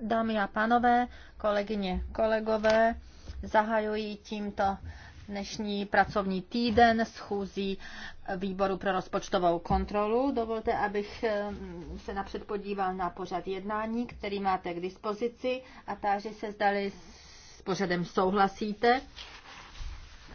Dámy a pánové, kolegyně, kolegové, zahajuji tímto dnešní pracovní týden schůzí výboru pro rozpočtovou kontrolu. Dovolte, abych eh, se napřed podíval na pořad jednání, který máte k dispozici a táži se, zdali s pořadem souhlasíte.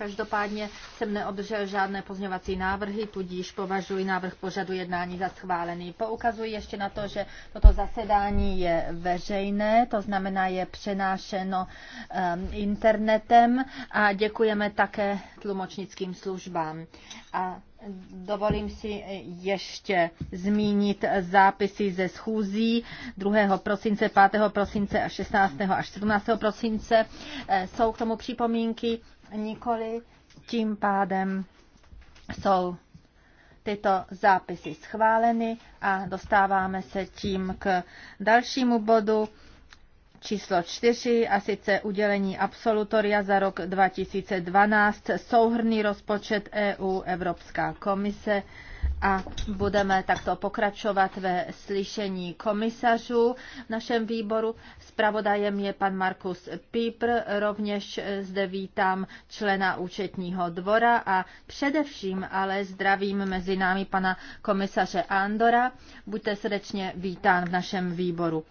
Každopádně jsem neobdržel žádné pozměňovací návrhy, tudíž považuji návrh pořadu jednání za schválený. Poukazuji ještě na to, že toto zasedání je veřejné, to znamená je přenášeno um, internetem a děkujeme také tlumočnickým službám. A Dovolím si ještě zmínit zápisy ze schůzí 2. prosince, 5. prosince a 16. až 17. prosince. Eh, jsou k tomu připomínky? Nikoli tím pádem jsou tyto zápisy schváleny a dostáváme se tím k dalšímu bodu číslo čtyři a sice udělení absolutoria za rok 2012 souhrný rozpočet EU Evropská komise a budeme takto pokračovat ve slyšení komisařů v našem výboru. Spravodajem je pan Markus Pípr, rovněž zde vítám člena účetního dvora a především ale zdravím mezi námi pana komisaře Andora. Buďte srdečně vítán v našem výboru.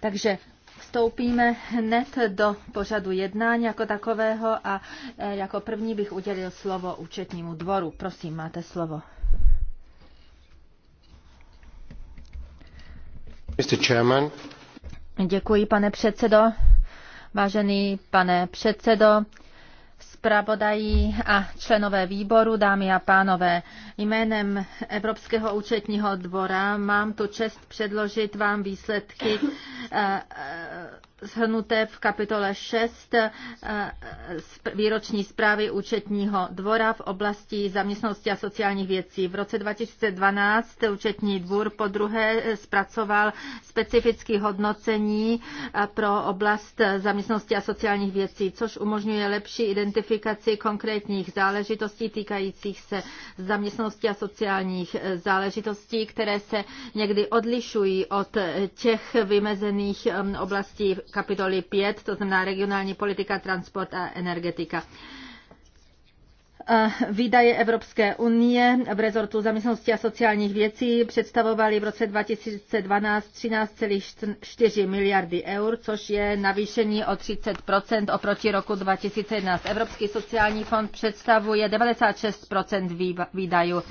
Takže vstoupíme hned do pořadu jednání jako takového a e, jako první bych udělil slovo účetnímu dvoru. Prosím, máte slovo. Děkuji, pane předsedo. Vážený pane předsedo, zpravodají a členové výboru, dámy a pánové. Jménem Evropského účetního dvora mám tu čest předložit vám výsledky eh, shrnuté v kapitole 6 eh, výroční zprávy účetního dvora v oblasti zaměstnosti a sociálních věcí. V roce 2012 účetní dvůr po druhé zpracoval specifické hodnocení eh, pro oblast zaměstnosti a sociálních věcí, což umožňuje lepší identifikaci konkrétních záležitostí týkajících se zaměstnosti a sociálních eh, záležitostí, které se někdy odlišují od těch vymezených oblastí kapitoly 5, to znamená regionální politika, transport a energetika eh, výdaje Evropské unie v rezortu zaměstnanosti a sociálních věcí představovaly v roce 2012 13,4 miliardy eur, což je navýšení o 30 oproti roku 2011. Evropský sociální fond představuje 96 výdajů.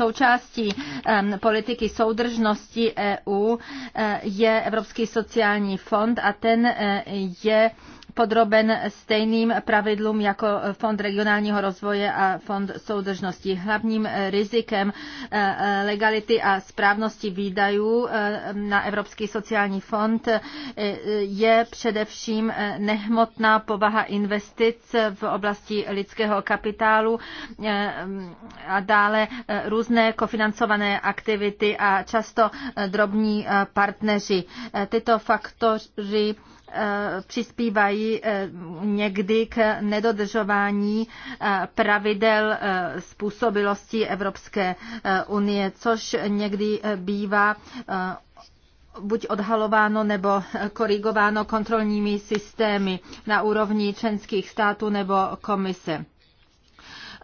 Součástí politiky soudržnosti EU e, je Evropský sociální fond a ten e, je podroben stejným pravidlům jako Fond regionálního rozvoje a Fond soudržnosti. Hlavním eh, rizikem eh, eh, legality a správnosti výdajů na Evropský sociální fond je především nehmotná povaha investic v oblasti lidského kapitálu a dále různé kofinancované aktivity a často drobní partneři. Tyto faktory Eh, přispívají eh, někdy k nedodržování eh, pravidel způsobilosti Evropské unie, což někdy bývá buď odhalováno nebo korigováno kontrolními systémy na úrovni členských států nebo komise.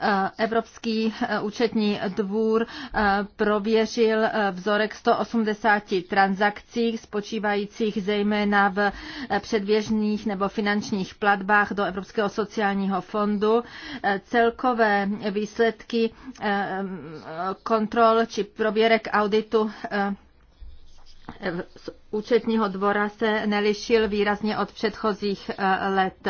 Eh, Evropský eh, účetní dvůr eh, prověřil vzorek 180 transakcí spočívajících zejména v předběžných nebo finančních platbách do Evropského sociálního fondu. Celkové výsledky kontrol či prověrek auditu z účetního dvora se nelišil výrazně od předchozích eh, let.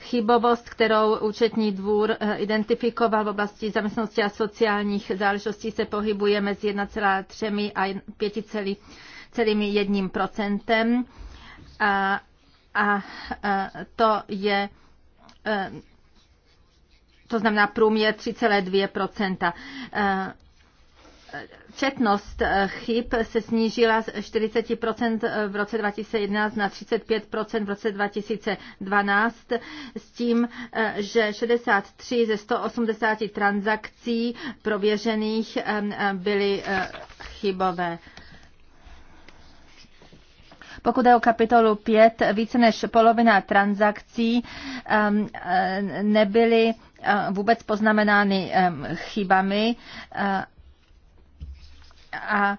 Chybovost, kterou účetní dvůr eh, identifikoval v oblasti zaměstnanosti a sociálních záležitostí, se pohybuje mezi 1,3 a 5,1 procentem. A, a, a eh, to je to znamená průměr 3,2 Četnost eh, chyb se snížila z 40% eh, v roce 2011 na 35% v roce 2012 s tím, eh, že 63 ze 180 transakcí prověřených byly chybové. Pokud je o kapitolu 5, více než polovina transakcí ehm, nebyly vůbec poznamenány ehm, chybami a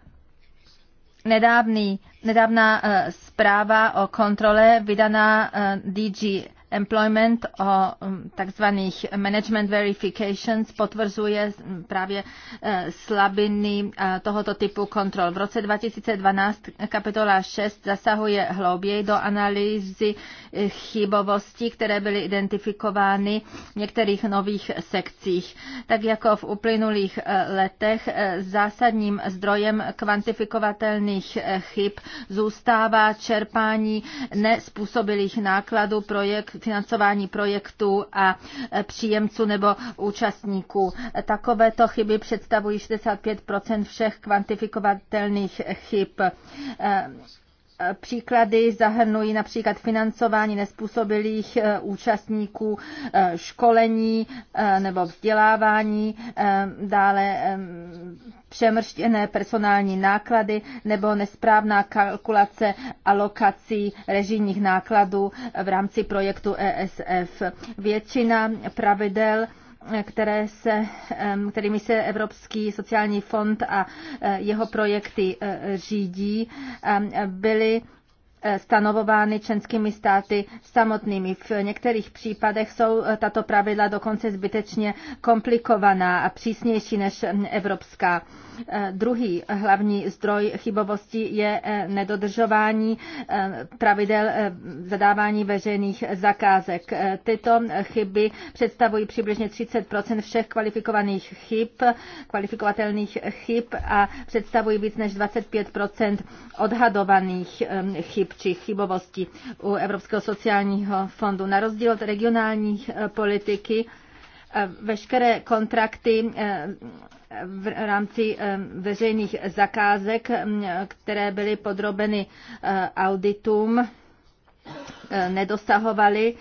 nedávný, nedávná eh, zpráva o kontrole vydaná eh, DG Employment o um, takzvaných management verifications potvrzuje právě e, slabiny e, tohoto typu kontrol. V roce 2012 kapitola 6 zasahuje hlouběji do analýzy e, chybovostí, které byly identifikovány v některých nových sekcích. Tak jako v uplynulých letech zásadním zdrojem kvantifikovatelných chyb zůstává čerpání nespůsobilých nákladů projekt financování projektů a e, příjemců nebo účastníků. Takovéto chyby představují 65 všech kvantifikovatelných chyb. E, Příklady zahrnují například financování nespůsobilých eh, účastníků eh, školení eh, nebo vzdělávání, dále přemrštěné personální náklady nebo nesprávná kalkulace alokací režijních nákladů v rámci projektu ESF. Většina pravidel které se, kterými se Evropský sociální fond a e, jeho projekty e, řídí, byly e, stanovovány členskými státy samotnými. V některých případech jsou tato pravidla dokonce zbytečně komplikovaná a přísnější než evropská Eh, druhý hlavní zdroj chybovosti je eh, nedodržování eh, pravidel zadávání veřejných zakázek. Tyto chyby představují přibližně 30 všech kvalifikovaných chyb, kvalifikovatelných chyb a představují víc než 25 odhadovaných chyb či chybovosti u Evropského sociálního fondu. Na rozdíl od regionálních politiky, Eh, veškeré kontrakty eh, v rámci eh, veřejných zakázek, které byly podrobeny auditům, nedosahovaly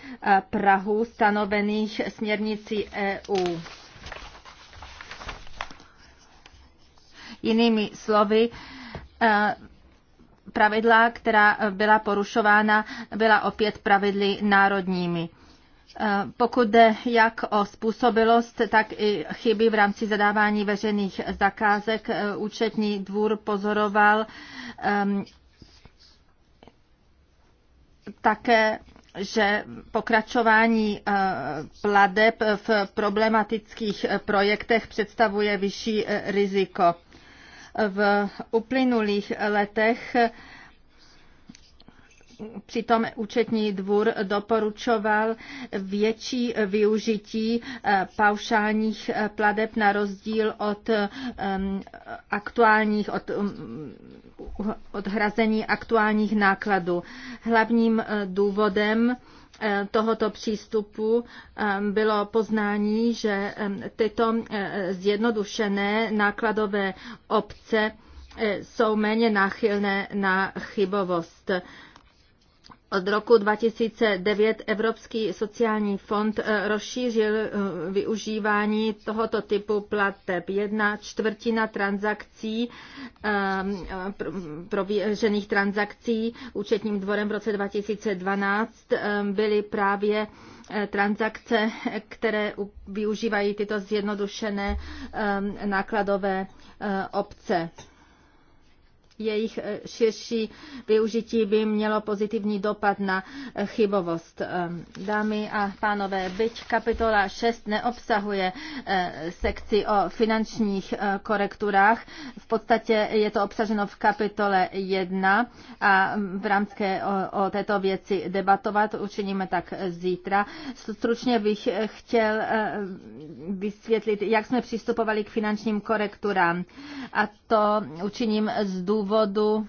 Prahu stanovených směrnicí EU. Jinými slovy, pravidla, která byla porušována, byla opět pravidly národními. Eh, pokud jde jak o způsobilost, tak i chyby v rámci zadávání veřejných zakázek, eh, účetní dvůr pozoroval ehm, také že pokračování eh, pladeb v problematických projektech představuje vyšší riziko. V uplynulých letech Přitom účetní dvůr doporučoval větší využití eh, paušálních eh, pladeb na rozdíl od ehm, aktuálních, od, um, odhrazení aktuálních nákladů. Hlavním eh, důvodem tohoto přístupu ehm, bylo poznání, že ehm, tyto zjednodušené nákladové obce jsou méně náchylné na chybovost. Od roku 2009 Evropský sociální fond eh, rozšířil eh, využívání tohoto typu plateb. Jedna čtvrtina transakcí, eh, prověřených transakcí účetním dvorem v roce 2012 byly právě transakce, které využívají tyto zjednodušené nákladové obce jejich eh, širší využití by mělo pozitivní dopad na eh, chybovost. Ehm, dámy a pánové, byť kapitola 6 neobsahuje eh, sekci o finančních korekturách, v podstatě je to obsaženo v kapitole 1 a v rámci o, o této věci debatovat učiníme tak zítra. Stručně bych chtěl vysvětlit, jak jsme přistupovali k finančním korekturám a to učiním z důvodu úvodu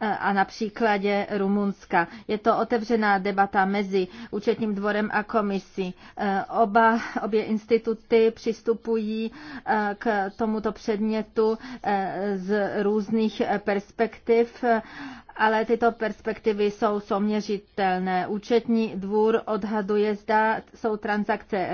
e, a na příkladě Rumunska. Je to otevřená debata mezi účetním dvorem a komisí. E, oba, obě instituty přistupují e, k tomuto předmětu z různých perspektiv ale tyto perspektivy jsou soměřitelné. Účetní dvůr odhaduje, zda jsou transakce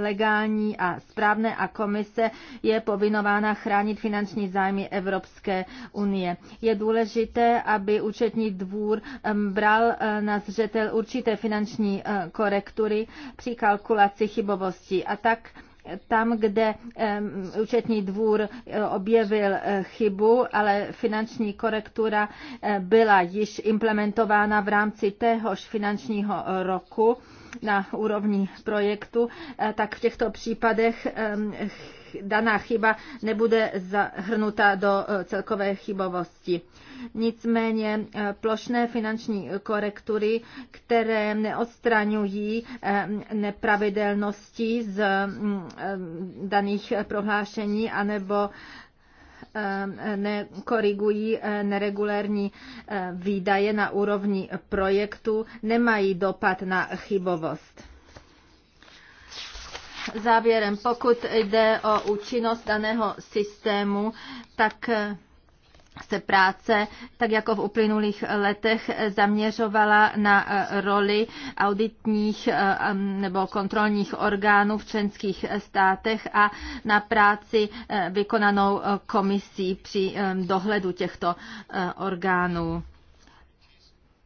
legální a správné a komise je povinována chránit finanční zájmy Evropské unie. Je důležité, aby účetní dvůr bral eh, na zřetel určité finanční eh, korektury při kalkulaci chybovosti a tak tam, kde účetní dvůr eh, objevil eh, chybu, ale finanční korektura eh, byla již implementována v rámci téhož finančního roku na úrovni projektu, tak v těchto případech daná chyba nebude zahrnuta do e, celkové chybovosti. Nicméně e, plošné finanční korektury, které neodstraňují e, nepravidelnosti z daných prohlášení anebo nekorigují neregulérní výdaje na úrovni projektu, nemají dopad na chybovost závěrem, pokud jde o účinnost daného systému, tak eh, se práce, tak jako v uplynulých letech, zaměřovala na eh, roli auditních eh, nebo kontrolních orgánů v členských státech a na práci vykonanou komisí při dohledu těchto orgánů.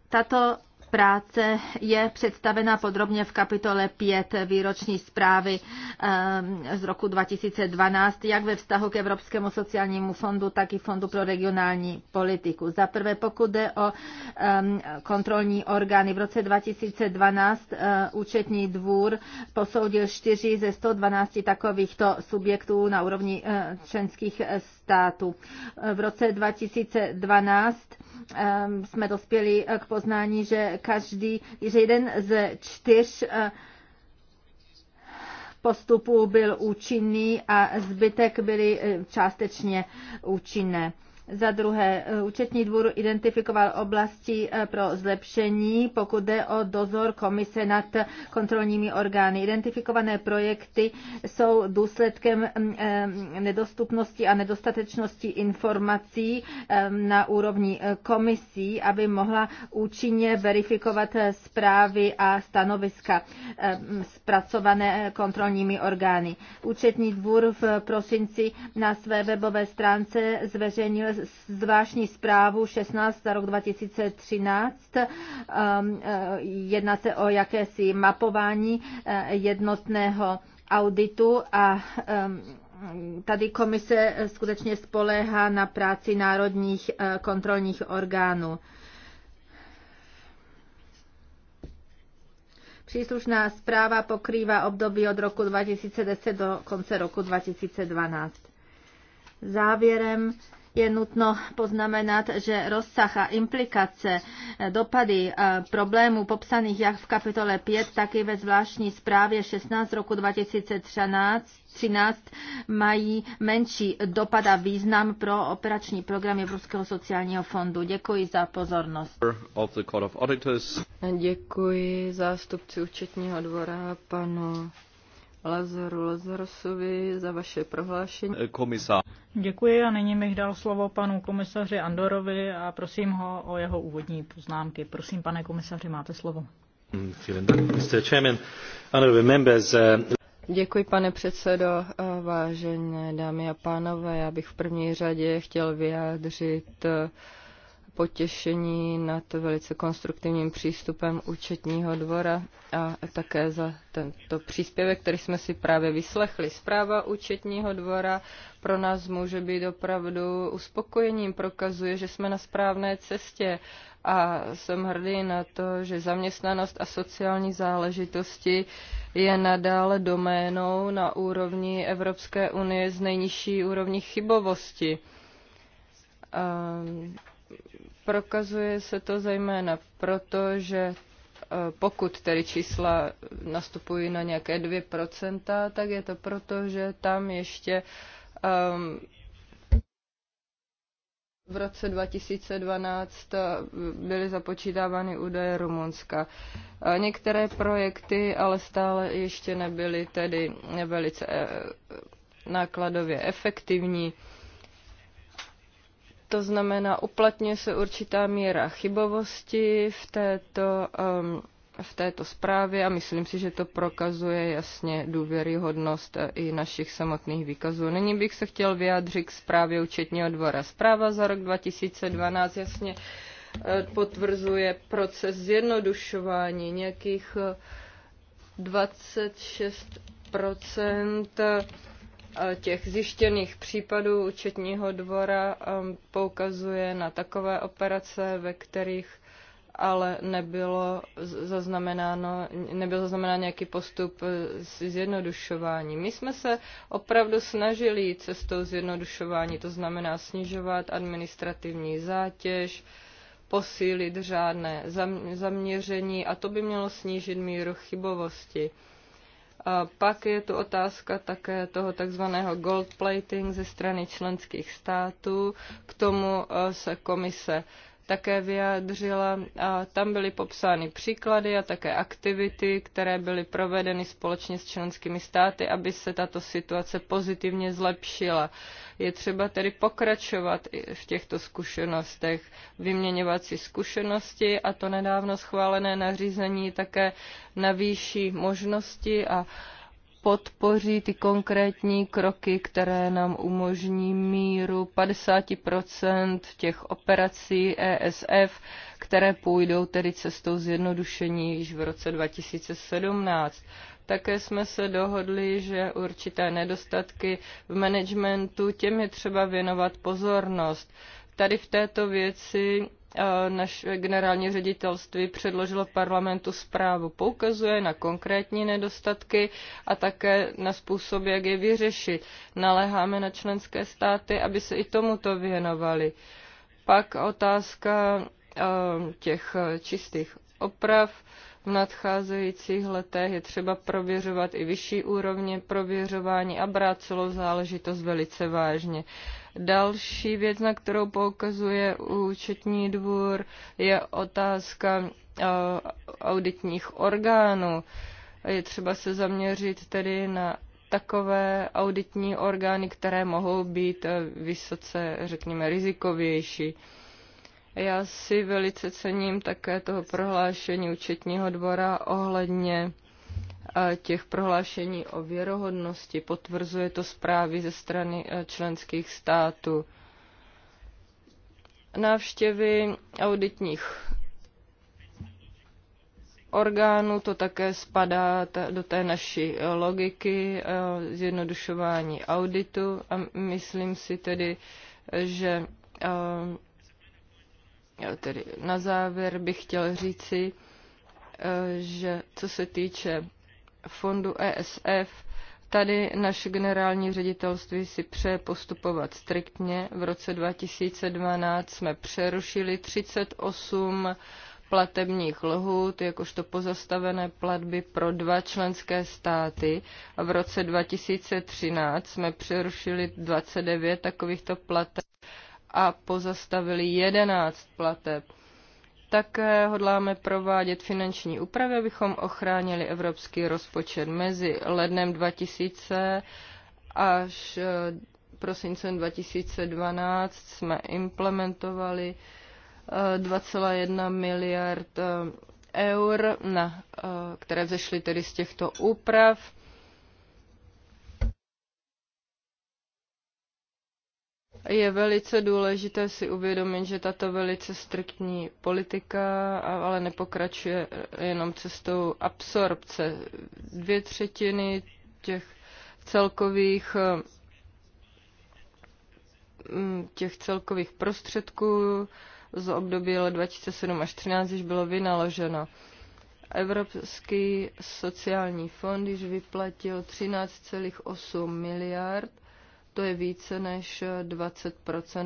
Tato práce je představena podrobně v kapitole 5 výroční zprávy ehm, z roku 2012, jak ve vztahu k Evropskému sociálnímu fondu, tak i Fondu pro regionální politiku. Za prvé, pokud jde o ehm, kontrolní orgány, v roce 2012 ehm, účetní dvůr posoudil 4 ze 112 takovýchto subjektů na úrovni členských států. V roce 2012 jsme dospěli k poznání, že každý, že jeden ze čtyř eh, postupů byl účinný a zbytek byly eh, částečně účinné. Za druhé, eh, účetní dvůr identifikoval oblasti eh, pro zlepšení, pokud jde o dozor komise nad kontrolními orgány. Identifikované projekty jsou důsledkem mm, eh, nedostupnosti a nedostatečnosti informací na úrovni komisí, aby mohla účinně verifikovat zprávy a stanoviska mm, zpracované kontrolními orgány. Účetní dvůr v prosinci na své webové stránce zveřejnil zvláštní zprávu 16 za rok 2013. Um, eh, jedná se o jakési mapování eh, jednotného auditu a tady komise skutečně spoléhá na práci národních eh, kontrolních orgánů. Příslušná zpráva pokrývá období od roku 2010 do konce roku 2012. Závěrem je nutno poznamenat, že rozsah a implikace eh, dopady eh, problémů popsaných jak v kapitole 5, tak i ve zvláštní zprávě 16 roku 2013 13 mají menší dopad a význam pro operační programy Evropského sociálního fondu. Děkuji za pozornost. Děkuji zástupci účetního dvora panu Lazaru Lazarsovi za vaše prohlášení. Eh, Komisář. Děkuji a nyní bych dal slovo panu komisaři Andorovi a prosím ho o jeho úvodní poznámky. Prosím, pane komisaři, máte slovo. Mm, eh, Děkuji, pane předsedo. Vážené dámy a pánové, já bych v první řadě chtěl vyjádřit eh, potěšení nad velice konstruktivním přístupem účetního dvora a také za tento příspěvek, který jsme si právě vyslechli. Zpráva účetního dvora pro nás může být opravdu uspokojením, prokazuje, že jsme na správné cestě a jsem hrdý na to, že zaměstnanost a sociální záležitosti je nadále doménou na úrovni Evropské unie z nejnižší úrovní chybovosti. Um, prokazuje se to zejména proto, že e, pokud tedy čísla nastupují na nějaké 2%, tak je to proto, že tam ještě um, v roce 2012 e, byly započítávány údaje Rumunska. E, některé projekty ale stále ještě nebyly tedy velice nákladově efektivní. To znamená, uplatňuje se určitá míra chybovosti v této, um, v této zprávě a myslím si, že to prokazuje jasně důvěryhodnost eh, i našich samotných výkazů. Nyní bych se chtěl vyjádřit k zprávě účetního dvora. Zpráva za rok 2012 jasně eh, potvrzuje proces zjednodušování nějakých 26 eh, těch zjištěných případů účetního dvora um, poukazuje na takové operace, ve kterých ale nebylo zaznamenáno, nebyl zaznamenán nějaký postup eh, zjednodušování. My jsme se opravdu snažili cestou zjednodušování, to znamená snižovat administrativní zátěž, posílit řádné zaměření a to by mělo snížit míru chybovosti. A pak je tu otázka také toho takzvaného gold plating ze strany členských států. K tomu eh, se komise také vyjádřila. A tam byly popsány příklady a také aktivity, které byly provedeny společně s členskými státy, aby se tato situace pozitivně zlepšila. Je třeba tedy pokračovat v těchto zkušenostech, vyměňovat si zkušenosti a to nedávno schválené nařízení také navýší možnosti a podpoří ty konkrétní kroky, které nám umožní míru 50% těch operací ESF, které půjdou tedy cestou zjednodušení již v roce 2017. Také jsme se dohodli, že určité nedostatky v managementu těm je třeba věnovat pozornost. Tady v této věci naše generální ředitelství předložilo parlamentu zprávu, poukazuje na konkrétní nedostatky a také na způsob, jak je vyřešit. Naléháme na členské státy, aby se i tomuto věnovali. Pak otázka těch čistých oprav. V nadcházejících letech je třeba prověřovat i vyšší úrovně prověřování a brát celou záležitost velice vážně. Další věc, na kterou poukazuje účetní dvůr, je otázka eh, auditních orgánů. Je třeba se zaměřit tedy na takové auditní orgány, které mohou být eh, vysoce, řekněme, rizikovější. Já si velice cením také toho prohlášení účetního dvora ohledně těch prohlášení o věrohodnosti. Potvrzuje to zprávy ze strany e, členských států. Návštěvy auditních orgánů, to také spadá do té naší e, logiky e, zjednodušování auditu a myslím si tedy, že tedy na závěr bych chtěl říci, že co se týče fondu ESF, tady naše generální ředitelství si přeje postupovat striktně. V roce 2012 jsme přerušili 38 platebních lhůt, jakožto pozastavené platby pro dva členské státy a v roce 2013 jsme přerušili 29 takovýchto plateb a pozastavili 11 plateb. Také hodláme provádět finanční úpravy, abychom ochránili evropský rozpočet mezi lednem 2000 až eh, prosincem 2012 jsme implementovali 2,1 eh, miliard eh, eur, na, které vzešly tedy z těchto úprav. Je velice důležité si uvědomit, že tato velice striktní politika ale nepokračuje jenom cestou absorpce. Dvě třetiny těch celkových mm, těch celkových prostředků z období let 2007 až 2013 již bylo vynaloženo. Evropský sociální fond již vyplatil 13,8 miliard to je více než 20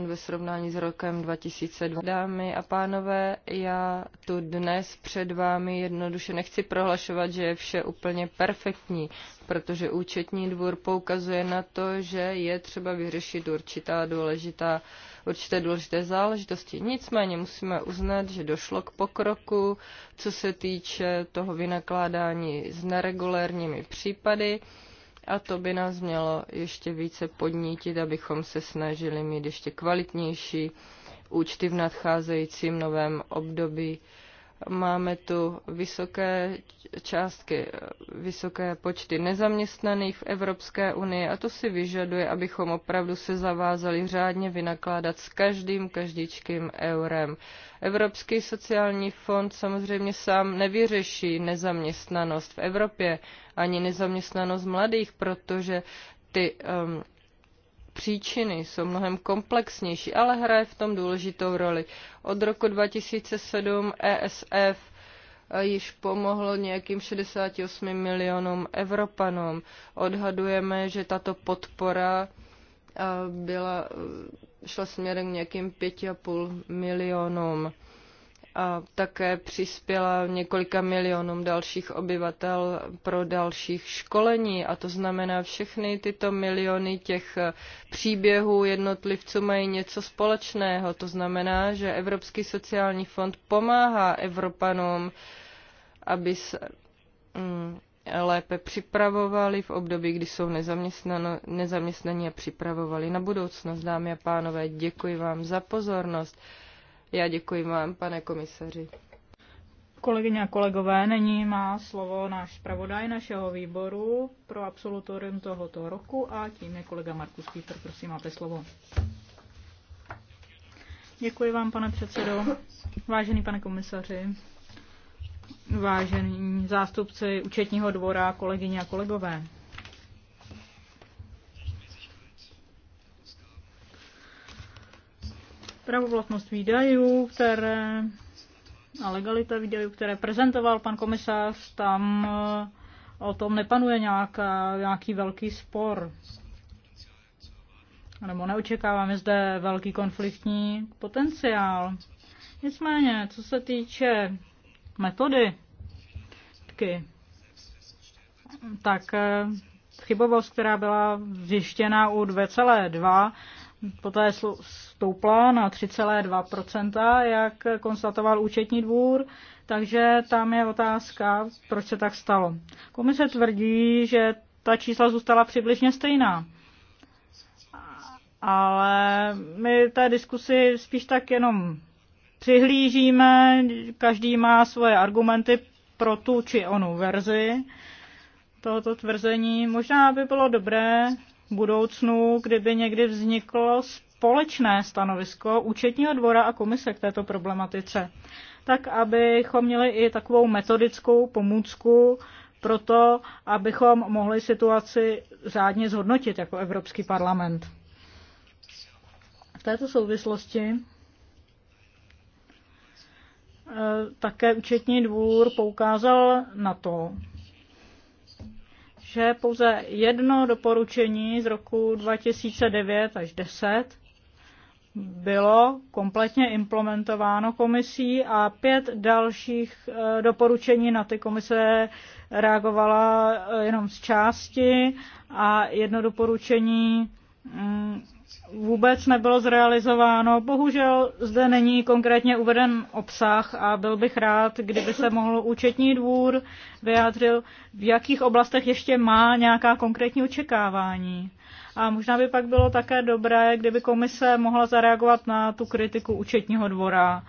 ve srovnání s rokem 2002. Dámy a pánové, já tu dnes před vámi jednoduše nechci prohlašovat, že je vše úplně perfektní, protože účetní dvůr poukazuje na to, že je třeba vyřešit určitá důležitá, určité důležité záležitosti. Nicméně musíme uznat, že došlo k pokroku, co se týče toho vynakládání s neregulérními případy a to by nás mělo ještě více podnítit, abychom se snažili mít ještě kvalitnější účty v nadcházejícím novém období. Máme tu vysoké částky, vysoké počty nezaměstnaných v Evropské unii a to si vyžaduje, abychom opravdu se zavázali řádně vynakládat s každým každičkým eurem. Evropský sociální fond samozřejmě sám nevyřeší nezaměstnanost v Evropě ani nezaměstnanost mladých, protože ty um, příčiny jsou mnohem komplexnější, ale hraje v tom důležitou roli. Od roku 2007 ESF eh, již pomohlo nějakým 68 milionům Evropanům. Odhadujeme, že tato podpora eh, byla, eh, šla směrem k nějakým 5,5 milionům a také přispěla několika milionům dalších obyvatel pro dalších školení. A to znamená, všechny tyto miliony těch příběhů jednotlivců mají něco společného. To znamená, že Evropský sociální fond pomáhá Evropanům, aby se mm, lépe připravovali v období, kdy jsou nezaměstnaní a připravovali na budoucnost. Dámy a pánové, děkuji vám za pozornost. Já děkuji vám, pane komisaři. Kolegyně a kolegové, není má slovo náš zpravodaj našeho výboru pro absolutorium tohoto roku a tím je kolega Markus Pítr. Prosím, máte slovo. Děkuji vám, pane předsedo. Vážený pane komisaři, vážení zástupci účetního dvora, kolegyně a kolegové. pravovlastnost výdajů, které a legalita výdajů, které prezentoval pan komisař, tam eh, o tom nepanuje nějaká, nějaký velký spor. Nebo neočekáváme zde velký konfliktní potenciál. Nicméně, co se týče metody, tak eh, chybovost, která byla zjištěna u poté stoupla na 3,2%, jak konstatoval účetní dvůr, takže tam je otázka, proč se tak stalo. Komise tvrdí, že ta čísla zůstala přibližně stejná. Ale my té diskusi spíš tak jenom přihlížíme, každý má svoje argumenty pro tu či onu verzi tohoto tvrzení. Možná by bylo dobré budoucnu, kdyby někdy vzniklo společné stanovisko účetního dvora a komise k této problematice, tak abychom měli i takovou metodickou pomůcku pro to, abychom mohli situaci řádně zhodnotit jako Evropský parlament. V této souvislosti eh, také účetní dvůr poukázal na to, že pouze jedno doporučení z roku 2009 až 10 bylo kompletně implementováno komisí a pět dalších eh, doporučení na ty komise reagovala eh, jenom z části a jedno doporučení mm, vůbec nebylo zrealizováno. Bohužel zde není konkrétně uveden obsah a byl bych rád, kdyby se mohl účetní dvůr vyjádřil, v jakých oblastech ještě má nějaká konkrétní očekávání. A možná by pak bylo také dobré, kdyby komise mohla zareagovat na tu kritiku účetního dvora,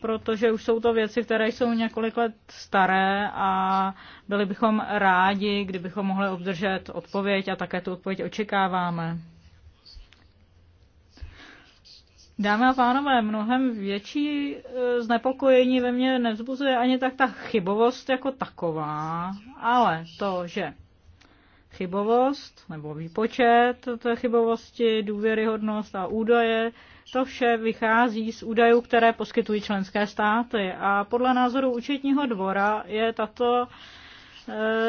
protože už jsou to věci, které jsou několik let staré a byli bychom rádi, kdybychom mohli obdržet odpověď a také tu odpověď očekáváme. Dámy a pánové, mnohem větší e, znepokojení ve mně nevzbuzuje ani tak ta chybovost jako taková, ale to, že chybovost nebo výpočet té chybovosti, důvěryhodnost a údaje, to vše vychází z údajů, které poskytují členské státy. A podle názoru účetního dvora je tato e,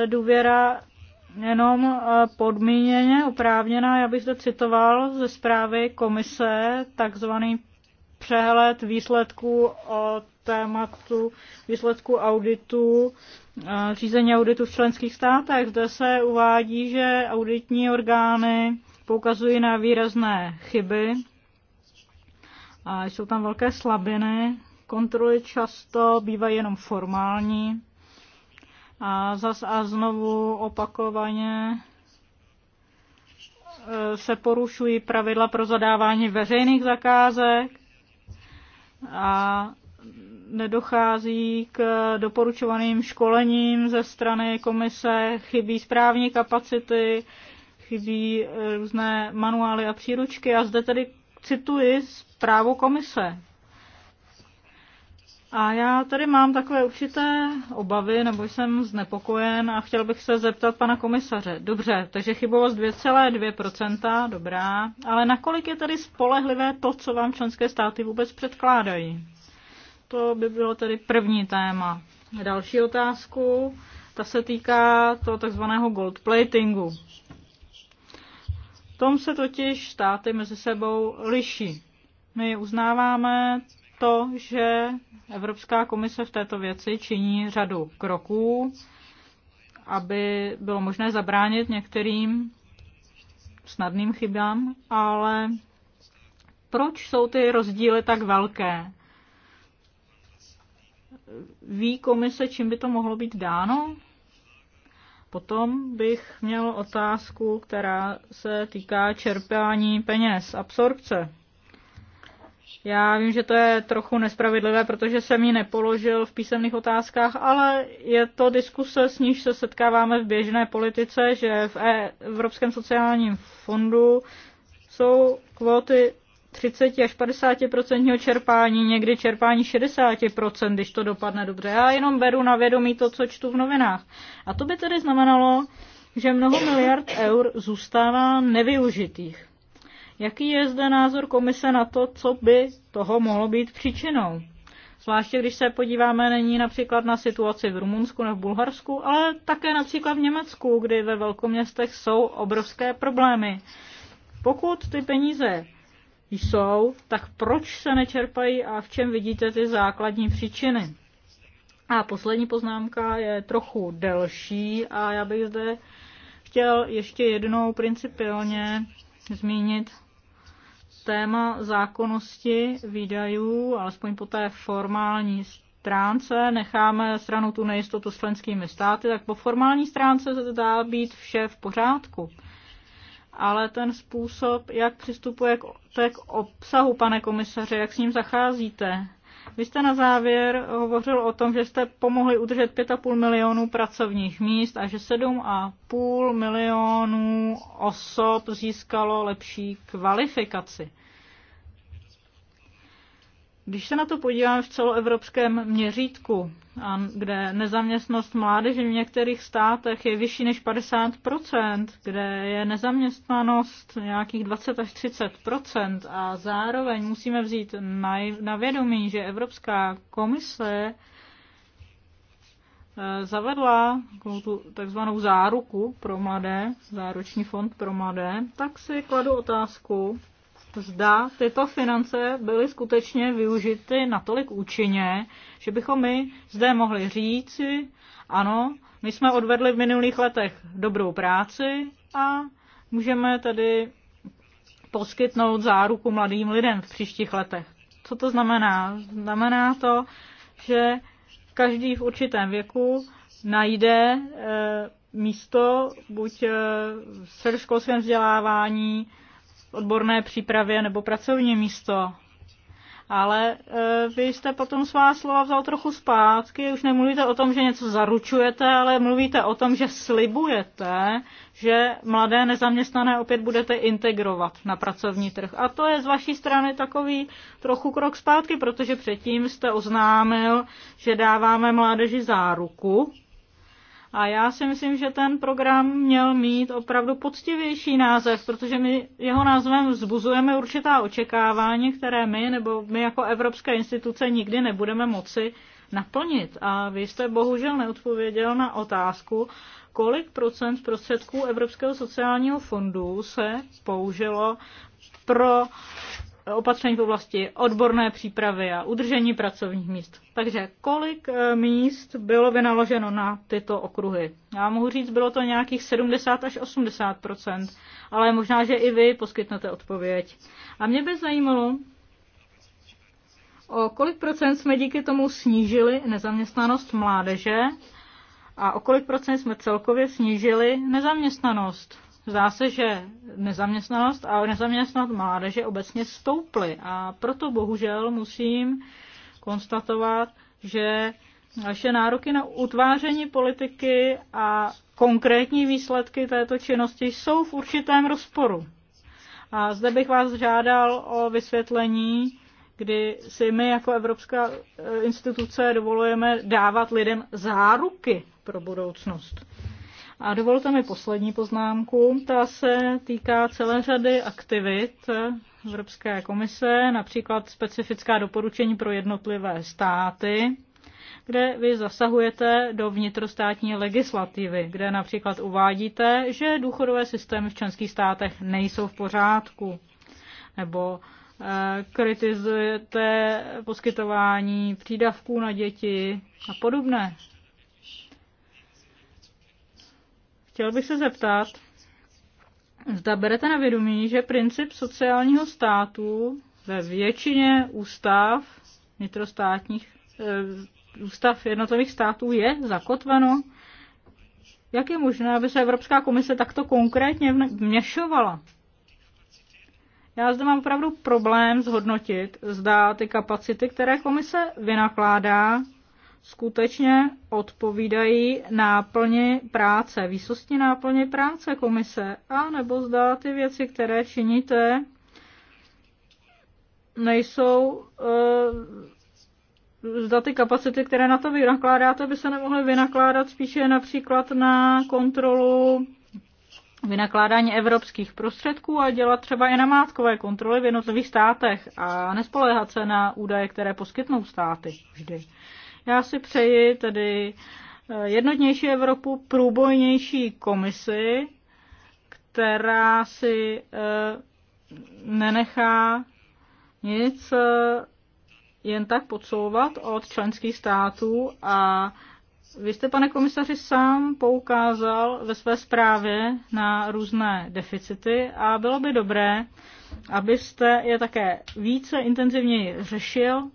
důvěra jenom eh, podmíněně oprávněná. Já bych zde citoval ze zprávy komise takzvaný přehled výsledků o tématu výsledku auditu, eh, řízení auditu v členských státech. Zde se uvádí, že auditní orgány poukazují na výrazné chyby a jsou tam velké slabiny. Kontroly často bývají jenom formální a zas a znovu opakovaně e, se porušují pravidla pro zadávání veřejných zakázek a nedochází k doporučovaným školením ze strany komise, chybí správní kapacity, chybí e, různé manuály a příručky. A zde tedy cituji zprávu komise. A já tady mám takové určité obavy, nebo jsem znepokojen a chtěl bych se zeptat pana komisaře. Dobře, takže chybovost 2,2%, dobrá, ale nakolik je tady spolehlivé to, co vám členské státy vůbec předkládají? To by bylo tedy první téma. Další otázku, ta se týká toho takzvaného gold platingu. V tom se totiž státy mezi sebou liší. My uznáváme to, že Evropská komise v této věci činí řadu kroků, aby bylo možné zabránit některým snadným chybám, ale proč jsou ty rozdíly tak velké? Ví komise, čím by to mohlo být dáno? Potom bych měl otázku, která se týká čerpání peněz, absorpce. Já vím, že to je trochu nespravedlivé, protože jsem ji nepoložil v písemných otázkách, ale je to diskuse, s níž se setkáváme v běžné politice, že v e, Evropském sociálním fondu jsou kvóty 30 až 50 čerpání, někdy čerpání 60 když to dopadne dobře. Já jenom beru na vědomí to, co čtu v novinách. A to by tedy znamenalo, že mnoho miliard eur zůstává nevyužitých. Jaký je zde názor komise na to, co by toho mohlo být příčinou? Zvláště když se podíváme není například na situaci v Rumunsku nebo v Bulharsku, ale také například v Německu, kdy ve velkoměstech jsou obrovské problémy. Pokud ty peníze jsou, tak proč se nečerpají a v čem vidíte ty základní příčiny? A poslední poznámka je trochu delší a já bych zde chtěl ještě jednou principiálně zmínit téma zákonnosti výdajů, alespoň po té formální stránce, necháme stranu tu nejistotu s členskými státy, tak po formální stránce se dá být vše v pořádku. Ale ten způsob, jak přistupuje k, k obsahu, pane komisaře, jak s ním zacházíte, vy jste na závěr hovořil o tom, že jste pomohli udržet 5,5 milionů pracovních míst a že 7,5 milionů osob získalo lepší kvalifikaci. Když se na to podíváme v celoevropském měřítku, kde nezaměstnost mládeže v některých státech je vyšší než 50%, kde je nezaměstnanost nějakých 20 až 30% a zároveň musíme vzít na, vědomí, že Evropská komise e, zavedla tu takzvanou záruku pro mladé, záruční fond pro mladé, tak si kladu otázku, zda tyto finance byly skutečně využity natolik účinně, že bychom my zde mohli říci, ano, my jsme odvedli v minulých letech dobrou práci a můžeme tedy poskytnout záruku mladým lidem v příštích letech. Co to znamená? Znamená to, že každý v určitém věku najde eh, místo buď eh, v středoškolském vzdělávání odborné přípravě nebo pracovní místo. Ale e, vy jste potom svá slova vzal trochu zpátky, už nemluvíte o tom, že něco zaručujete, ale mluvíte o tom, že slibujete, že mladé nezaměstnané opět budete integrovat na pracovní trh. A to je z vaší strany takový trochu krok zpátky, protože předtím jste oznámil, že dáváme mládeži záruku, a já si myslím, že ten program měl mít opravdu poctivější název, protože my jeho názvem vzbuzujeme určitá očekávání, které my nebo my jako evropské instituce nikdy nebudeme moci naplnit. A vy jste bohužel neodpověděl na otázku, kolik procent prostředků Evropského sociálního fondu se použilo pro opatření v oblasti odborné přípravy a udržení pracovních míst. Takže kolik eh, míst bylo vynaloženo na tyto okruhy? Já mohu říct, bylo to nějakých 70 až 80 ale možná, že i vy poskytnete odpověď. A mě by zajímalo, o kolik procent jsme díky tomu snížili nezaměstnanost mládeže a o kolik procent jsme celkově snížili nezaměstnanost Zdá se, že nezaměstnanost a nezaměstnanost mládeže obecně stouply a proto bohužel musím konstatovat, že naše nároky na utváření politiky a konkrétní výsledky této činnosti jsou v určitém rozporu. A zde bych vás žádal o vysvětlení, kdy si my jako Evropská eh, instituce dovolujeme dávat lidem záruky pro budoucnost. A dovolte mi poslední poznámku. Ta se týká celé řady aktivit Evropské komise, například specifická doporučení pro jednotlivé státy, kde vy zasahujete do vnitrostátní legislativy, kde například uvádíte, že důchodové systémy v členských státech nejsou v pořádku, nebo eh, kritizujete poskytování přídavků na děti a podobné Chtěl bych se zeptat, zda berete na vědomí, že princip sociálního státu ve většině ústav vnitrostátních eh, ústav jednotlivých států je zakotveno. Jak je možné, aby se Evropská komise takto konkrétně vměšovala? Já zde mám opravdu problém zhodnotit, zda ty kapacity, které komise vynakládá, skutečně odpovídají náplně práce, výsostní náplně práce komise, a nebo zda ty věci, které činíte, nejsou, e, zda ty kapacity, které na to vynakládáte, by se nemohly vynakládat spíše například na kontrolu vynakládání evropských prostředků a dělat třeba i namátkové kontroly v jednotlivých státech a nespoléhat se na údaje, které poskytnou státy vždy. Já si přeji tedy eh, jednotnější Evropu, průbojnější komisi, která si eh, nenechá nic eh, jen tak podsouvat od členských států a vy jste, pane komisaři, sám poukázal ve své zprávě na různé deficity a bylo by dobré, abyste je také více intenzivněji řešil,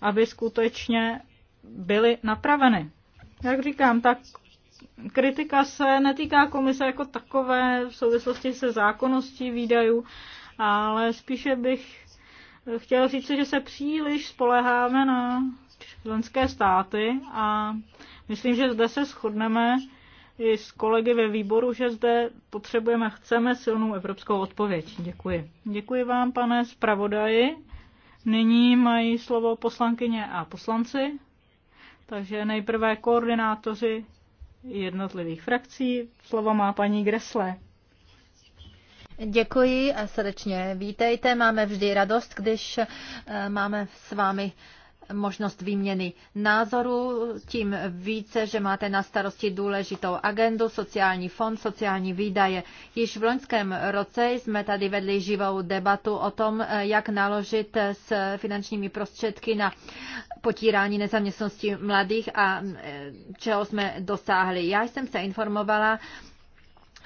aby skutečně byly napraveny. Jak říkám, tak kritika se netýká komise jako takové v souvislosti se zákonností výdajů, ale spíše bych chtěl říct, že se příliš spoleháme na členské státy a myslím, že zde se shodneme i s kolegy ve výboru, že zde potřebujeme, chceme silnou evropskou odpověď. Děkuji. Děkuji vám, pane zpravodaji. Nyní mají slovo poslankyně a poslanci. Takže nejprve koordinátoři jednotlivých frakcí. Slovo má paní Gresle. Děkuji a srdečně vítejte. Máme vždy radost, když eh, máme s vámi možnost výměny názoru, tím více, že máte na starosti důležitou agendu, sociální fond, sociální výdaje. Již v loňském roce jsme tady vedli živou debatu o tom, jak naložit s finančními prostředky na potírání nezaměstnosti mladých a e, čeho jsme dosáhli. Já jsem se informovala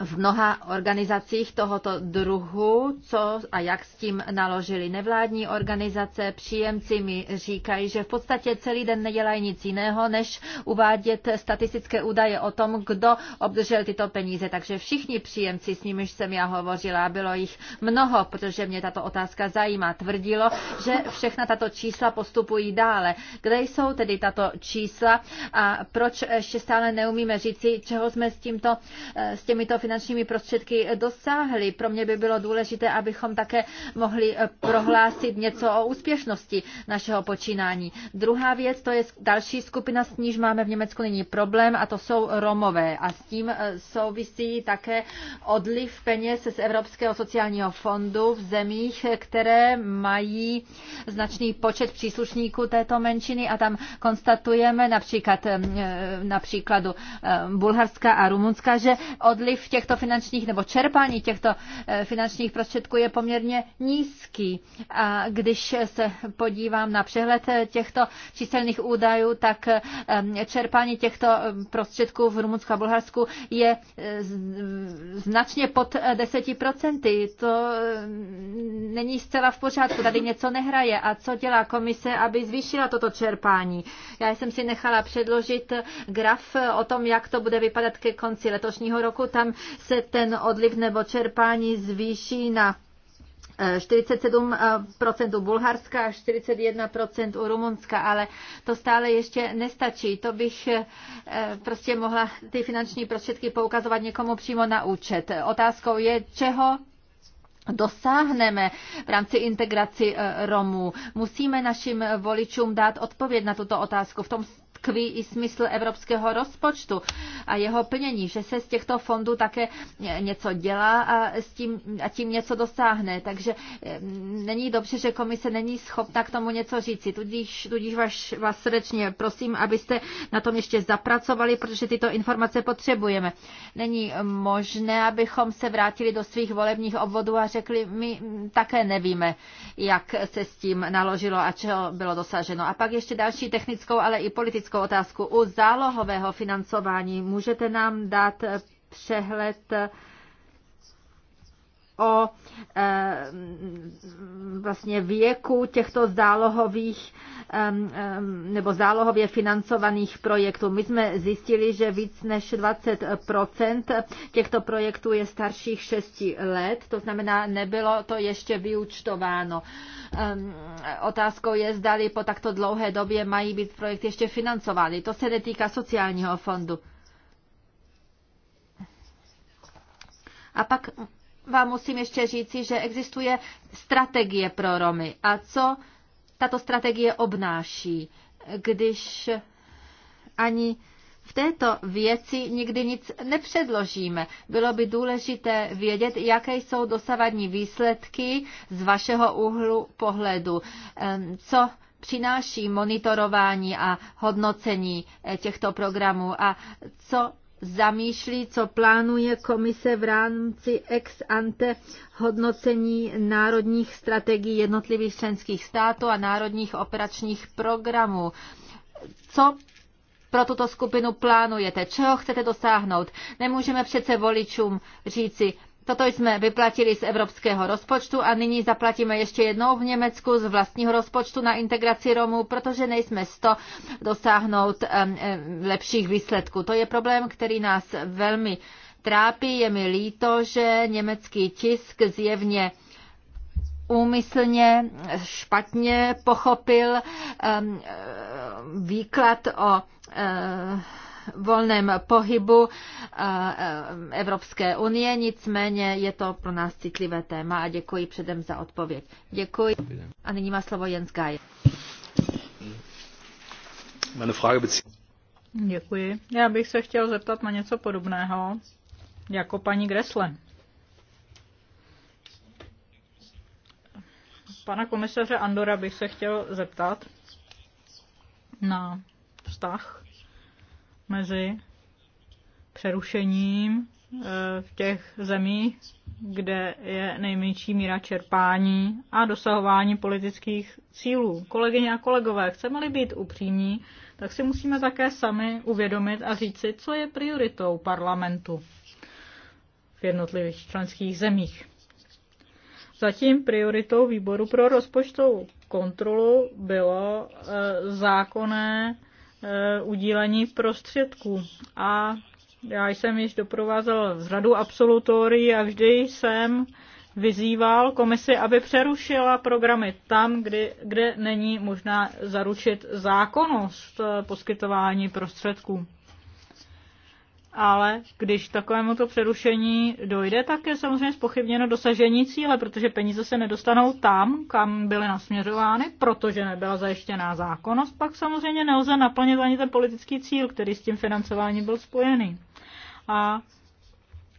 v mnoha organizacích tohoto druhu, co a jak s tím naložili nevládní organizace, příjemci mi říkají, že v podstatě celý den nedělají nic jiného, než uvádět statistické údaje o tom, kdo obdržel tyto peníze. Takže všichni příjemci, s nimiž jsem já hovořila, bylo jich mnoho, protože mě tato otázka zajímá, tvrdilo, že všechna tato čísla postupují dále. Kde jsou tedy tato čísla a proč ještě stále neumíme říci, čeho jsme s, tímto, s těmito finančními prostředky dosáhli. Pro mě by bylo důležité, abychom také mohli eh, prohlásit něco o úspěšnosti našeho počínání. Druhá věc, to je další skupina, s níž máme v Německu nyní problém, a to jsou Romové. A s tím eh, souvisí také odliv peněz z Evropského sociálního fondu v zemích, eh, které mají značný počet příslušníků této menšiny a tam konstatujeme například například Bulharska a Rumunska, že odliv těch těchto finančních nebo čerpání těchto eh, finančních prostředků je poměrně nízký. A když se podívám na přehled eh, těchto číselných údajů, tak eh, čerpání těchto prostředků v Rumunsku a Bulharsku je značně pod 10%. To není zcela v pořádku, tady něco nehraje. A co dělá komise, aby zvýšila toto čerpání? Já jsem si nechala předložit graf o tom, jak to bude vypadat ke konci letošního roku. Tam se ten odliv nebo čerpání zvýší na 47% eh, eh, u Bulharska a 41% u Rumunska, ale to stále ještě nestačí. To bych eh, prostě mohla ty finanční prostředky poukazovat někomu přímo na účet. Otázkou je, čeho dosáhneme v rámci integraci Romů. Musíme našim voličům dát odpověď na tuto otázku. V tom tkví i smysl evropského rozpočtu a jeho plnění, že se z těchto fondů také něco dělá a, s tím, a tím něco dosáhne. Takže mm, není dobře, že komise není schopna k tomu něco říci. Tudíž, tudíž vás, vás srdečně prosím, abyste na tom ještě zapracovali, protože tyto informace potřebujeme. Není možné, abychom se vrátili do svých volebních obvodů a řekli, my mm, také nevíme, jak se s tím naložilo a čeho bylo dosaženo. A pak ještě další technickou, ale i politickou specifickou otázku. U zálohového financování můžete nám dát přehled o eh, vlastně věku těchto zálohových nebo zálohově financovaných projektů. My jsme zjistili, že víc než 20 těchto projektů je starších 6 let, to znamená, nebylo to ještě vyučtováno. Otázkou je, zdali po takto dlouhé době mají být projekt ještě financovány. To se netýká sociálního fondu. A pak vám musím ještě říci, že existuje strategie pro Romy. A co tato strategie obnáší, když ani v této věci nikdy nic nepředložíme. Bylo by důležité vědět, jaké jsou dosavadní výsledky z vašeho úhlu pohledu. Ehm, co přináší monitorování a hodnocení eh, těchto programů a co zamýšlí, co plánuje komise v rámci ex ante hodnocení národních strategií jednotlivých členských států a národních operačních programů. Co pro tuto skupinu plánujete? Čeho chcete dosáhnout? Nemůžeme přece voličům říci, Toto jsme vyplatili z evropského rozpočtu a nyní zaplatíme ještě jednou v Německu z vlastního rozpočtu na integraci Romů, protože nejsme sto dosáhnout lepších výsledků. To je problém, který nás velmi trápí. Je mi líto, že německý tisk zjevně úmyslně špatně pochopil um, výklad o eh, volném pohybu eh, eh, Evropské unie, nicméně je to pro nás citlivé téma a děkuji předem za odpověď. Děkuji. A nyní má slovo Jens Gaj. Děkuji. Já bych se chtěl zeptat na něco podobného jako paní Gresle. Pana komisaře Andora bych se chtěl zeptat na vztah mezi přerušením eh, v těch zemích, kde je nejmenší míra čerpání a dosahování politických cílů. Kolegyně a kolegové, chceme-li být upřímní, tak si musíme také sami uvědomit a říci, co je prioritou parlamentu v jednotlivých členských zemích. Zatím prioritou výboru pro rozpočtovou kontrolu bylo eh, zákonné Eh, udílení prostředků. A já jsem již doprovázel řadu absolutorií a vždy jsem vyzýval komisi, aby přerušila programy tam, kdy, kde není možná zaručit zákonnost eh, poskytování prostředků ale když takovému to přerušení dojde, tak je samozřejmě spochybněno dosažení cíle, protože peníze se nedostanou tam, kam byly nasměřovány, protože nebyla zajištěná zákonnost, pak samozřejmě nelze naplnit ani ten politický cíl, který s tím financováním byl spojený. A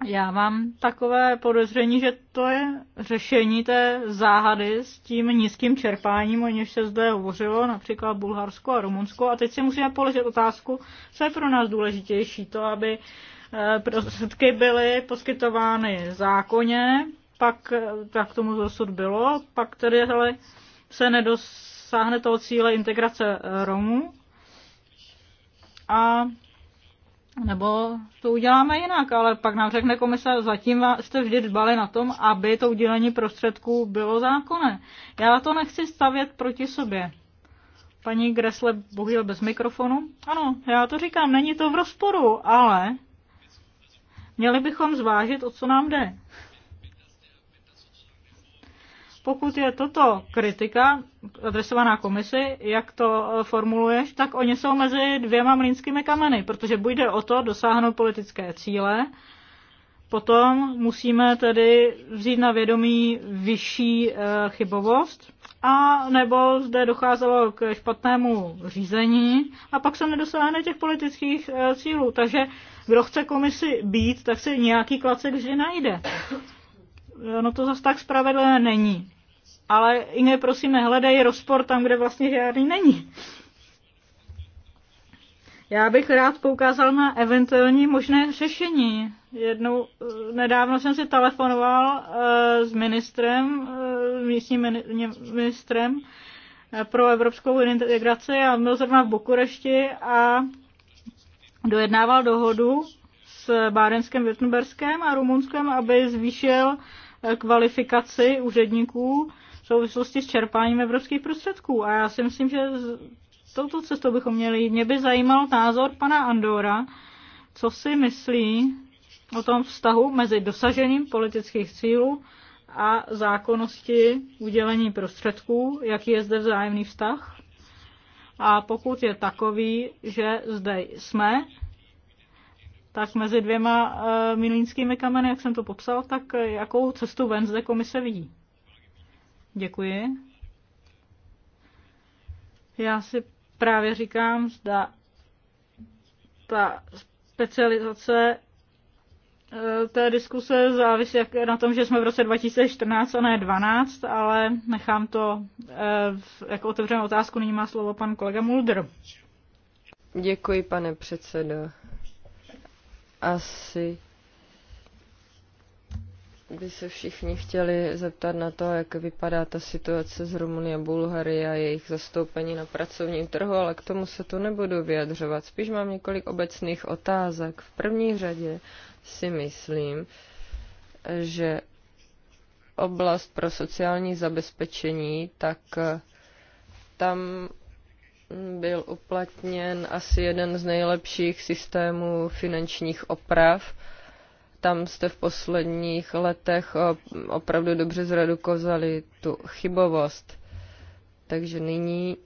já mám takové podezření, že to je řešení té záhady s tím nízkým čerpáním, o něž se zde hovořilo, například Bulharsko a Rumunsko. A teď si musíme položit otázku, co je pro nás důležitější. To, aby eh, prostředky byly poskytovány zákonně, pak eh, tak tomu dosud bylo, pak tedy hele, se nedosáhne toho cíle integrace Romů. A nebo to uděláme jinak, ale pak nám řekne komise, zatím jste vždy dbali na tom, aby to udělení prostředků bylo zákonné. Já to nechci stavět proti sobě. Paní Gresle, bohužel bez mikrofonu. Ano, já to říkám, není to v rozporu, ale měli bychom zvážit, o co nám jde. Pokud je toto kritika adresovaná komisi, jak to eh, formuluješ, tak oni jsou mezi dvěma mlínskými kameny, protože bude o to dosáhnout politické cíle, potom musíme tedy vzít na vědomí vyšší eh, chybovost, a nebo zde docházelo k špatnému řízení a pak se nedosáhne těch politických eh, cílů. Takže kdo chce komisi být, tak si nějaký klacek vždy najde. No to zase tak spravedlivé není. Ale Inge, prosím, nehledej rozpor tam, kde vlastně žádný není. Já bych rád poukázal na eventuální možné řešení. Jednou eh, nedávno jsem si telefonoval eh, s ministrem, eh, místním ministrem pro evropskou integraci a byl zrovna v Bukurešti a dojednával dohodu s Bárenském, Větnberském a Rumunskem, aby zvýšil kvalifikaci úředníků v souvislosti s čerpáním evropských prostředků. A já si myslím, že touto cestou bychom měli jít. Mě by zajímal názor pana Andora, co si myslí o tom vztahu mezi dosažením politických cílů a zákonnosti udělení prostředků, jaký je zde vzájemný vztah. A pokud je takový, že zde jsme, tak mezi dvěma uh, milínskými kameny, jak jsem to popsal, tak jakou cestu ven zde komise vidí? Děkuji. Já si právě říkám, zda ta specializace e, té diskuse závisí na tom, že jsme v roce 2014 a ne 12, ale nechám to e, jako otevřenou otázku. Nyní má slovo pan kolega Mulder. Děkuji, pane předsedo. Asi by se všichni chtěli zeptat na to, jak vypadá ta situace z Rumunie a Bulhary a jejich zastoupení na pracovním trhu, ale k tomu se tu nebudu vyjadřovat. Spíš mám několik obecných otázek. V první řadě si myslím, že oblast pro sociální zabezpečení, tak eh, tam byl uplatněn asi jeden z nejlepších systémů finančních oprav, tam jste v posledních letech eh, opravdu dobře zredukovali tu chybovost. Takže nyní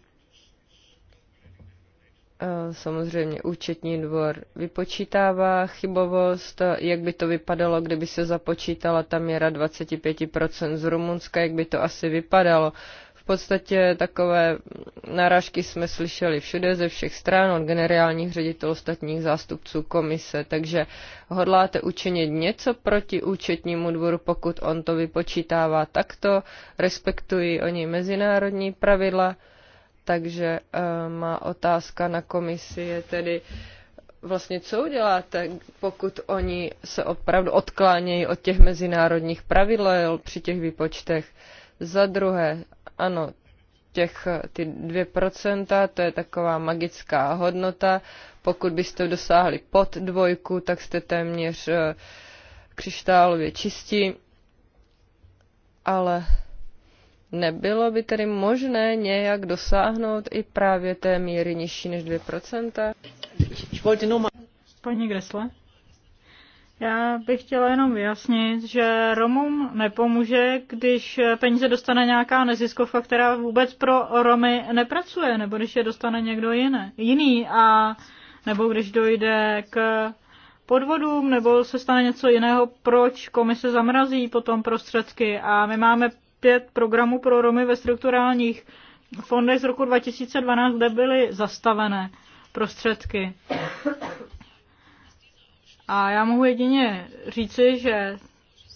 eh, samozřejmě účetní dvor vypočítává chybovost, jak by to vypadalo, kdyby se započítala ta měra 25% z Rumunska, jak by to asi vypadalo podstatě takové narážky jsme slyšeli všude ze všech stran od generálních ředitelů ostatních zástupců komise, takže hodláte učinit něco proti účetnímu dvoru, pokud on to vypočítává takto, respektují oni mezinárodní pravidla, takže e, má otázka na komisi je tedy, vlastně co uděláte, pokud oni se opravdu odklánějí od těch mezinárodních pravidel při těch výpočtech? Za druhé, ano, těch ty 2%, to je taková magická hodnota. Pokud byste dosáhli pod dvojku, tak jste téměř eh, křištálově čistí. Ale nebylo by tedy možné nějak dosáhnout i právě té míry nižší než 2%? Paní Gresle? Já bych chtěla jenom vyjasnit, že Romům nepomůže, když peníze dostane nějaká neziskovka, která vůbec pro Romy nepracuje, nebo když je dostane někdo jiný, jiný a nebo když dojde k podvodům, nebo se stane něco jiného, proč komise zamrazí potom prostředky. A my máme pět programů pro Romy ve strukturálních fondech z roku 2012, kde byly zastavené prostředky. A já mohu jedině říci, že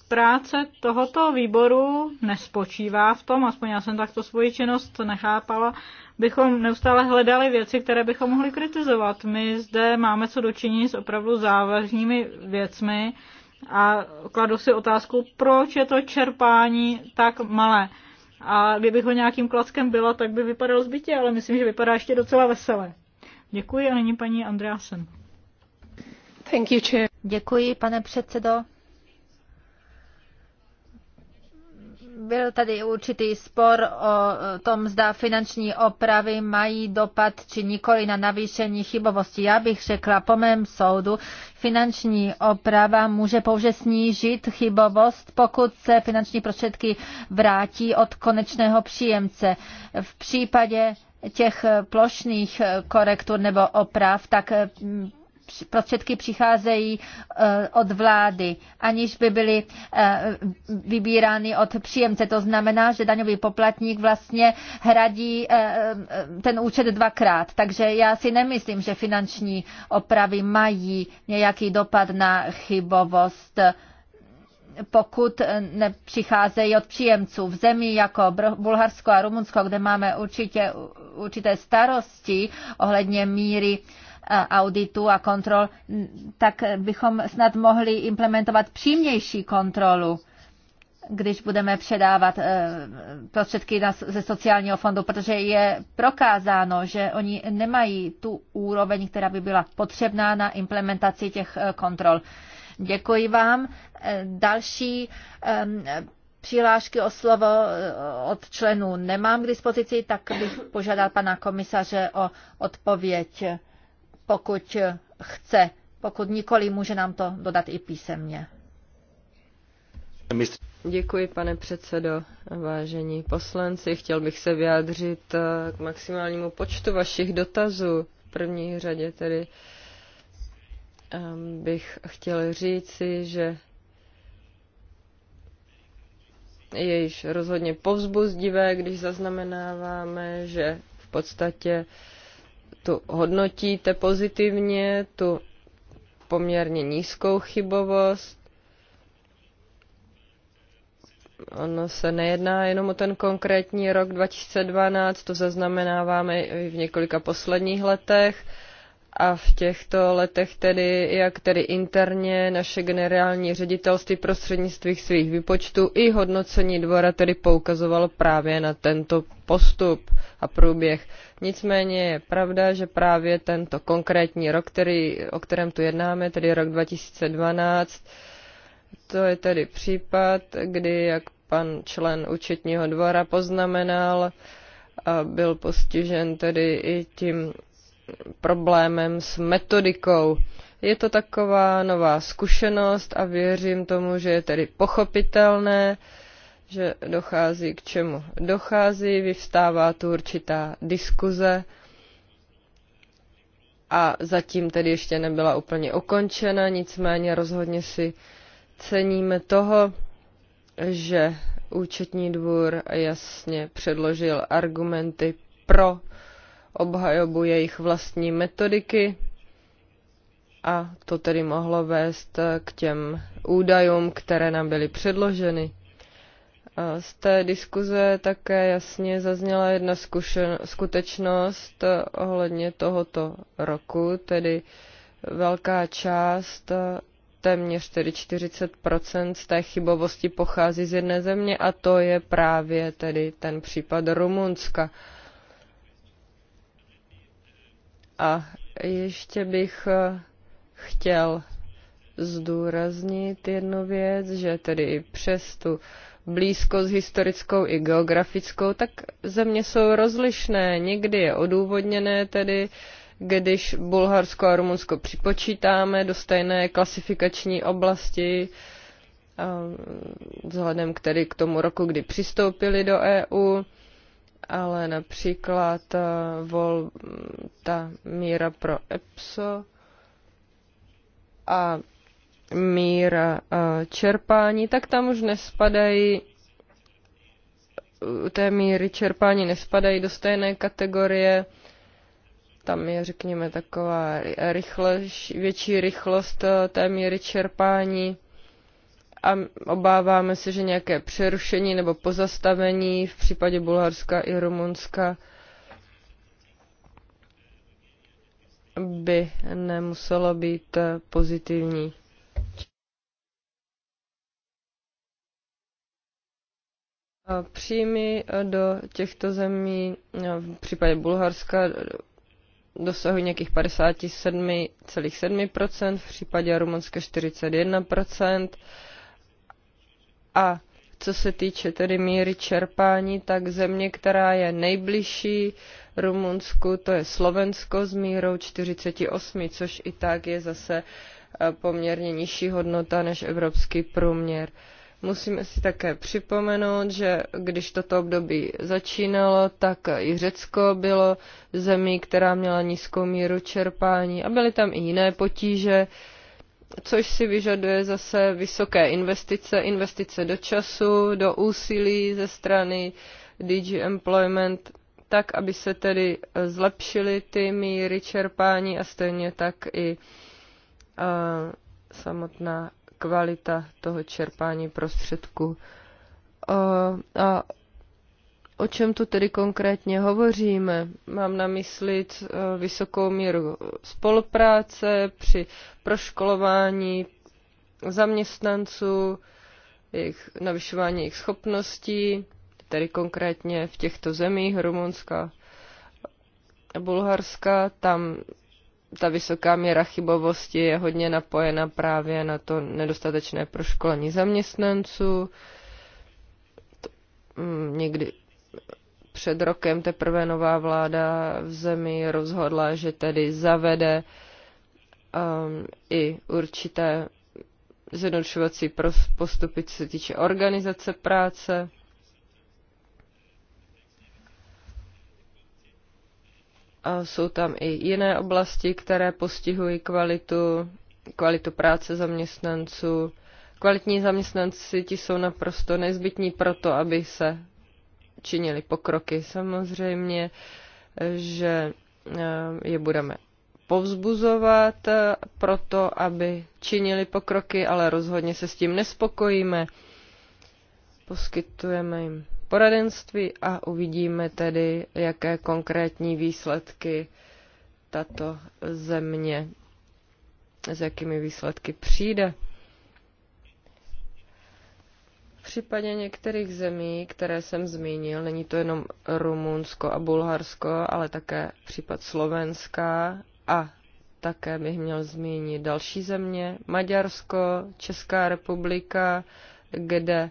práce tohoto výboru nespočívá v tom, aspoň já jsem takto svoji činnost nechápala, bychom neustále hledali věci, které bychom mohli kritizovat. My zde máme co dočinit s opravdu závažnými věcmi a kladu si otázku, proč je to čerpání tak malé. A kdybych ho nějakým klackem byla, tak by vypadalo zbytě, ale myslím, že vypadá ještě docela veselé. Děkuji a nyní paní Andreasen. Děkuji, pane předsedo. byl tady určitý spor o tom, zda finanční opravy mají dopad či nikoli na navýšení chybovosti. Já bych řekla, po mém soudu, finanční oprava může pouze snížit chybovost, pokud se finanční prostředky vrátí od konečného příjemce. V případě těch plošných korektur nebo oprav, tak prostředky přicházejí eh, od vlády, aniž by byly eh, vybírány od příjemce. To znamená, že daňový poplatník vlastně hradí eh, ten účet dvakrát. Takže já si nemyslím, že finanční opravy mají nějaký dopad na chybovost pokud nepřicházejí od příjemců. V zemi jako Bulharsko a Rumunsko, kde máme určitě určité starosti ohledně míry uh, auditu a kontrol, tak bychom snad mohli implementovat přímější kontrolu když budeme předávat e, prostředky ze sociálního fondu, protože je prokázáno, že oni nemají tu úroveň, která by byla potřebná na implementaci těch e, kontrol. Děkuji vám. E, další přihlášky o slovo od členů nemám k dispozici, tak bych požádal pana komisaře o odpověď pokud chce. Pokud nikoli, může nám to dodat i písemně. Děkuji, pane předsedo. Vážení poslanci, chtěl bych se vyjádřit eh, k maximálnímu počtu vašich dotazů. V první řadě tedy ehm, bych chtěl říci, že je již rozhodně povzbuzdivé, když zaznamenáváme, že v podstatě uh, tu hodnotíte pozitivně, tu poměrně nízkou chybovost. Ono se nejedná jenom o ten konkrétní rok 2012, to zaznamenáváme i v několika posledních letech, a v těchto letech tedy, jak tedy interně naše generální ředitelství prostřednictvím svých výpočtů i hodnocení dvora tedy poukazovalo právě na tento postup a průběh. Nicméně je pravda, že právě tento konkrétní rok, který, o kterém tu jednáme, tedy rok 2012, to je tedy případ, kdy, jak pan člen účetního dvora poznamenal, byl postižen tedy i tím problémem s metodikou. Je to taková nová zkušenost a věřím tomu, že je tedy pochopitelné, že dochází k čemu dochází, vyvstává tu určitá diskuze a zatím tedy ještě nebyla úplně ukončena, nicméně rozhodně si ceníme toho, že účetní dvůr jasně předložil argumenty pro obhajobu jejich vlastní metodiky a to tedy mohlo vést k těm údajům, které nám byly předloženy. Z té diskuze také jasně zazněla jedna zkušen- skutečnost ohledně tohoto roku, tedy velká část, téměř tedy 40 z té chybovosti pochází z jedné země a to je právě tedy ten případ Rumunska. A ještě bych eh, chtěl zdůraznit jednu věc, že tedy i přes tu blízkost historickou i geografickou, tak země jsou rozlišné. Někdy je odůvodněné tedy, když Bulharsko a Rumunsko připočítáme do stejné klasifikační oblasti, eh, vzhledem k, tedy k tomu roku, kdy přistoupili do EU, ale například eh, vol, ta míra pro EPSO a míra eh, čerpání, tak tam už nespadají té míry čerpání nespadají do stejné kategorie. Tam je, řekněme, taková rychlež, větší rychlost eh, té míry čerpání a obáváme se, že nějaké přerušení nebo pozastavení v případě Bulharska i Rumunska by nemuselo být eh, pozitivní. Příjmy eh, do těchto zemí no, v případě Bulharska eh, dosahují nějakých 57,7%, v případě Rumunska 41%, a co se týče tedy míry čerpání, tak země, která je nejbližší Rumunsku, to je Slovensko s mírou 48, což i tak je zase e, poměrně nižší hodnota než evropský průměr. Musíme si také připomenout, že když toto období začínalo, tak i Řecko bylo zemí, která měla nízkou míru čerpání a byly tam i jiné potíže, což si vyžaduje zase vysoké investice, investice do času, do úsilí ze strany DG Employment, tak, aby se tedy eh, zlepšily ty míry čerpání a stejně tak i uh, samotná kvalita toho čerpání prostředků. Uh, a O čem tu tedy konkrétně hovoříme? Mám na mysli eh, vysokou míru spolupráce při proškolování zaměstnanců, jejich, navyšování jejich schopností, tedy konkrétně v těchto zemích, Rumunska a Bulharska, tam ta vysoká míra chybovosti je hodně napojena právě na to nedostatečné proškolení zaměstnanců, to, mm, někdy před rokem teprve nová vláda v zemi rozhodla, že tedy zavede um, i určité zjednodušovací postupy, co se týče organizace práce. A jsou tam i jiné oblasti, které postihují kvalitu, kvalitu práce zaměstnanců. Kvalitní zaměstnanci ti jsou naprosto nezbytní proto, aby se činili pokroky. Samozřejmě, že eh, je budeme povzbuzovat eh, proto, aby činili pokroky, ale rozhodně se s tím nespokojíme. Poskytujeme jim poradenství a uvidíme tedy, jaké konkrétní výsledky tato země, s jakými výsledky přijde případě některých zemí, které jsem zmínil, není to jenom Rumunsko a Bulharsko, ale také případ Slovenska a také bych měl zmínit další země, Maďarsko, Česká republika, kde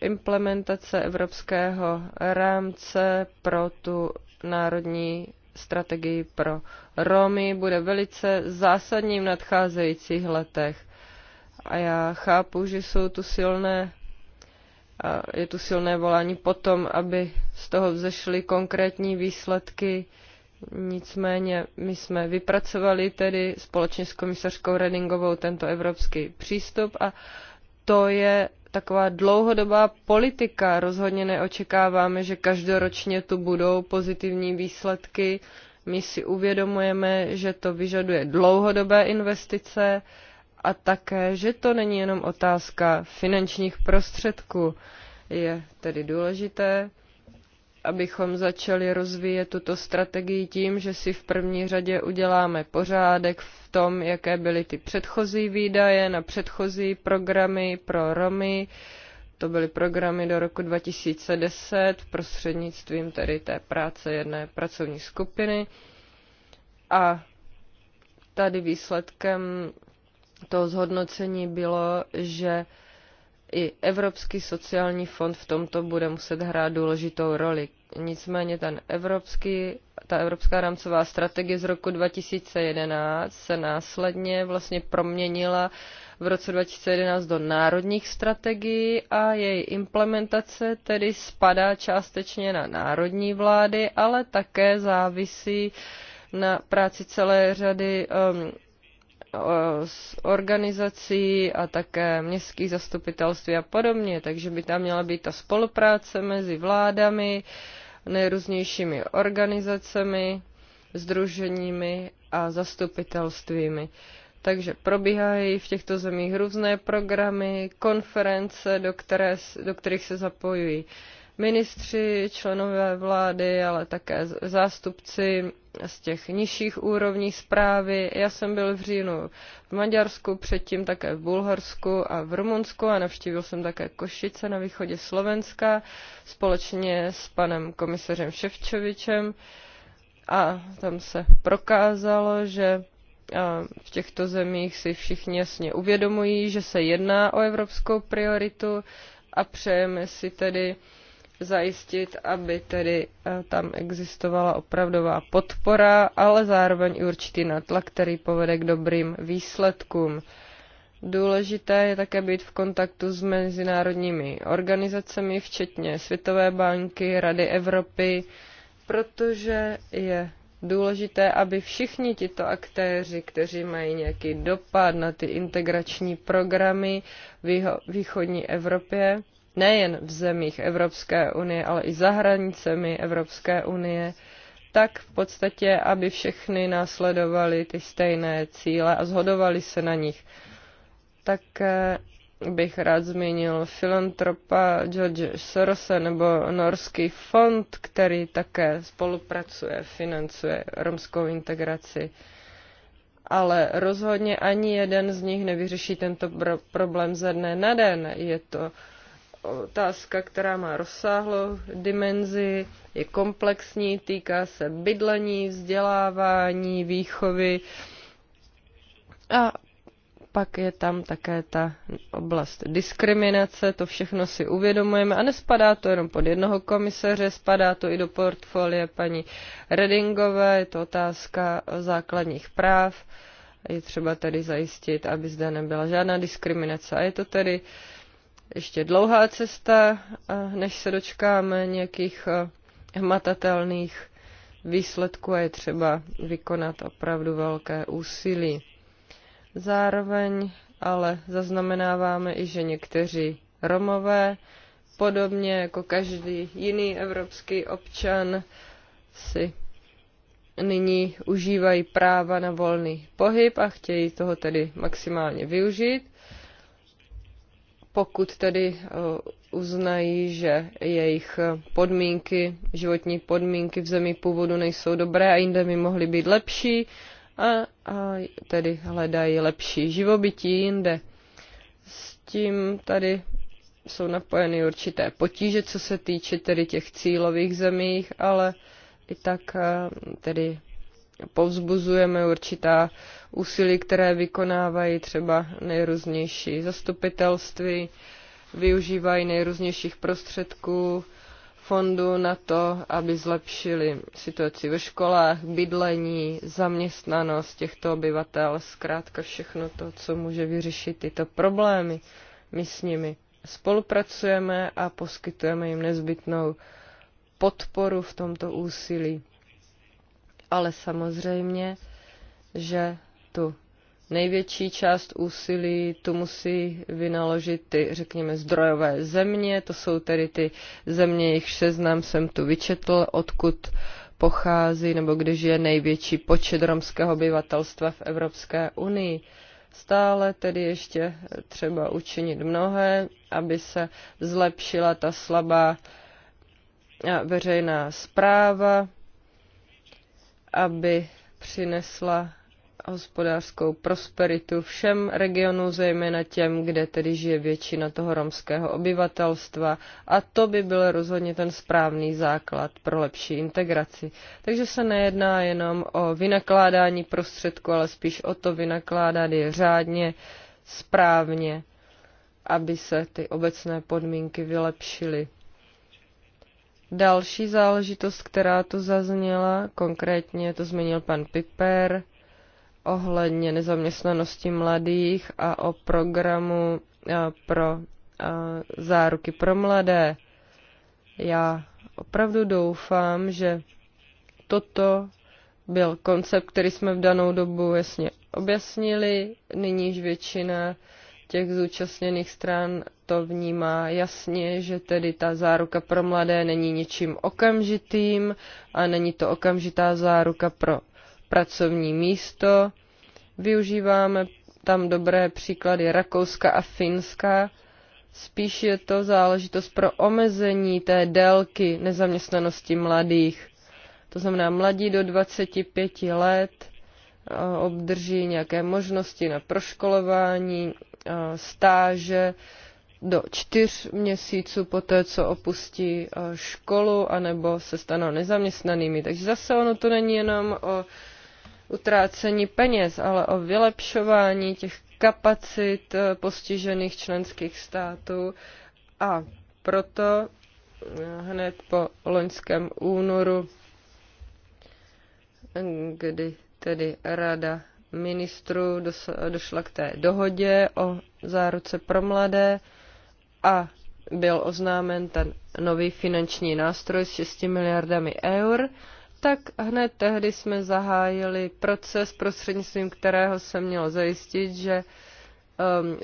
implementace evropského rámce pro tu národní strategii pro Romy bude velice zásadní v nadcházejících letech. A já chápu, že jsou tu silné, je tu silné volání potom, aby z toho vzešly konkrétní výsledky. Nicméně my jsme vypracovali tedy společně s komisařkou Redingovou tento evropský přístup a to je taková dlouhodobá politika. Rozhodně neočekáváme, že každoročně tu budou pozitivní výsledky. My si uvědomujeme, že to vyžaduje dlouhodobé investice, a také, že to není jenom otázka finančních prostředků. Je tedy důležité, abychom začali rozvíjet tuto strategii tím, že si v první řadě uděláme pořádek v tom, jaké byly ty předchozí výdaje na předchozí programy pro Romy. To byly programy do roku 2010 prostřednictvím tedy té práce jedné pracovní skupiny. A tady výsledkem to zhodnocení bylo, že i Evropský sociální fond v tomto bude muset hrát důležitou roli. Nicméně ten evropský, ta Evropská rámcová strategie z roku 2011 se následně vlastně proměnila v roce 2011 do národních strategií a její implementace tedy spadá částečně na národní vlády, ale také závisí na práci celé řady um, z eh, organizací a také městských zastupitelství a podobně, takže by tam měla být ta spolupráce mezi vládami, nejrůznějšími organizacemi, združeními a zastupitelstvími. Takže probíhají v těchto zemích různé programy, konference, do, které, do kterých se zapojují ministři, členové vlády, ale také zástupci z těch nižších úrovní zprávy. Já jsem byl v říjnu v Maďarsku, předtím také v Bulharsku a v Rumunsku a navštívil jsem také Košice na východě Slovenska společně s panem komisařem Ševčovičem a tam se prokázalo, že v těchto zemích si všichni jasně uvědomují, že se jedná o evropskou prioritu a přejeme si tedy zajistit, aby tedy eh, tam existovala opravdová podpora, ale zároveň i určitý natlak, který povede k dobrým výsledkům. Důležité je také být v kontaktu s mezinárodními organizacemi, včetně Světové banky, Rady Evropy, protože je důležité, aby všichni tito aktéři, kteří mají nějaký dopad na ty integrační programy v východní Evropě, nejen v zemích Evropské unie, ale i za hranicemi Evropské unie, tak v podstatě, aby všechny následovaly ty stejné cíle a zhodovali se na nich. Tak eh, bych rád zmínil filantropa George Sorose nebo Norský fond, který také spolupracuje, financuje romskou integraci. Ale rozhodně ani jeden z nich nevyřeší tento problém ze dne na den. Je to otázka, která má rozsáhlou dimenzi, je komplexní, týká se bydlení, vzdělávání, výchovy a pak je tam také ta oblast diskriminace, to všechno si uvědomujeme a nespadá to jenom pod jednoho komisaře, spadá to i do portfolia paní Redingové, je to otázka základních práv, je třeba tedy zajistit, aby zde nebyla žádná diskriminace a je to tedy uh, ještě dlouhá cesta, než se dočkáme nějakých hmatatelných výsledků a je třeba vykonat opravdu velké úsilí. Zároveň ale zaznamenáváme i, že někteří Romové, podobně jako každý jiný evropský občan, si nyní užívají práva na volný pohyb a chtějí toho tedy maximálně využít pokud tedy eh, uznají, že jejich podmínky, životní podmínky v zemi původu nejsou dobré a jinde by mohly být lepší, a, a tedy hledají lepší živobytí jinde. S tím tady jsou napojeny určité potíže, co se týče tedy těch cílových zemích, ale i tak eh, tedy povzbuzujeme určitá úsilí, které vykonávají třeba nejrůznější zastupitelství, využívají nejrůznějších prostředků, fondu na to, aby zlepšili situaci ve školách, bydlení, zaměstnanost těchto obyvatel, zkrátka všechno to, co může vyřešit tyto problémy. My s nimi spolupracujeme a poskytujeme jim nezbytnou podporu v tomto úsilí ale samozřejmě, že tu největší část úsilí tu musí vynaložit ty, řekněme, zdrojové země, to jsou tedy ty země, jejich seznam jsem tu vyčetl, odkud pochází nebo kde žije největší počet romského obyvatelstva v Evropské unii. Stále tedy ještě třeba učinit mnohé, aby se zlepšila ta slabá veřejná zpráva, aby přinesla hospodářskou prosperitu všem regionu, zejména těm, kde tedy žije většina toho romského obyvatelstva. A to by byl rozhodně ten správný základ pro lepší integraci. Takže se nejedná jenom o vynakládání prostředku, ale spíš o to vynakládat je řádně, správně, aby se ty obecné podmínky vylepšily. Další záležitost, která tu zazněla, konkrétně to zmínil pan Piper, ohledně nezaměstnanosti mladých a o programu pro záruky pro mladé. Já opravdu doufám, že toto byl koncept, který jsme v danou dobu jasně objasnili. Nyníž většina těch zúčastněných stran to vnímá jasně, že tedy ta záruka pro mladé není ničím okamžitým a není to okamžitá záruka pro pracovní místo. Využíváme tam dobré příklady Rakouska a Finska. Spíš je to záležitost pro omezení té délky nezaměstnanosti mladých. To znamená, mladí do 25 let eh, obdrží nějaké možnosti na proškolování, Eh, stáže do čtyř měsíců po té, co opustí eh, školu, anebo se stanou nezaměstnanými. Takže zase ono to není jenom o utrácení peněz, ale o vylepšování těch kapacit eh, postižených členských států. A proto hned po loňském únoru, kdy tedy rada ministrů došla k té dohodě o záruce pro mladé a byl oznámen ten nový finanční nástroj s 6 miliardami eur, tak hned tehdy jsme zahájili proces, prostřednictvím kterého se mělo zajistit, že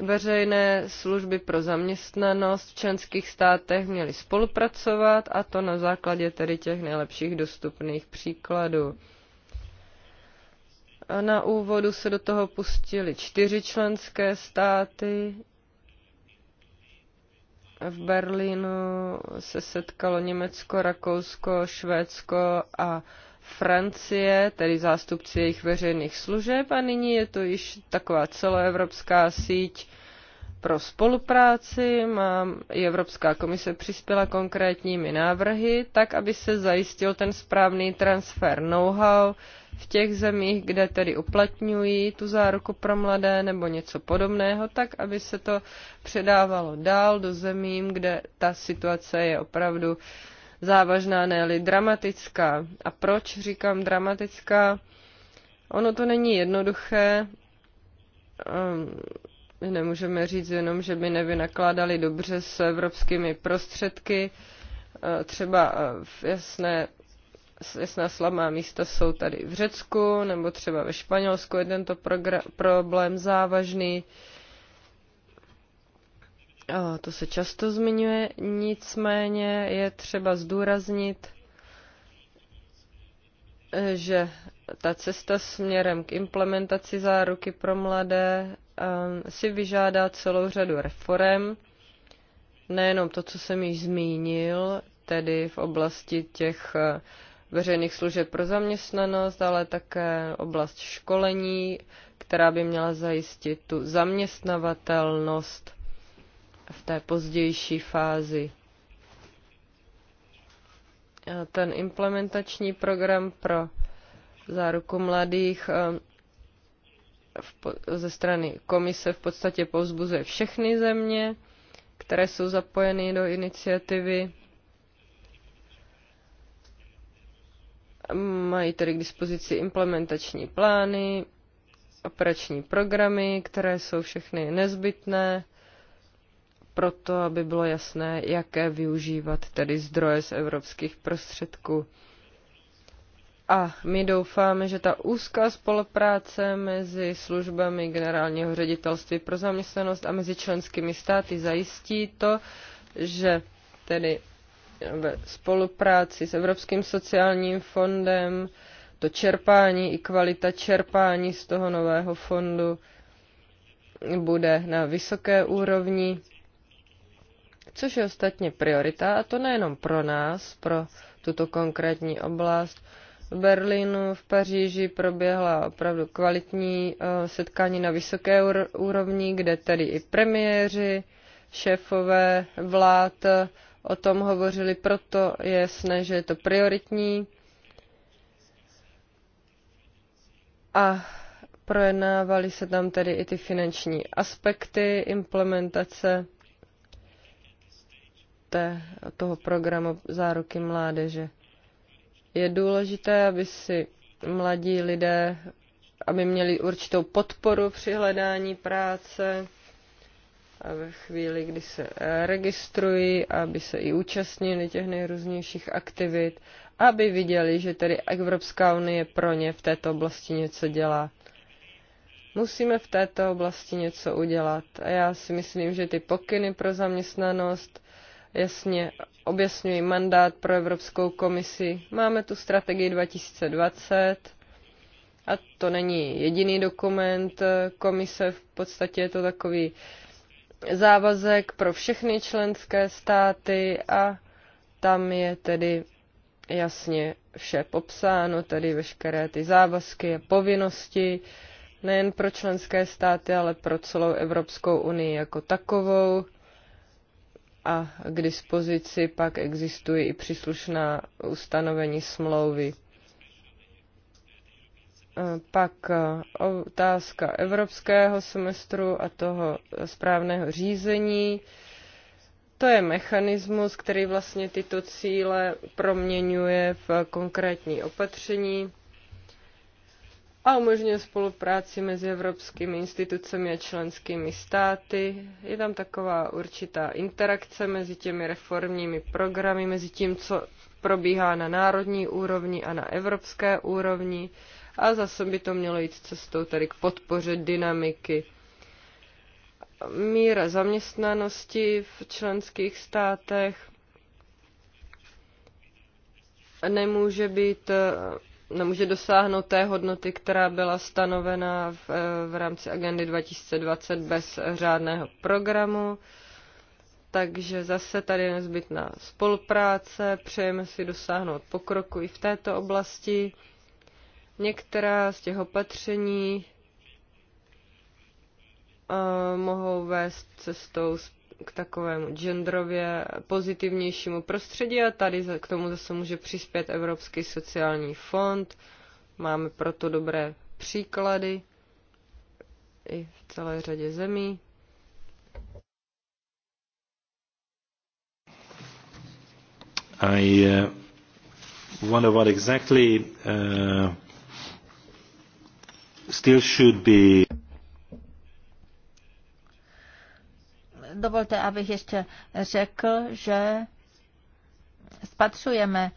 um, veřejné služby pro zaměstnanost v členských státech měly spolupracovat a to na základě tedy těch nejlepších dostupných příkladů. Na úvodu se do toho pustili čtyři členské státy. V Berlínu se setkalo Německo, Rakousko, Švédsko a Francie, tedy zástupci jejich veřejných služeb a nyní je to již taková celoevropská síť pro spolupráci. Mám, i Evropská komise přispěla konkrétními návrhy, tak aby se zajistil ten správný transfer know-how, v těch zemích, kde tedy uplatňují tu záruku pro mladé nebo něco podobného, tak aby se to předávalo dál do zemím, kde ta situace je opravdu závažná, ne dramatická. A proč říkám dramatická? Ono to není jednoduché. Ehm, my nemůžeme říct jenom, že by nevynakládali dobře s evropskými prostředky. Ehm, třeba ehm, v jasné jasná slabá místa jsou tady v Řecku nebo třeba ve Španělsku je tento problém závažný. O, to se často zmiňuje, nicméně je třeba zdůraznit, že ta cesta směrem k implementaci záruky pro mladé um, si vyžádá celou řadu reform, nejenom to, co jsem již zmínil, tedy v oblasti těch veřejných služeb pro zaměstnanost, ale také oblast školení, která by měla zajistit tu zaměstnavatelnost v té pozdější fázi. A ten implementační program pro záruku mladých eh, ze strany komise v podstatě povzbuzuje všechny země, které jsou zapojeny do iniciativy mají tedy k dispozici implementační plány, operační programy, které jsou všechny nezbytné pro to, aby bylo jasné, jaké využívat tedy zdroje z evropských prostředků. A my doufáme, že ta úzká spolupráce mezi službami generálního ředitelství pro zaměstnanost a mezi členskými státy zajistí to, že tedy ve spolupráci s Evropským sociálním fondem, to čerpání i kvalita čerpání z toho nového fondu bude na vysoké úrovni, což je ostatně priorita, a to nejenom pro nás, pro tuto konkrétní oblast. V Berlínu, v Paříži proběhla opravdu kvalitní eh, setkání na vysoké úrovni, kde tedy i premiéři, šéfové vlád o tom hovořili, proto je jasné, že je to prioritní. A projednávaly se tam tedy i ty finanční aspekty implementace té, toho programu záruky mládeže. Je důležité, aby si mladí lidé, aby měli určitou podporu při hledání práce, ve chvíli, kdy se eh, registrují, aby se i účastnili těch nejrůznějších aktivit, aby viděli, že tedy Evropská unie pro ně v této oblasti něco dělá. Musíme v této oblasti něco udělat. A já si myslím, že ty pokyny pro zaměstnanost jasně objasňují mandát pro Evropskou komisi. Máme tu strategii 2020, a to není jediný dokument eh, komise, v podstatě je to takový závazek pro všechny členské státy a tam je tedy jasně vše popsáno, tedy veškeré ty závazky a povinnosti, nejen pro členské státy, ale pro celou Evropskou unii jako takovou. A k dispozici pak existují i příslušná ustanovení smlouvy. Pak eh, otázka evropského semestru a toho správného řízení. To je mechanismus, který vlastně tyto cíle proměňuje v konkrétní opatření a umožňuje spolupráci mezi evropskými institucemi a členskými státy. Je tam taková určitá interakce mezi těmi reformními programy, mezi tím, co probíhá na národní úrovni a na evropské úrovni a zase by to mělo jít cestou tady k podpoře dynamiky. Míra zaměstnanosti v členských státech nemůže být nemůže dosáhnout té hodnoty, která byla stanovena v, v rámci agendy 2020 bez řádného programu. Takže zase tady je nezbytná spolupráce, přejeme si dosáhnout pokroku i v této oblasti. Některá z těch opatření eh, mohou vést cestou k takovému genderově pozitivnějšímu prostředí a tady k tomu zase může přispět Evropský sociální fond. Máme proto dobré příklady i v celé řadě zemí. I uh, eh, wonder what exactly uh, still should be Dovolte, abych ještě řekl, že spatřujeme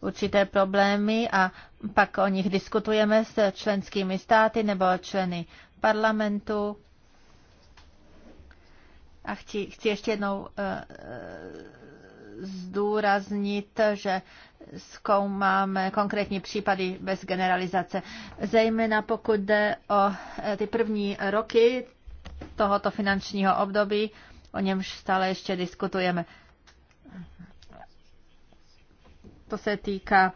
určité problémy a pak o nich diskutujeme s členskými státy nebo členy parlamentu. A chci, chci ještě jednou uh, zdůraznit, že zkoumáme konkrétní případy bez generalizace. Zejména pokud jde o eh, ty první roky tohoto finančního období, o němž stále ještě diskutujeme. To se týká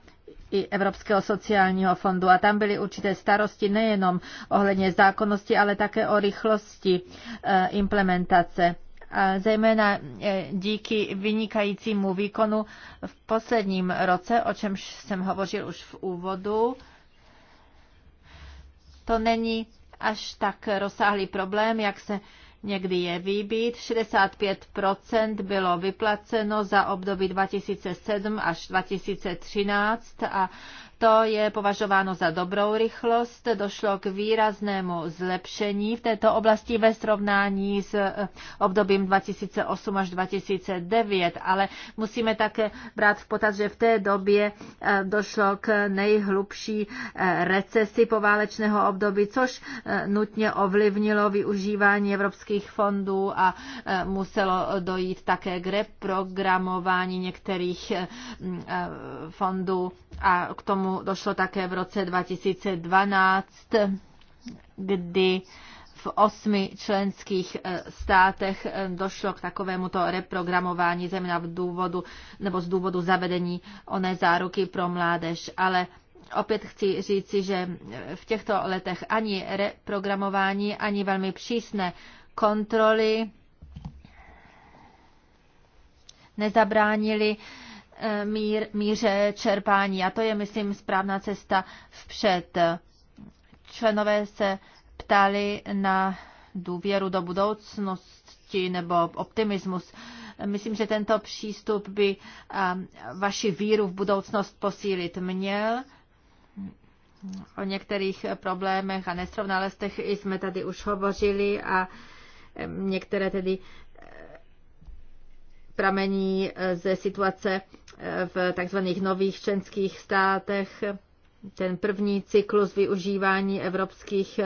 i Evropského sociálního fondu a tam byly určité starosti nejenom ohledně zákonnosti, ale také o rychlosti eh, implementace zejména e, díky vynikajícímu výkonu v posledním roce, o čemž jsem hovořil už v úvodu. To není až tak rozsáhlý problém, jak se někdy jeví výbít. 65 bylo vyplaceno za období 2007 až 2013 a to je považováno za dobrou rychlost. Došlo k výraznému zlepšení v této oblasti ve srovnání s eh, obdobím 2008 až 2009, ale musíme také brát v potaz, že v té době eh, došlo k nejhlubší eh, recesi poválečného období, což nutně ovlivnilo využívání evropských fondů a muselo dojít také k reprogramování některých fondů a k tomu tomu došlo také v roce 2012, kdy v osmi členských e, státech e, došlo k takovémuto reprogramování země v důvodu, nebo z důvodu zavedení oné záruky pro mládež. Ale opět chci říci, že e, v těchto letech ani reprogramování, ani velmi přísné kontroly nezabránili uh, mír, míře čerpání. A to je, myslím, správná cesta vpřed. Členové se ptali na důvěru do budoucnosti nebo optimismus. Myslím, že tento přístup by vaši víru v budoucnost posílit měl. O některých problémech a nesrovnalostech jsme tady už hovořili a některé tedy e, pramení e, ze situace v takzvaných nových členských státech. Ten první cyklus využívání evropských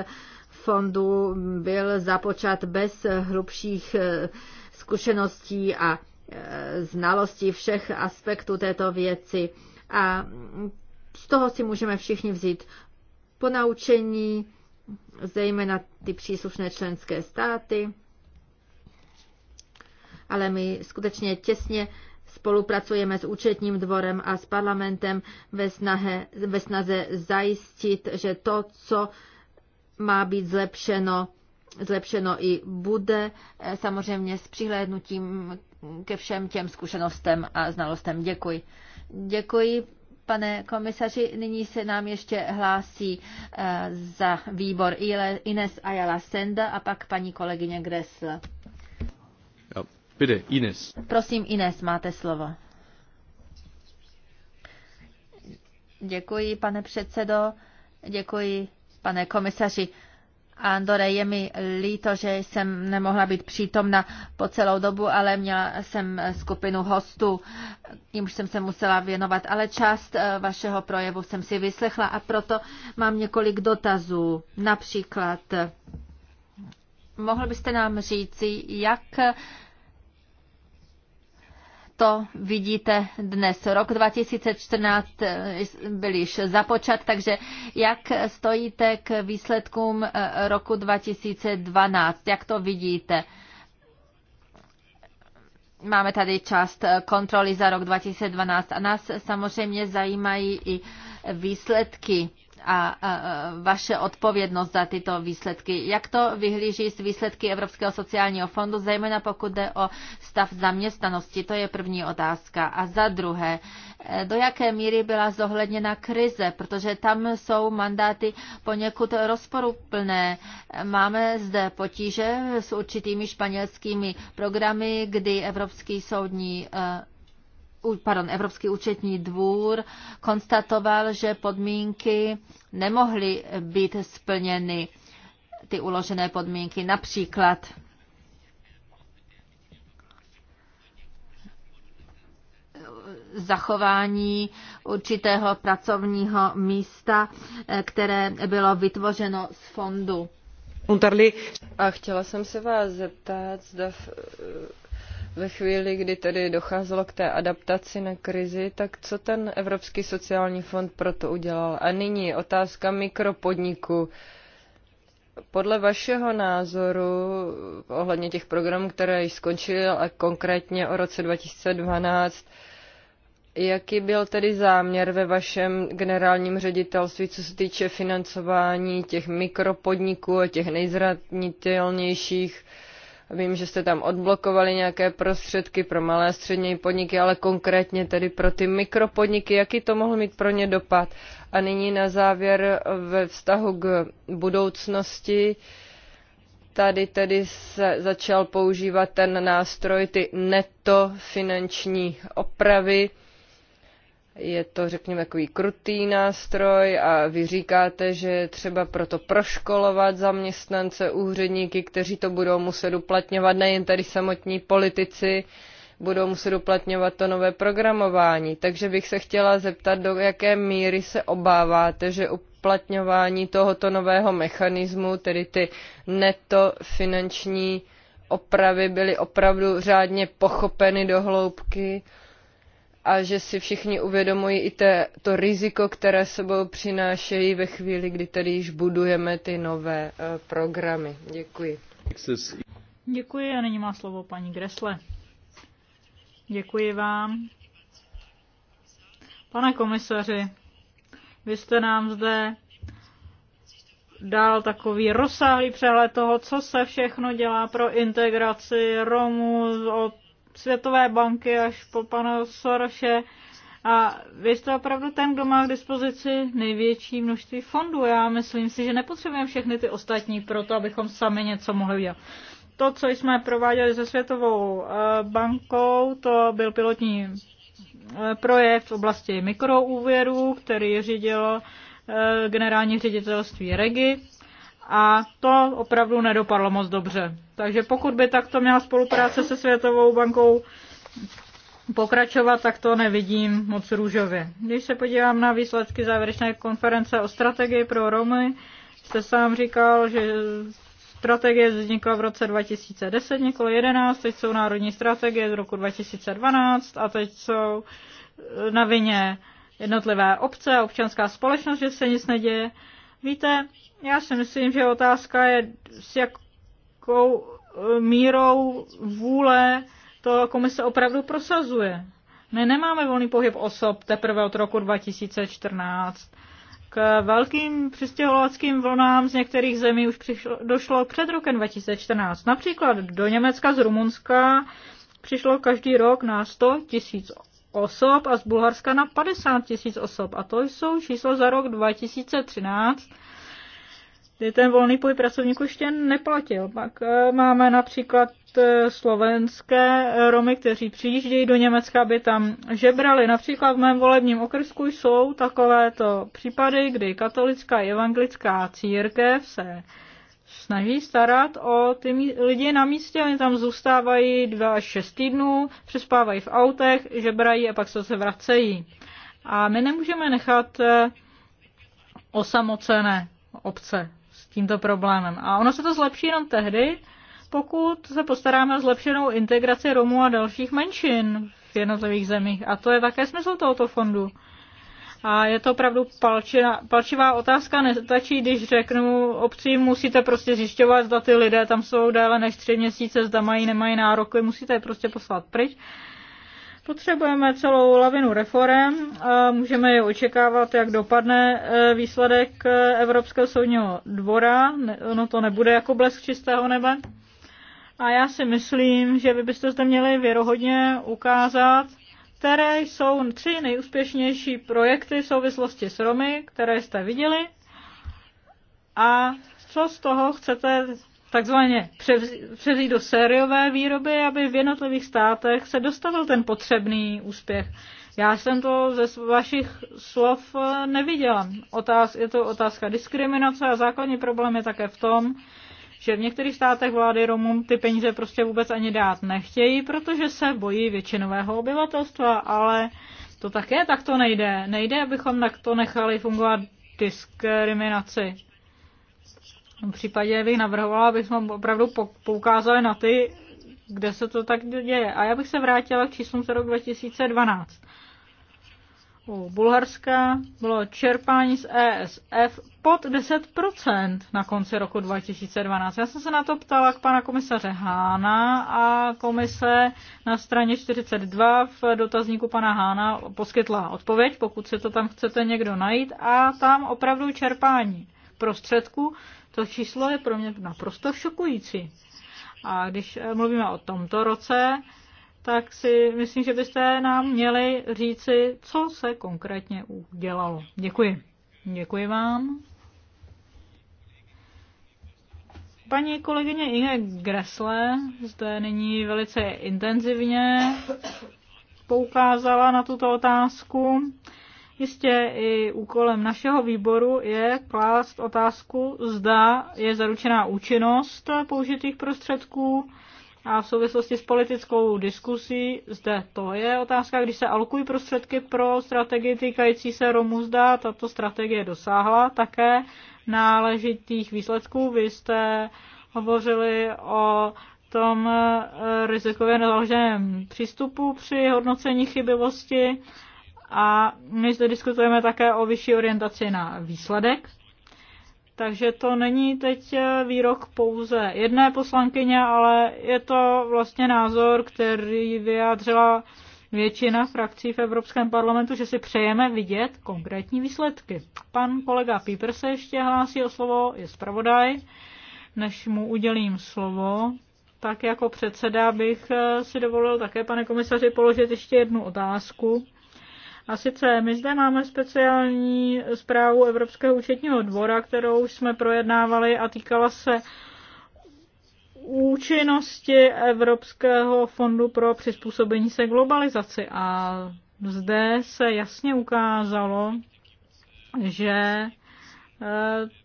fondů byl započat bez hrubších eh, zkušeností a eh, znalostí všech aspektů této věci. A z toho si můžeme všichni vzít ponaučení, zejména ty příslušné členské státy, ale my skutečně těsně Spolupracujeme s účetním dvorem a s parlamentem ve, snahe, ve snaze zajistit, že to, co má být zlepšeno, zlepšeno i bude, eh, samozřejmě s přihlédnutím ke všem těm zkušenostem a znalostem. Děkuji. Děkuji, pane komisaři. Nyní se nám ještě hlásí eh, za výbor Ines Ayala Senda a pak paní kolegyně Gressl. Bitte, Ines. Prosím, Ines, máte slovo. Děkuji, pane předsedo. Děkuji, pane komisaři. Andore, je mi líto, že jsem nemohla být přítomna po celou dobu, ale měla jsem skupinu hostů, jimž jsem se musela věnovat, ale část eh, vašeho projevu jsem si vyslechla a proto mám několik dotazů. Například, mohl byste nám říci, jak to vidíte dnes. Rok 2014 eh, byl již započat, takže jak stojíte k výsledkům eh, roku 2012? Jak to vidíte? Máme tady část eh, kontroly za rok 2012 a nás samozřejmě zajímají i výsledky a vaše odpovědnost za tyto výsledky. Jak to vyhlíží z výsledky Evropského sociálního fondu, zejména pokud jde o stav zaměstnanosti? To je první otázka. A za druhé, eh, do jaké míry byla zohledněna krize, protože tam jsou mandáty poněkud rozporuplné. Máme zde potíže s určitými španělskými programy, kdy Evropský soudní eh, pardon, Evropský účetní dvůr konstatoval, že podmínky nemohly být splněny, ty uložené podmínky, například zachování určitého pracovního místa, které bylo vytvořeno z fondu. A chtěla jsem se vás zeptat, zda ve chvíli, kdy tedy docházelo k té adaptaci na krizi, tak co ten Evropský sociální fond proto udělal? A nyní otázka mikropodniku. Podle vašeho názoru ohledně těch programů, které již skončily, a konkrétně o roce 2012, Jaký byl tedy záměr ve vašem generálním ředitelství, co se týče financování těch mikropodniků a těch nejzranitelnějších Vím, že jste tam odblokovali nějaké prostředky pro malé a střední podniky, ale konkrétně tedy pro ty mikropodniky, jaký to mohl mít pro ně dopad. A nyní na závěr ve vztahu k budoucnosti tady tedy se začal používat ten nástroj, ty neto finanční opravy je to, řekněme, takový krutý nástroj a vy říkáte, že je třeba proto proškolovat zaměstnance, úředníky, kteří to budou muset uplatňovat, nejen tady samotní politici, budou muset uplatňovat to nové programování. Takže bych se chtěla zeptat, do jaké míry se obáváte, že uplatňování tohoto nového mechanismu, tedy ty neto finanční opravy byly opravdu řádně pochopeny do hloubky, a že si všichni uvědomují i te, to riziko, které sebou přinášejí ve chvíli, kdy tady již budujeme ty nové eh, programy. Děkuji. Děkuji a nyní má slovo paní Gresle. Děkuji vám. Pane komisaři, vy jste nám zde dal takový rozsáhlý přehled toho, co se všechno dělá pro integraci Romů od Světové banky až po pana Soroše. A vy jste opravdu ten, kdo má k dispozici největší množství fondů. Já myslím si, že nepotřebujeme všechny ty ostatní pro to, abychom sami něco mohli udělat. To, co jsme prováděli se Světovou eh, bankou, to byl pilotní eh, projekt v oblasti mikroúvěrů, který řídilo eh, generální ředitelství REGI a to opravdu nedopadlo moc dobře. Takže pokud by takto měla spolupráce se Světovou bankou pokračovat, tak to nevidím moc růžově. Když se podívám na výsledky závěrečné konference o strategii pro Romy, jste sám říkal, že strategie vznikla v roce 2010, nikoli 11, teď jsou národní strategie z roku 2012 a teď jsou na vině jednotlivé obce a občanská společnost, že se nic neděje. Víte, já si myslím, že otázka je, s jakou e, mírou vůle to komise opravdu prosazuje. My nemáme volný pohyb osob teprve od roku 2014. K velkým přistěhovalackým vlnám z některých zemí už přišlo, došlo před rokem 2014. Například do Německa z Rumunska přišlo každý rok na 100 000 osob a z Bulharska na 50 tisíc osob. A to jsou číslo za rok 2013, kdy ten volný pohyb pracovníků ještě neplatil. Pak eh, máme například eh, slovenské Romy, kteří přijíždějí do Německa, aby tam žebrali. Například v mém volebním okrsku jsou takovéto případy, kdy katolická i evangelická církev se snaží starat o ty lidi na místě. Oni tam zůstávají dva až šest týdnů, přespávají v autech, žebrají a pak se zase vracejí. A my nemůžeme nechat eh, osamocené obce s tímto problémem. A ono se to zlepší jenom tehdy, pokud se postaráme o zlepšenou integraci Romů a dalších menšin v jednotlivých zemích. A to je také smysl tohoto fondu. A je to opravdu palčina, palčivá otázka. Nestačí, když řeknu obcím, musíte prostě zjišťovat, zda ty lidé tam jsou déle než tři měsíce, zda mají, nemají nároky, musíte je prostě poslat pryč. Potřebujeme celou lavinu reform a můžeme je očekávat, jak dopadne e, výsledek e, Evropského soudního dvora. Ono to nebude jako blesk čistého nebe. A já si myslím, že vy byste zde měli věrohodně ukázat, které jsou tři nejúspěšnější projekty v souvislosti s Romy, které jste viděli a co z toho chcete takzvaně převzít do sériové výroby, aby v jednotlivých státech se dostavil ten potřebný úspěch. Já jsem to ze vašich slov eh, neviděla. Otáz, je to otázka diskriminace a základní problém je také v tom, že v některých státech vlády Romům ty peníze prostě vůbec ani dát nechtějí, protože se bojí většinového obyvatelstva, ale to také tak to nejde. Nejde, abychom takto nechali fungovat diskriminaci. V případě bych navrhovala, abychom opravdu poukázali na ty, kde se to tak děje. A já bych se vrátila k číslům za rok 2012 u Bulharska bylo čerpání z ESF pod 10% na konci roku 2012. Já jsem se na to ptala k pana komisaře Hána a komise na straně 42 v dotazníku pana Hána poskytla odpověď, pokud si to tam chcete někdo najít a tam opravdu čerpání prostředků, to číslo je pro mě naprosto šokující. A když mluvíme o tomto roce, tak si myslím, že byste nám měli říci, co se konkrétně udělalo. Děkuji. Děkuji vám. Paní kolegyně Inge gresle zde nyní velice intenzivně poukázala na tuto otázku. Jistě i úkolem našeho výboru je klást otázku, zda je zaručená účinnost použitých prostředků a v souvislosti s politickou diskusí zde to je otázka, když se alokují prostředky pro strategii týkající se Romů, zda tato strategie dosáhla také náležitých výsledků. Vy jste hovořili o tom eh, rizikově naloženém přístupu při hodnocení chybivosti a my zde diskutujeme také o vyšší orientaci na výsledek takže to není teď eh, výrok pouze jedné poslankyně, ale je to vlastně názor, který vyjádřila většina frakcí v Evropském parlamentu, že si přejeme vidět konkrétní výsledky. Pan kolega Píper se ještě hlásí o slovo, je zpravodaj. Než mu udělím slovo, tak jako předseda bych eh, si dovolil také, pane komisaři, položit ještě jednu otázku. A sice my zde máme speciální zprávu Evropského účetního dvora, kterou jsme projednávali a týkala se účinnosti Evropského fondu pro přizpůsobení se globalizaci. A zde se jasně ukázalo, že eh,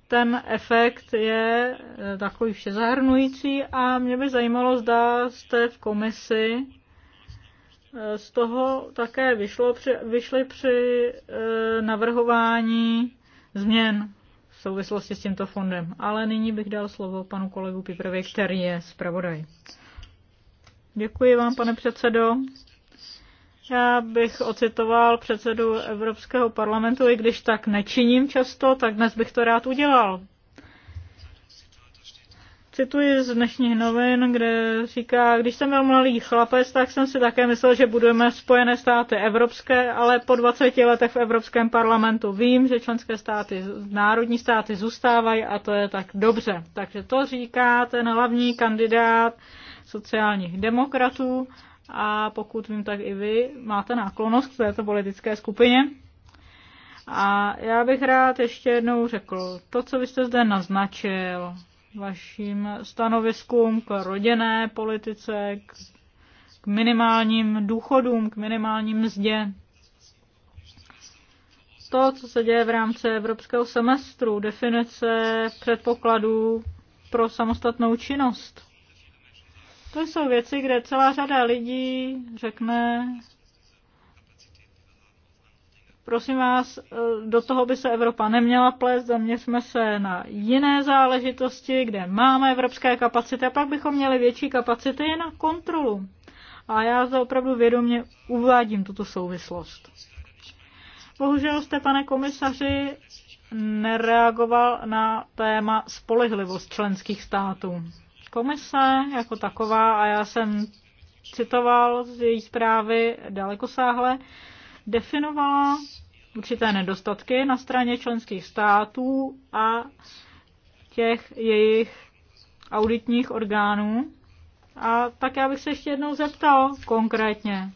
ten efekt je eh, takový všezahrnující a mě by zajímalo, zda jste v komisi z toho také vyšlo při, vyšly při eh, navrhování změn v souvislosti s tímto fondem. Ale nyní bych dal slovo panu kolegu Piprovi, který je zpravodaj. Děkuji vám, pane předsedo. Já bych ocitoval předsedu Evropského parlamentu, i když tak nečiním často, tak dnes bych to rád udělal cituji z dnešních novin, kde říká, když jsem byl malý chlapec, tak jsem si také myslel, že budeme Spojené státy evropské, ale po 20 letech v Evropském parlamentu vím, že členské státy, národní státy zůstávají a to je tak dobře. Takže to říká ten hlavní kandidát sociálních demokratů a pokud vím, tak i vy máte náklonost k této politické skupině. A já bych rád ještě jednou řekl to, co vy jste zde naznačil, vašim stanoviskům k rodinné politice, k, k minimálním důchodům, k minimálním mzdě. To, co se děje v rámci evropského semestru, definice předpokladů pro samostatnou činnost. To jsou věci, kde celá řada lidí řekne, Prosím vás, eh, do toho by se Evropa neměla plést, zaměřme se na jiné záležitosti, kde máme evropské kapacity a pak bychom měli větší kapacity na kontrolu. A já zde opravdu vědomě uvádím tuto souvislost. Bohužel jste, pane komisaři, nereagoval na téma spolehlivost členských států. Komise jako taková, a já jsem citoval z její zprávy sáhle definovala určité nedostatky na straně členských států a těch jejich auditních orgánů. A tak já bych se ještě jednou zeptal konkrétně,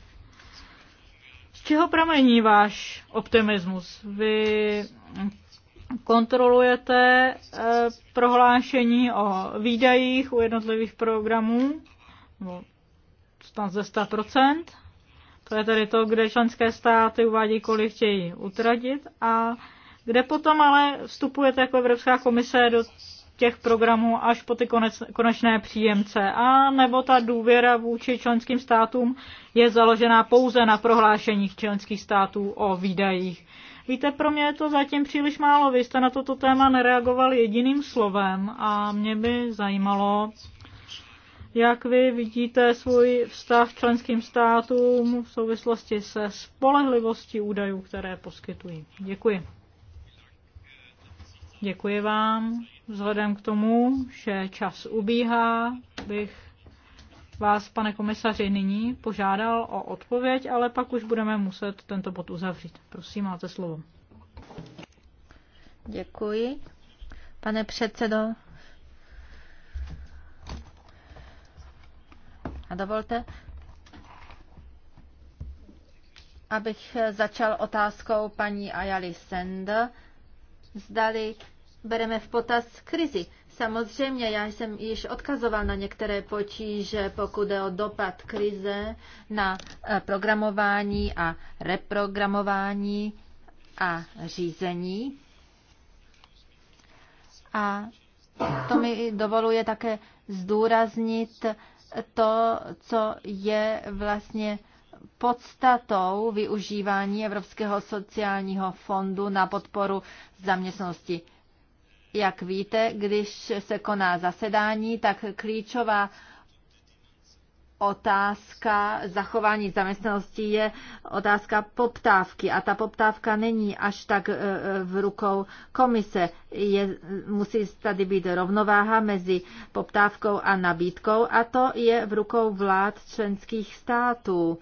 z čeho pramení váš optimismus? Vy kontrolujete eh, prohlášení o výdajích u jednotlivých programů, no, snad ze 100%, to je tedy to, kde členské státy uvádí, kolik chtějí utratit a kde potom ale vstupujete jako Evropská komise do těch programů až po ty konec, konečné příjemce. A nebo ta důvěra vůči členským státům je založená pouze na prohlášeních členských států o výdajích. Víte, pro mě je to zatím příliš málo. Vy jste na toto téma nereagoval jediným slovem a mě by zajímalo, jak vy vidíte svůj vztah členským státům v souvislosti se spolehlivostí údajů, které poskytují? Děkuji. Děkuji vám. Vzhledem k tomu, že čas ubíhá, bych vás, pane komisaři, nyní požádal o odpověď, ale pak už budeme muset tento bod uzavřít. Prosím, máte slovo. Děkuji. Pane předsedo, A dovolte, abych začal otázkou paní Ayali Send. Zdali bereme v potaz krizi. Samozřejmě, já jsem již odkazoval na některé potíže, pokud jde o dopad krize na eh, programování a reprogramování a řízení. A to mi dovoluje také zdůraznit to, co je vlastně podstatou využívání Evropského sociálního fondu na podporu zaměstnanosti. Jak víte, když se koná zasedání, tak klíčová otázka zachování zaměstnanosti je otázka poptávky a ta poptávka není až tak e, e, v rukou komise. Je, musí tady být rovnováha mezi poptávkou a nabídkou a to je v rukou vlád členských států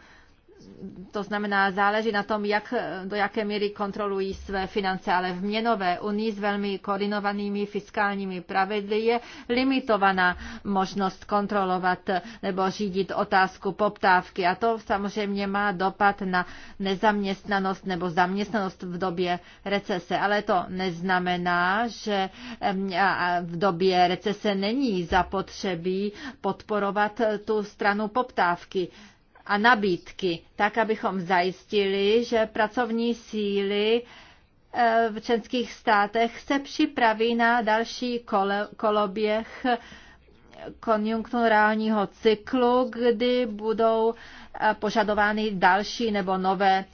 to znamená, záleží na tom, jak, do jaké míry kontrolují své finance, ale v měnové unii s velmi koordinovanými fiskálními pravidly je limitovaná možnost kontrolovat nebo řídit otázku poptávky. A to samozřejmě má dopad na nezaměstnanost nebo zaměstnanost v době recese. Ale to neznamená, že v době recese není zapotřebí podporovat tu stranu poptávky a nabídky, tak abychom zajistili, že pracovní síly eh, v členských státech se připraví na další koloběh konjunkturálního cyklu, kdy budou eh, požadovány další nebo nové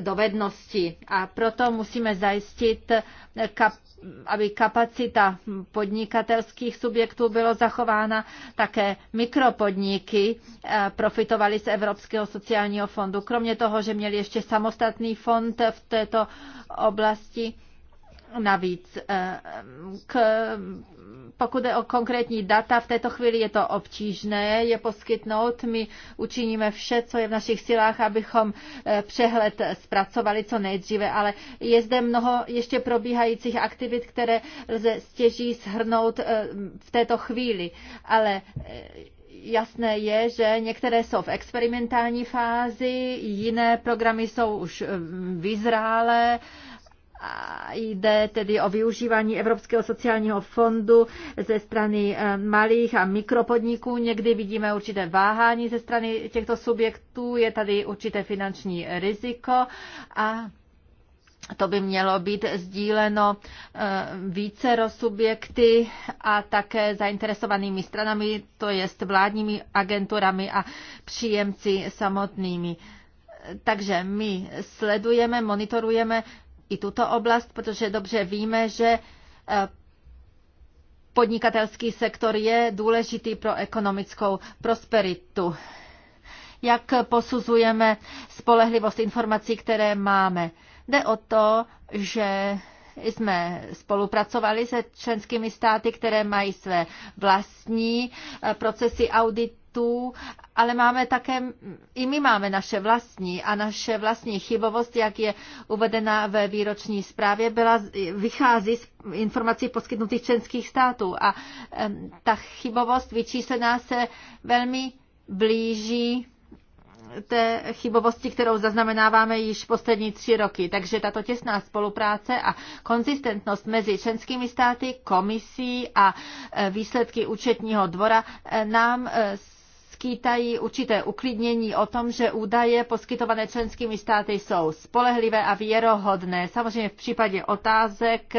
dovednosti. A proto musíme zajistit, aby kapacita podnikatelských subjektů byla zachována. Také mikropodniky eh, profitovaly z Evropského sociálního fondu. Kromě toho, že měli ještě samostatný fond v této oblasti, navíc. Eh, k, pokud je o konkrétní data, v této chvíli je to obtížné je poskytnout. My učiníme vše, co je v našich silách, abychom eh, přehled zpracovali co nejdříve, ale je zde mnoho ještě probíhajících aktivit, které lze stěží shrnout eh, v této chvíli. Ale jasné je, že některé jsou v experimentální fázi, jiné programy jsou už vyzrálé jde tedy o využívání Evropského sociálního fondu ze strany eh, malých a mikropodniků. Někdy vidíme určité váhání ze strany těchto subjektů, je tady určité finanční riziko a to by mělo být sdíleno eh, více subjekty a také zainteresovanými stranami, to jest vládními agenturami a příjemci samotnými. Takže my sledujeme, monitorujeme i tuto oblast, protože dobře víme, že eh, podnikatelský sektor je důležitý pro ekonomickou prosperitu. Jak posuzujeme spolehlivost informací, které máme? Jde o to, že jsme spolupracovali se členskými státy, které mají své vlastní eh, procesy audit států, ale máme také, i my máme naše vlastní a naše vlastní chybovost, jak je uvedena ve výroční zprávě, byla, vychází z informací poskytnutých členských států a ta chybovost vyčíslená se velmi blíží té chybovosti, kterou zaznamenáváme již poslední tři roky. Takže tato těsná spolupráce a konzistentnost mezi členskými státy, komisí a e, výsledky účetního dvora e, nám e, skýtají určité uklidnění o tom, že údaje poskytované členskými státy jsou spolehlivé a věrohodné. Samozřejmě v případě otázek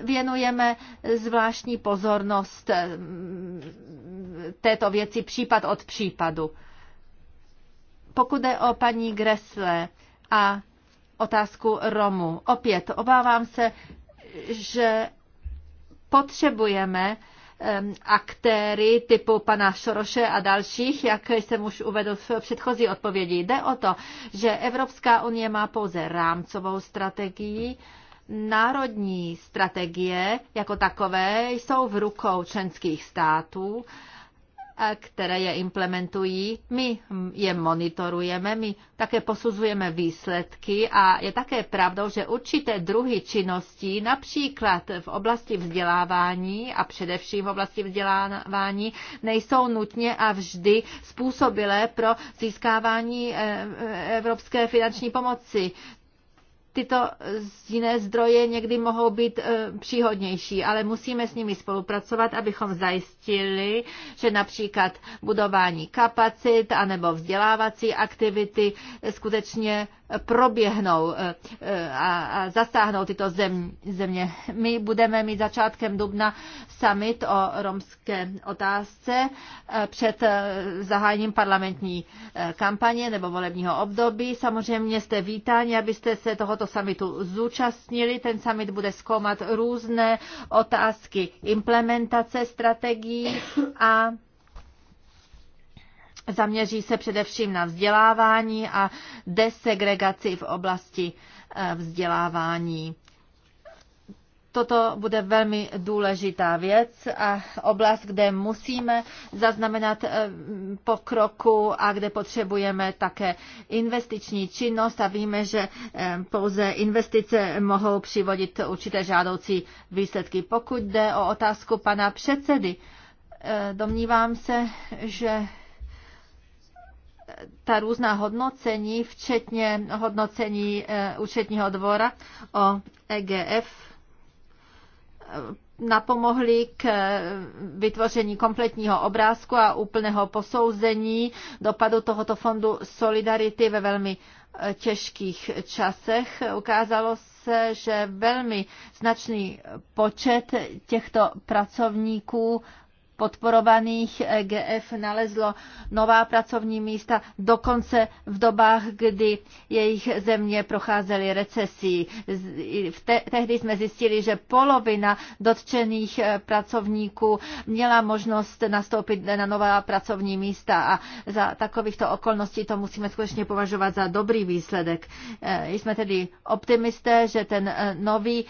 věnujeme zvláštní pozornost mm, této věci případ od případu. Pokud je o paní Gresle a otázku Romu, opět obávám se, že potřebujeme aktéry typu pana Šoroše a dalších, jak jsem už uvedl v předchozí odpovědi. Jde o to, že Evropská unie má pouze rámcovou strategii, národní strategie jako takové jsou v rukou členských států které je implementují. My je monitorujeme, my také posuzujeme výsledky a je také pravdou, že určité druhy činností, například v oblasti vzdělávání a především v oblasti vzdělávání, nejsou nutně a vždy způsobilé pro získávání eh, eh, evropské finanční pomoci tyto jiné zdroje někdy mohou být e, příhodnější, ale musíme s nimi spolupracovat, abychom zajistili, že například budování kapacit anebo vzdělávací aktivity skutečně proběhnou eh, eh, a zasáhnou tyto země. My budeme mít začátkem dubna summit o romské otázce eh, před zahájením parlamentní kampaně nebo volebního období. Samozřejmě jste vítáni, abyste se tohoto summitu zúčastnili. Ten summit bude zkoumat různé otázky implementace strategií a Zaměří se především na vzdělávání a desegregaci v oblasti eh, vzdělávání. Toto bude velmi důležitá věc a oblast, kde musíme zaznamenat eh, pokroku a kde potřebujeme také investiční činnost a víme, že eh, pouze investice mohou přivodit určité žádoucí výsledky. Pokud jde o otázku pana předsedy, domnívám se, že ta různá hodnocení, včetně hodnocení eh, účetního dvora o EGF, eh, napomohli k eh, vytvoření kompletního obrázku a úplného posouzení dopadu tohoto fondu Solidarity ve velmi těžkých časech. Ukázalo se, že velmi značný počet těchto pracovníků podporovaných EGF eh, nalezlo nová pracovní místa, dokonce v dobách, kdy jejich země procházely recesí. Te- tehdy jsme zjistili, že polovina dotčených eh, pracovníků měla možnost nastoupit na nová pracovní místa a za takovýchto okolností to musíme skutečně považovat za dobrý výsledek. Eh, jsme tedy optimisté, že ten nový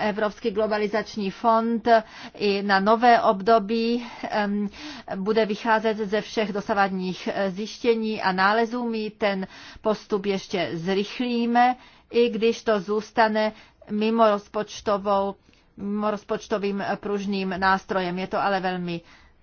Evropský globalizační fond i na nové období um, bude vycházet ze všech dosavadních eh, zjištění a nálezů. My ten postup ještě zrychlíme, i když to zůstane mimo rozpočtovou mimo rozpočtovým eh, pružným nástrojem. Je to ale velmi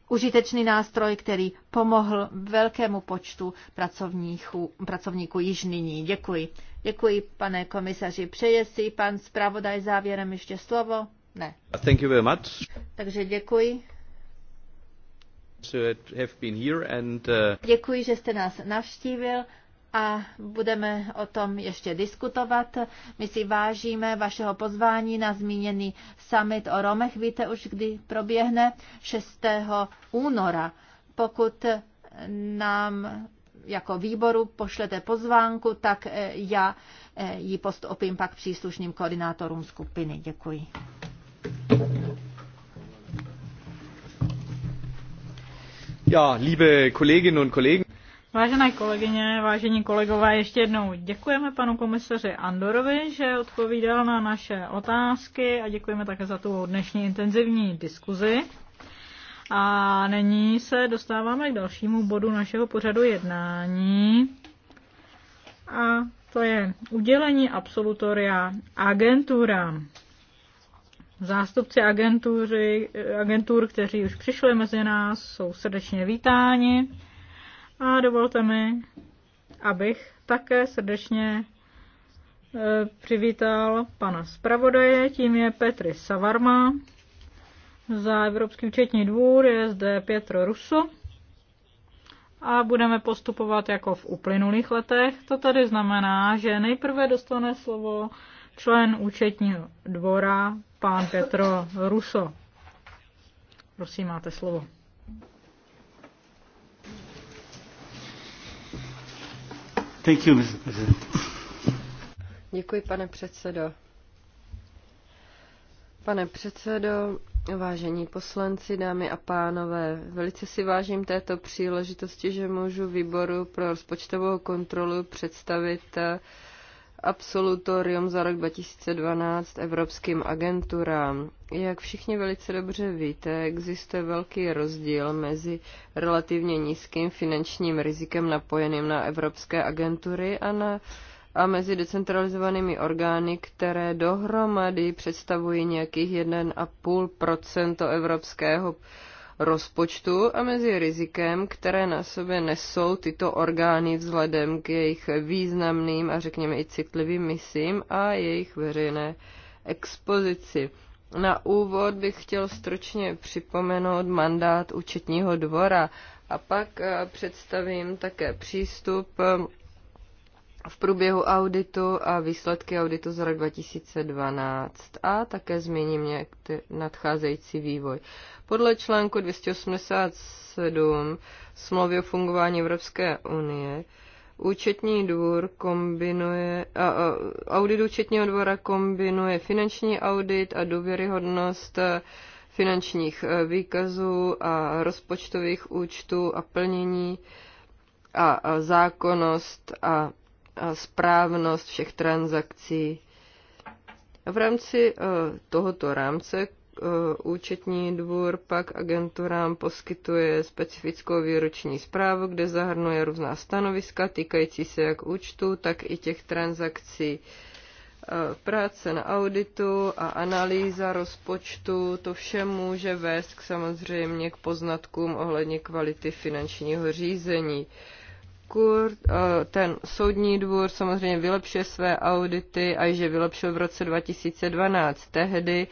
užitečný nástroj, který pomohl velkému počtu pracovníků, pracovníků již nyní. Děkuji. Děkuji, pane komisaři. Přeje si pan zpravodaj závěrem ještě slovo? Ne. Thank you very much. Takže děkuji. Uh, Děkuji, že jste nás navštívil a budeme o tom ještě diskutovat. My si vážíme vašeho pozvání na zmíněný summit o Romech. Víte už, kdy proběhne 6. února. Pokud nám jako výboru pošlete pozvánku, tak eh, já eh, ji postoupím pak příslušným koordinátorům skupiny. Děkuji. Ja, liebe Kolleginnen und Kollegen. Vážené kolegyně, vážení kolegové, ještě jednou děkujeme panu komisaři Andorovi, že odpovídal na naše otázky a děkujeme také za tu dnešní intenzivní diskuzi. A nyní se dostáváme k dalšímu bodu našeho pořadu jednání. A to je udělení absolutoria agenturám. Zástupci agentury, agentur, kteří už přišli mezi nás, jsou srdečně vítáni a dovolte mi, abych také srdečně e, přivítal pana zpravodaje, tím je Petry Savarma. Za Evropský účetní dvůr je zde Pietro Russo a budeme postupovat jako v uplynulých letech. To tedy znamená, že nejprve dostane slovo člen účetního dvora, pán Petro Ruso. Prosím, máte slovo. Thank you, Děkuji, pane předsedo. Pane předsedo, vážení poslanci, dámy a pánové, velice si vážím této příležitosti, že můžu výboru pro rozpočtovou kontrolu představit uh, absolutorium za rok 2012 evropským agenturám. Jak všichni velice dobře víte, existuje velký rozdíl mezi relativně nízkým finančním rizikem napojeným na evropské agentury a, na, a mezi decentralizovanými orgány, které dohromady představují nějakých 1,5 evropského rozpočtu a mezi rizikem, které na sobě nesou tyto orgány vzhledem k jejich významným a řekněme i citlivým misím a jejich veřejné expozici. Na úvod bych chtěl stročně připomenout mandát účetního dvora a pak eh, představím také přístup eh, v průběhu auditu a výsledky auditu z roku 2012 a také zmíním nějak nadcházející vývoj. Podle článku 287 smlouvy o fungování Evropské unie Účetní dvůr kombinuje, a, a, audit účetního dvora kombinuje finanční audit a důvěryhodnost e, finančních e, výkazů a rozpočtových účtů a plnění a, a zákonnost a a správnost všech transakcí. V rámci eh, tohoto rámce eh, účetní dvůr pak agenturám poskytuje specifickou výroční zprávu, kde zahrnuje různá stanoviska týkající se jak účtu, tak i těch transakcí. Eh, práce na auditu a analýza rozpočtu, to vše může vést k samozřejmě k poznatkům ohledně kvality finančního řízení. Kurt, eh, ten soudní dvůr samozřejmě vylepšuje své audity a že vylepšil v roce 2012. Tehdy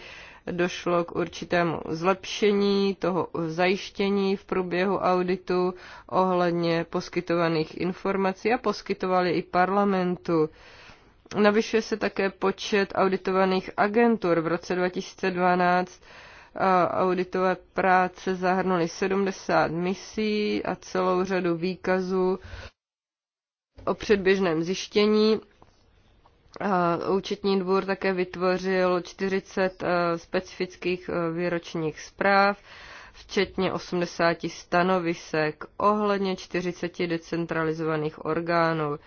došlo k určitému zlepšení toho zajištění v průběhu auditu ohledně poskytovaných informací a poskytovali i parlamentu. Navyšuje se také počet auditovaných agentur. V roce 2012 auditové práce zahrnuly 70 misí a celou řadu výkazů o předběžném zjištění. Účetní dvůr také vytvořil 40 specifických výročních zpráv, včetně 80 stanovisek ohledně 40 decentralizovaných orgánů.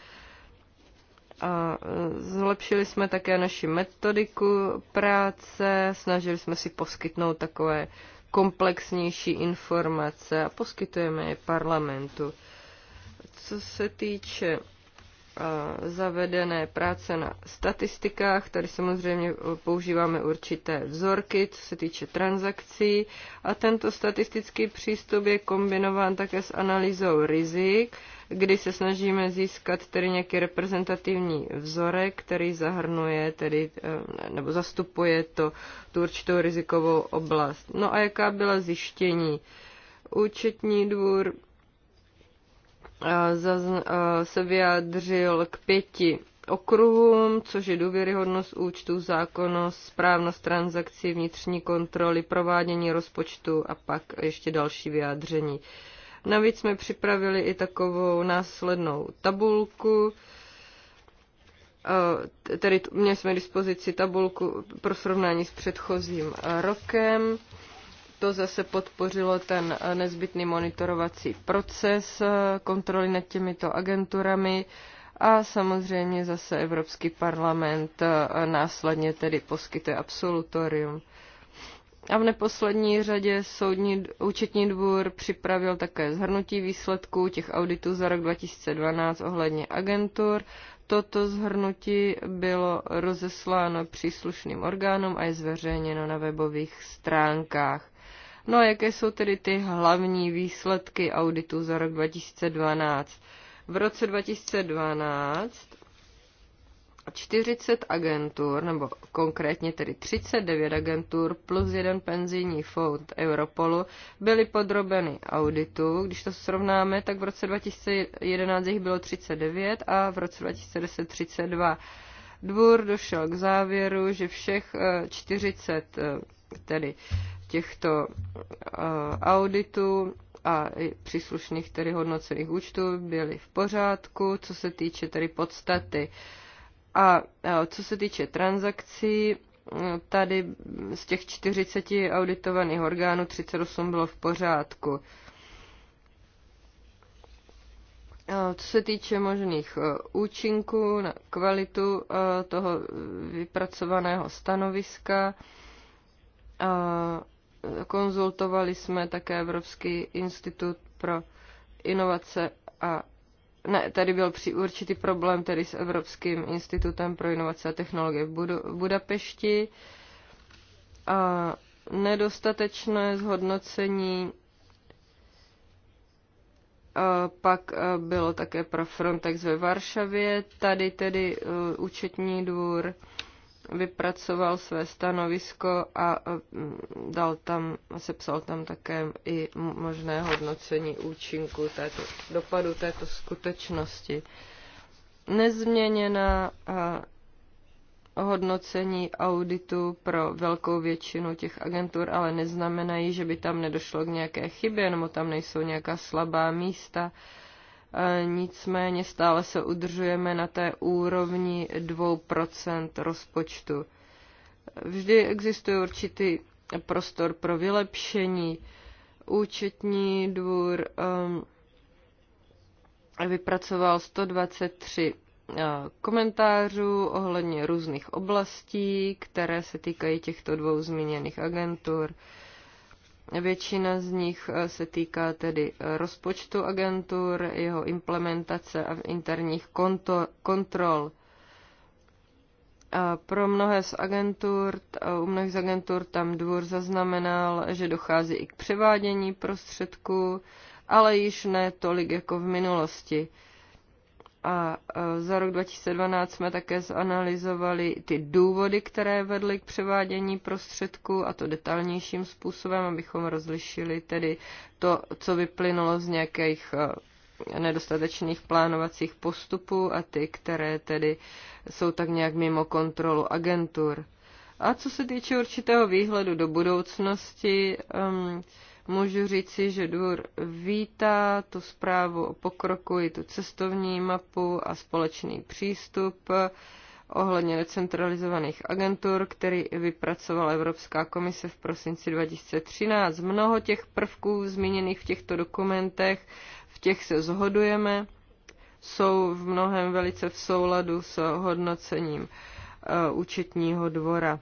A zlepšili jsme také naši metodiku práce, snažili jsme si poskytnout takové komplexnější informace a poskytujeme je parlamentu. Co se týče zavedené práce na statistikách. Tady samozřejmě e, používáme určité vzorky, co se týče transakcí. A tento statistický přístup je kombinován také s analýzou rizik kdy se snažíme získat tedy nějaký reprezentativní vzorek, který zahrnuje tedy, eh, nebo zastupuje to, tu určitou rizikovou oblast. No a jaká byla zjištění? Účetní dvůr eh, eh, se vyjádřil k pěti okruhům, což je důvěryhodnost účtů, zákonnost, správnost transakcí, vnitřní kontroly, provádění rozpočtu a pak ještě další vyjádření. Uh, Navíc jsme připravili i takovou následnou tabulku, eh, tedy měli jsme dispozici tabulku pro srovnání s předchozím eh, rokem. To zase podpořilo ten eh, nezbytný monitorovací proces kontroly nad těmito agenturami a samozřejmě zase Evropský parlament následně tedy poskytuje absolutorium. A v neposlední řadě soudní účetní dvůr připravil také zhrnutí výsledků těch auditů za rok 2012 ohledně agentur. Toto zhrnutí bylo rozesláno příslušným orgánům a je zveřejněno na webových stránkách. No a jaké jsou tedy ty hlavní výsledky auditu za rok 2012? V roce 2012 40 agentur, nebo konkrétně tedy 39 agentur plus jeden penzijní fond Europolu byly podrobeny auditu. Když to srovnáme, tak v roce 2011 jich bylo 39 a v roce 2010 32. Dvůr došel k závěru, že všech 40 eh, eh, tedy těchto eh, auditů a příslušných tedy hodnocených účtů byly v pořádku, co se týče tedy podstaty uh, a e, co se týče transakcí, e, tady z těch 40 auditovaných orgánů 38 bylo v pořádku. E, co se týče možných účinků na kvalitu toho vypracovaného stanoviska, konzultovali jsme také Evropský institut pro inovace a ne, tady byl při určitý problém tedy s Evropským institutem pro inovace a technologie v, Budu, v Budapešti. A nedostatečné zhodnocení pak bylo také pro Frontex ve Varšavě, tady tedy e, účetní dvůr vypracoval své stanovisko a mm, dal tam, sepsal tam také i možné hodnocení účinku této, dopadu této skutečnosti. Nezměněná hodnocení auditu pro velkou většinu těch agentur, ale neznamenají, že by tam nedošlo k nějaké chybě, nebo tam nejsou nějaká slabá místa. Uh, nicméně stále se udržujeme na té úrovni 2% rozpočtu. Vždy existuje určitý prostor pro vylepšení. Účetní dvůr um, vypracoval 123 uh, komentářů ohledně různých oblastí, které se týkají těchto dvou zmíněných agentur. Většina z nich eh, se týká tedy eh, rozpočtu agentur, jeho implementace a interních konto, kontrol. A pro mnohé z agentur, eh, u mnohých z agentur tam dvůr zaznamenal, že dochází i k převádění prostředků, ale již ne tolik jako v minulosti. A e, za rok 2012 jsme také zanalizovali ty důvody, které vedly k převádění prostředků a to detailnějším způsobem, abychom rozlišili tedy to, co vyplynulo z nějakých e, nedostatečných plánovacích postupů a ty, které tedy jsou tak nějak mimo kontrolu agentur. A co se týče určitého výhledu do budoucnosti, um, Můžu říci, že dvůr vítá tu zprávu o pokroku i tu cestovní mapu a společný přístup ohledně decentralizovaných agentur, který vypracovala Evropská komise v prosinci 2013. Mnoho těch prvků zmíněných v těchto dokumentech, v těch se zhodujeme, jsou v mnohem velice v souladu s hodnocením eh, účetního dvora.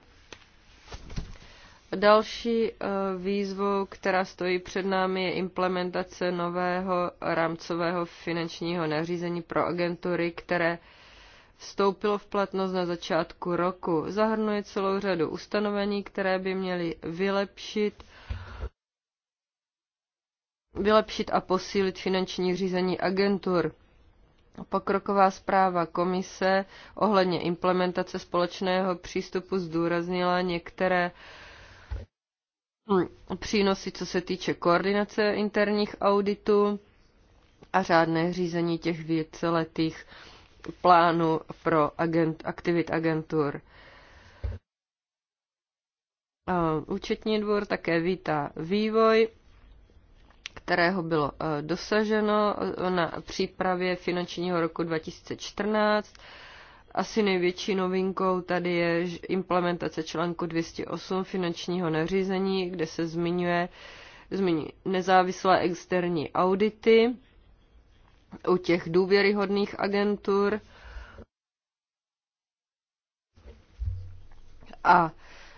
Další eh, výzvou, která stojí před námi, je implementace nového rámcového finančního nařízení pro agentury, které vstoupilo v platnost na začátku roku. Zahrnuje celou řadu ustanovení, které by měly vylepšit vylepšit a posílit finanční řízení agentur. Pokroková zpráva komise ohledně implementace společného přístupu zdůraznila některé uh, přínosy, co se týče koordinace interních auditů a řádné řízení těch víceletých plánů pro agent, aktivit agentur. Účetní dvůr také vítá vývoj, kterého bylo e, dosaženo e, na přípravě finančního roku 2014 asi největší novinkou tady je implementace článku 208 finančního nařízení, kde se zmiňuje, zmiňuje nezávislé externí audity u těch důvěryhodných agentur. A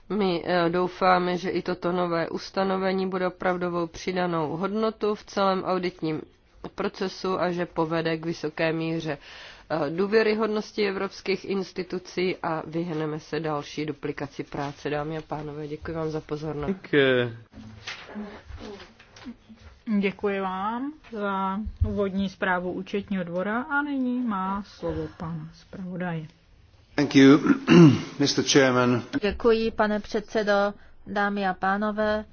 my eh, doufáme, že i toto nové ustanovení bude opravdovou přidanou hodnotu v celém auditním procesu a že povede k vysoké míře důvěryhodnosti evropských institucí a vyhneme se další duplikaci práce. Dámy a pánové, děkuji vám za pozornost. Děkuji. vám za úvodní zprávu účetního dvora a nyní má slovo pan zpravodaj. Děkuji, pane předsedo, dámy a pánové.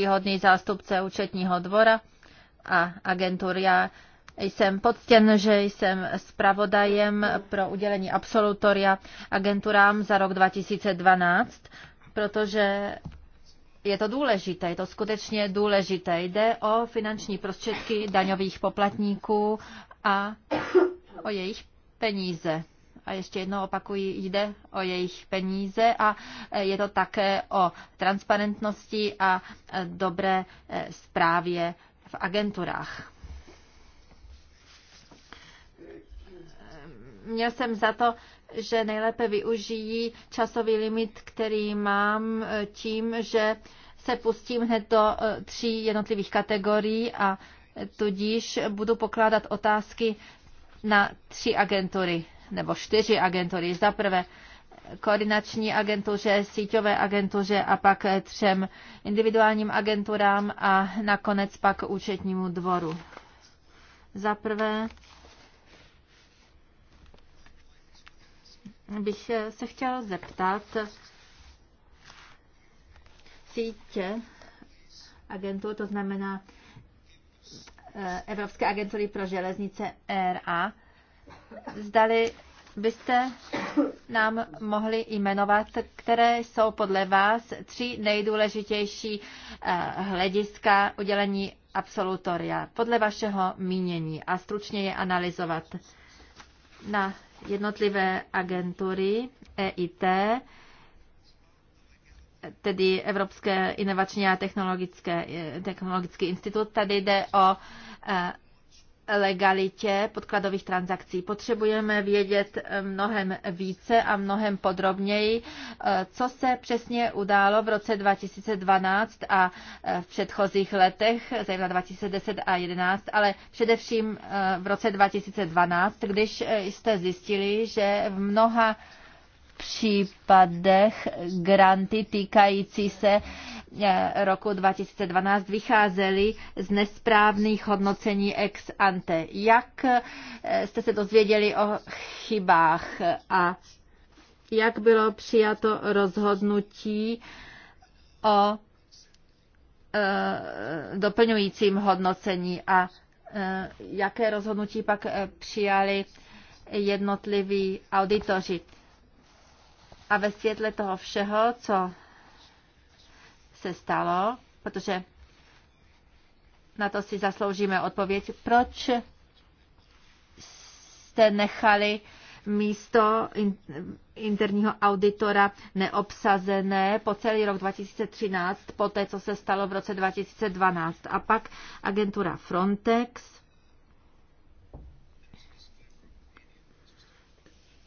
úctihodný zástupce účetního dvora a agentur. Já jsem poctěn, že jsem zpravodajem pro udělení absolutoria agenturám za rok 2012, protože je to důležité, je to skutečně důležité. Jde o finanční prostředky daňových poplatníků a o jejich peníze a ještě jednou opakuji, jde o jejich peníze a eh, je to také o transparentnosti a eh, dobré zprávě eh, v agenturách. Měl jsem za to, že nejlépe využijí časový limit, který mám tím, že se pustím hned do tří jednotlivých kategorií a tudíž budu pokládat otázky na tři agentury nebo čtyři agentury. Za prvé koordinační agentuře, síťové agentuře a pak třem individuálním agenturám a nakonec pak účetnímu dvoru. Za prvé bych se chtěl zeptat sítě agentů, to znamená eh, Evropské agentury pro železnice RA, zdali byste nám mohli jmenovat, které jsou podle vás tři nejdůležitější eh, hlediska udělení absolutoria podle vašeho mínění a stručně je analyzovat na jednotlivé agentury EIT, tedy Evropské inovační a technologické, eh, technologický institut. Tady jde o eh, legalitě podkladových transakcí. Potřebujeme vědět eh, mnohem více a mnohem podrobněji, eh, co se přesně událo v roce 2012 a eh, v předchozích letech, zejména 2010 a 2011, ale především v roce 2012, když jste zjistili, že v mnoha případech granty týkající se eh, roku 2012 vycházely z nesprávných hodnocení ex ante. Jak eh, jste se dozvěděli o chybách a jak bylo přijato rozhodnutí o eh, doplňujícím hodnocení a jaké rozhodnutí pak přijali jednotliví auditoři? A ve světle toho všeho, co se stalo, protože na to si zasloužíme odpověď, proč jste nechali místo interního auditora neobsazené po celý rok 2013, po té, co se stalo v roce 2012. A pak agentura Frontex.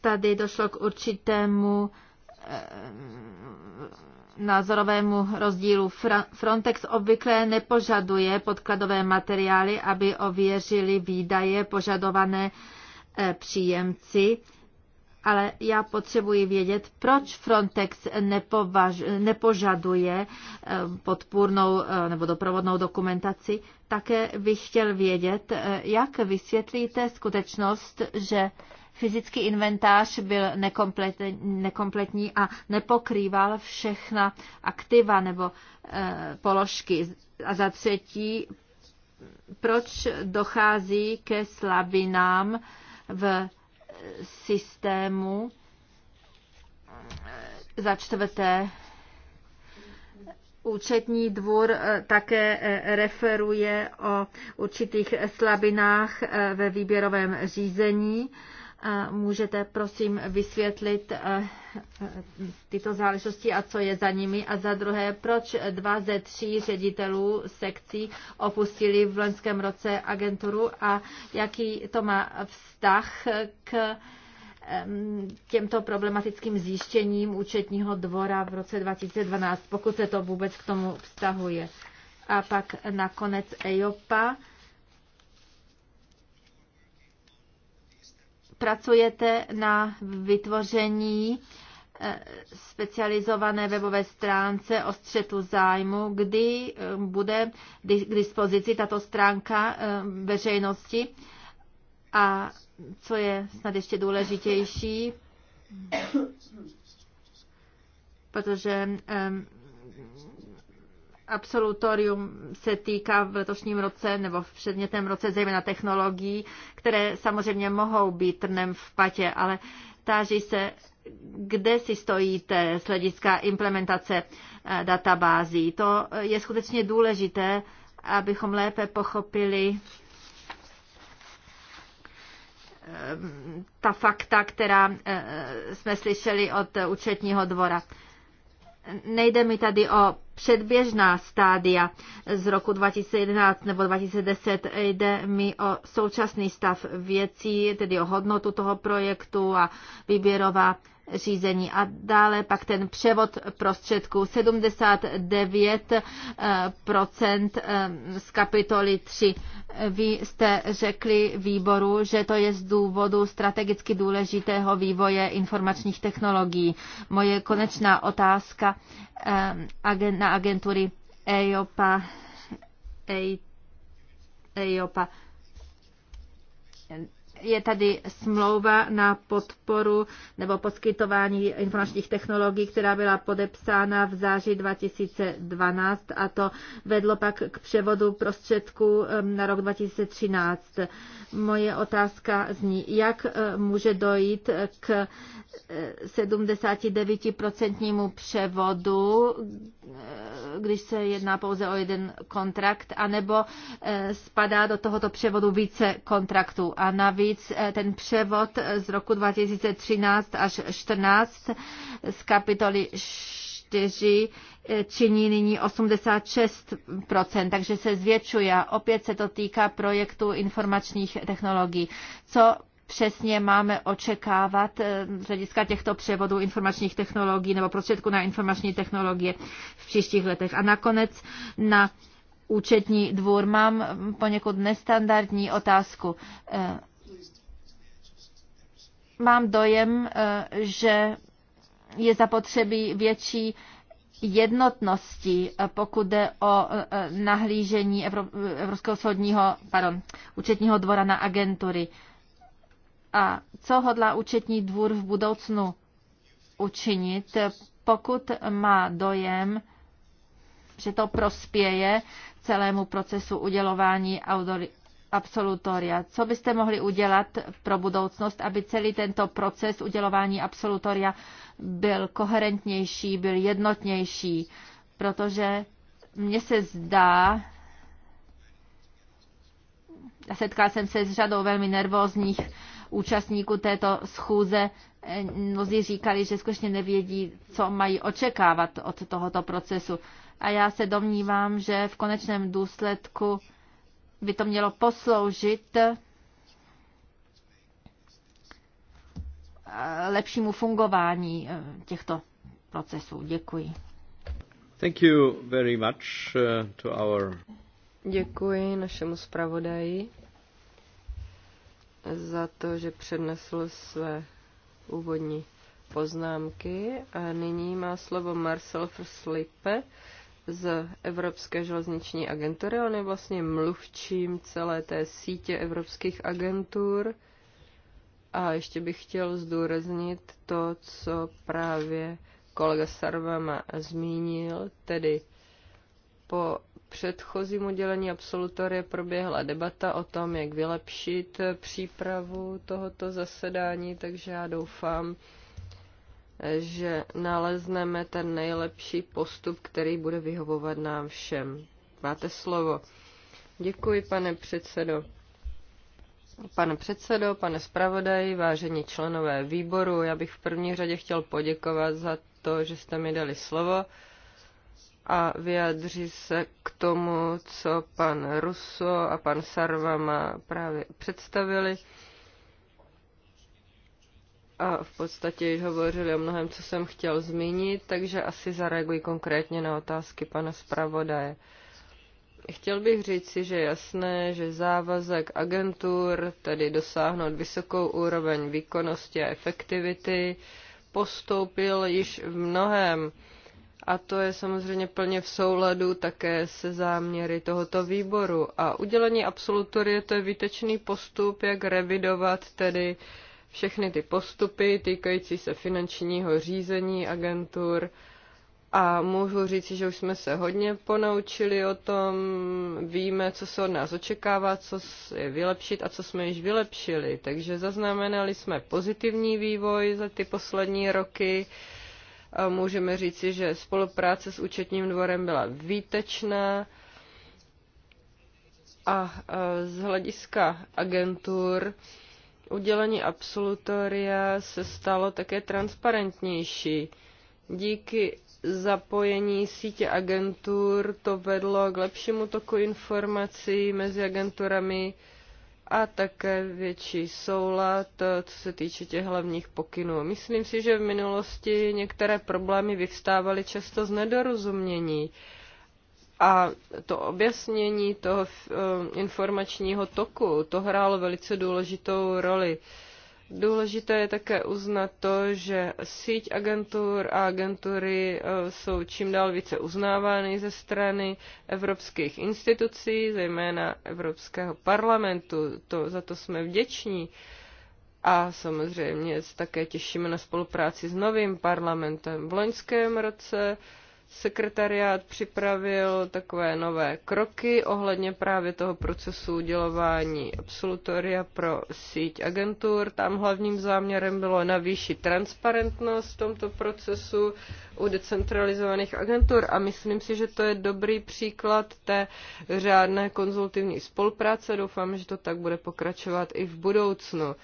Tady došlo k určitému Eh, názorovému rozdílu. Frontex obvykle nepožaduje podkladové materiály, aby ověřili výdaje požadované eh, příjemci, ale já potřebuji vědět, proč Frontex nepovaž, nepožaduje eh, podpůrnou nebo doprovodnou dokumentaci. Také bych chtěl vědět, jak vysvětlíte skutečnost, že fyzický inventář byl nekompletní a nepokrýval všechna aktiva nebo eh, položky. A za třetí, proč dochází ke slabinám v eh, systému? Eh, za čtvrté, Účetní dvůr také referuje o určitých slabinách ve výběrovém řízení Můžete prosím vysvětlit eh, eh, tyto záležitosti a co je za nimi? A za druhé, proč dva ze tří ředitelů sekcí opustili v loňském roce agenturu a jaký to má vztah k těmto problematickým zjištěním účetního dvora v roce 2012, pokud se to vůbec k tomu vztahuje. A pak nakonec EIOPA pracujete na vytvoření eh, specializované webové stránce o střetu zájmu, kdy eh, bude k dispozici tato stránka eh, veřejnosti a co je snad ještě důležitější, protože absolutorium se týká v letošním roce nebo v předmětném roce zejména technologií, které samozřejmě mohou být trnem v patě, ale táží se, kde si stojíte z hlediska implementace eh, databází. To je skutečně důležité, abychom lépe pochopili ehm, ta fakta, která eh, eh, jsme slyšeli od účetního dvora. Nejde mi tady o předběžná stádia z roku 2011 nebo 2010. Jde mi o současný stav věcí, tedy o hodnotu toho projektu a výběrová řízení. A dále pak ten převod prostředků 79% eh, eh, z kapitoly 3. Vy jste řekli výboru, že to je z důvodu strategicky důležitého vývoje informačních technologií. Moje konečná otázka eh, na agentury EIOPA, EIOPA je tady smlouva na podporu nebo poskytování informačních technologií, která byla podepsána v září 2012 a to vedlo pak k převodu prostředků na rok 2013. Moje otázka zní, jak e, může dojít k 79% e, převodu, e, když se jedná pouze o jeden kontrakt, anebo spadá do tohoto převodu více kontraktů. A navíc navíc eh, ten převod eh, z roku 2013 až 2014 z kapitoly 4 eh, činí nyní 86%, takže se zvětšuje a opět se to týká projektu informačních technologií. Co přesně máme očekávat z hlediska těchto převodů informačních technologií nebo prostředků na informační technologie v příštích letech. A nakonec na účetní dvůr mám poněkud nestandardní otázku mám dojem, eh, že je zapotřebí větší jednotnosti, eh, pokud jde o eh, nahlížení Evropského soudního, pardon, účetního dvora na agentury. A co hodlá účetní dvůr v budoucnu učinit, pokud má dojem, že to prospěje celému procesu udělování absolutoria. Co byste mohli udělat pro budoucnost, aby celý tento proces udělování absolutoria byl koherentnější, byl jednotnější? Protože mně se zdá, setkal jsem se s řadou velmi nervózních účastníků této schůze. Mnozí říkali, že skutečně nevědí, co mají očekávat od tohoto procesu. A já se domnívám, že v konečném důsledku by to mělo posloužit eh, lepšímu fungování eh, těchto procesů. Děkuji. Thank you very much eh, to our... Děkuji našemu zpravodaji za to, že přednesl své úvodní poznámky. A nyní má slovo Marcel Frslipe, z Evropské železniční agentury, on je vlastně mluvčím celé té sítě evropských agentur. A ještě bych chtěl zdůraznit to, co právě kolega Sarvama zmínil, tedy po předchozím udělení absolutorie proběhla debata o tom, jak vylepšit přípravu tohoto zasedání, takže já doufám, že nalezneme ten nejlepší postup, který bude vyhovovat nám všem. Máte slovo. Děkuji, pane předsedo. Pane předsedo, pane zpravodaj, vážení členové výboru, já bych v první řadě chtěl poděkovat za to, že jste mi dali slovo a vyjadří se k tomu, co pan Russo a pan Sarvama právě představili a v podstatě již hovořili o mnohem, co jsem chtěl zmínit, takže asi zareaguji konkrétně na otázky pana zpravodaje. Chtěl bych říci, že jasné, že závazek agentur, tedy dosáhnout vysokou úroveň výkonnosti a efektivity, postoupil již v mnohem. A to je samozřejmě plně v souladu také se záměry tohoto výboru. A udělení absolutorie to je výtečný postup, jak revidovat tedy uh, všechny ty postupy týkající se finančního řízení agentur. A můžu říct, že už jsme se hodně ponaučili o tom, víme, co se od nás očekává, co je vylepšit a co jsme již vylepšili. Takže zaznamenali jsme pozitivní vývoj za ty poslední roky. A můžeme říci, že spolupráce s účetním dvorem byla výtečná. A z hlediska agentur, udělení absolutoria se stalo také transparentnější. Díky zapojení sítě agentur to vedlo k lepšímu toku informací mezi agenturami a také větší soulad, eh, co se týče těch hlavních pokynů. Myslím si, že v minulosti některé problémy vyvstávaly často z nedorozumění. Uh, a to objasnění toho eh, informačního toku, to hrálo velice důležitou roli. Důležité je také uznat to, že síť agentur a agentury eh, jsou čím dál více uznávány ze strany evropských institucí, zejména Evropského parlamentu. To, za to jsme vděční. A samozřejmě se také těšíme na spolupráci s novým parlamentem. V loňském roce Sekretariát připravil takové nové kroky ohledně právě toho procesu udělování absolutoria pro síť agentur. Tam hlavním záměrem bylo navýšit transparentnost v tomto procesu u decentralizovaných agentur a myslím si, že to je dobrý příklad té řádné konzultivní spolupráce. Doufám, že to tak bude pokračovat i v budoucnu.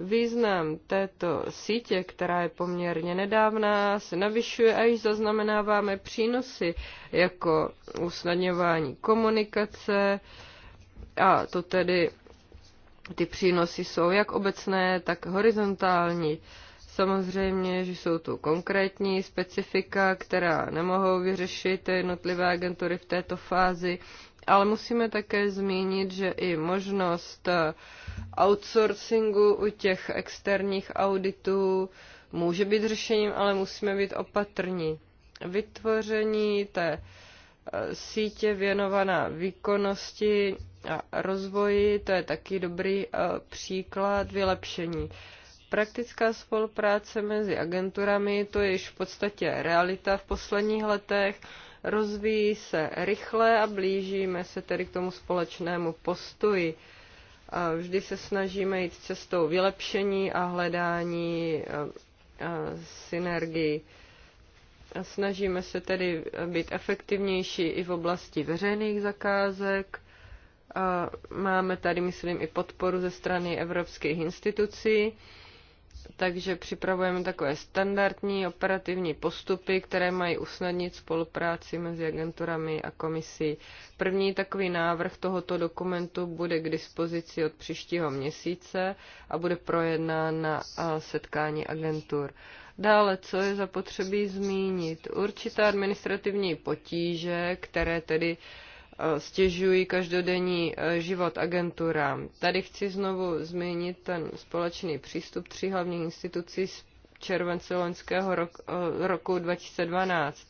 Význam této sítě, která je poměrně nedávná, se navyšuje a již zaznamenáváme přínosy jako usnadňování komunikace a to tedy ty přínosy jsou jak obecné, tak horizontální. Samozřejmě, že jsou tu konkrétní specifika, která nemohou vyřešit jednotlivé agentury v této fázi, ale musíme také zmínit, že i možnost uh, outsourcingu u těch externích auditů může být řešením, ale musíme být opatrní. Vytvoření té eh, sítě věnovaná výkonnosti a rozvoji, to je taky dobrý eh, příklad vylepšení. Praktická spolupráce mezi agenturami, to je již v podstatě realita v posledních letech, rozvíjí se rychle a blížíme se tedy k tomu společnému postoji. A vždy se snažíme jít cestou vylepšení a hledání synergii. Snažíme se tedy být efektivnější i v oblasti veřejných zakázek. Máme tady, myslím, i podporu ze strany evropských institucí takže připravujeme takové standardní operativní postupy, které mají usnadnit spolupráci mezi agenturami a komisí. První takový návrh tohoto dokumentu bude k dispozici od příštího měsíce a bude projednán na setkání agentur. Dále, co je zapotřebí zmínit? Určitá administrativní potíže, které tedy uh, Eh, stěžují každodenní eh, život agenturám. Tady chci znovu zmínit ten společný přístup tří hlavních institucí z července loňského eh, roku, roku 2012.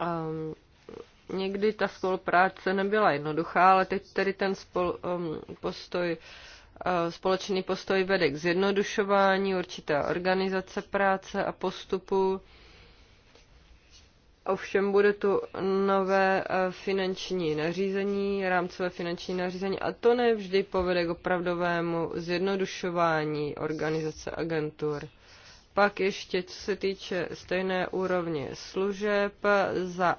Um, někdy ta spolupráce nebyla jednoduchá, ale teď tedy ten spol, um, postoj, uh, společný postoj vede k zjednodušování určité organizace práce a postupu. Um, Ovšem bude tu nové eh, finanční nařízení, rámcové finanční nařízení a to nevždy povede k opravdovému zjednodušování organizace agentur. Pak ještě, co se týče stejné úrovně služeb za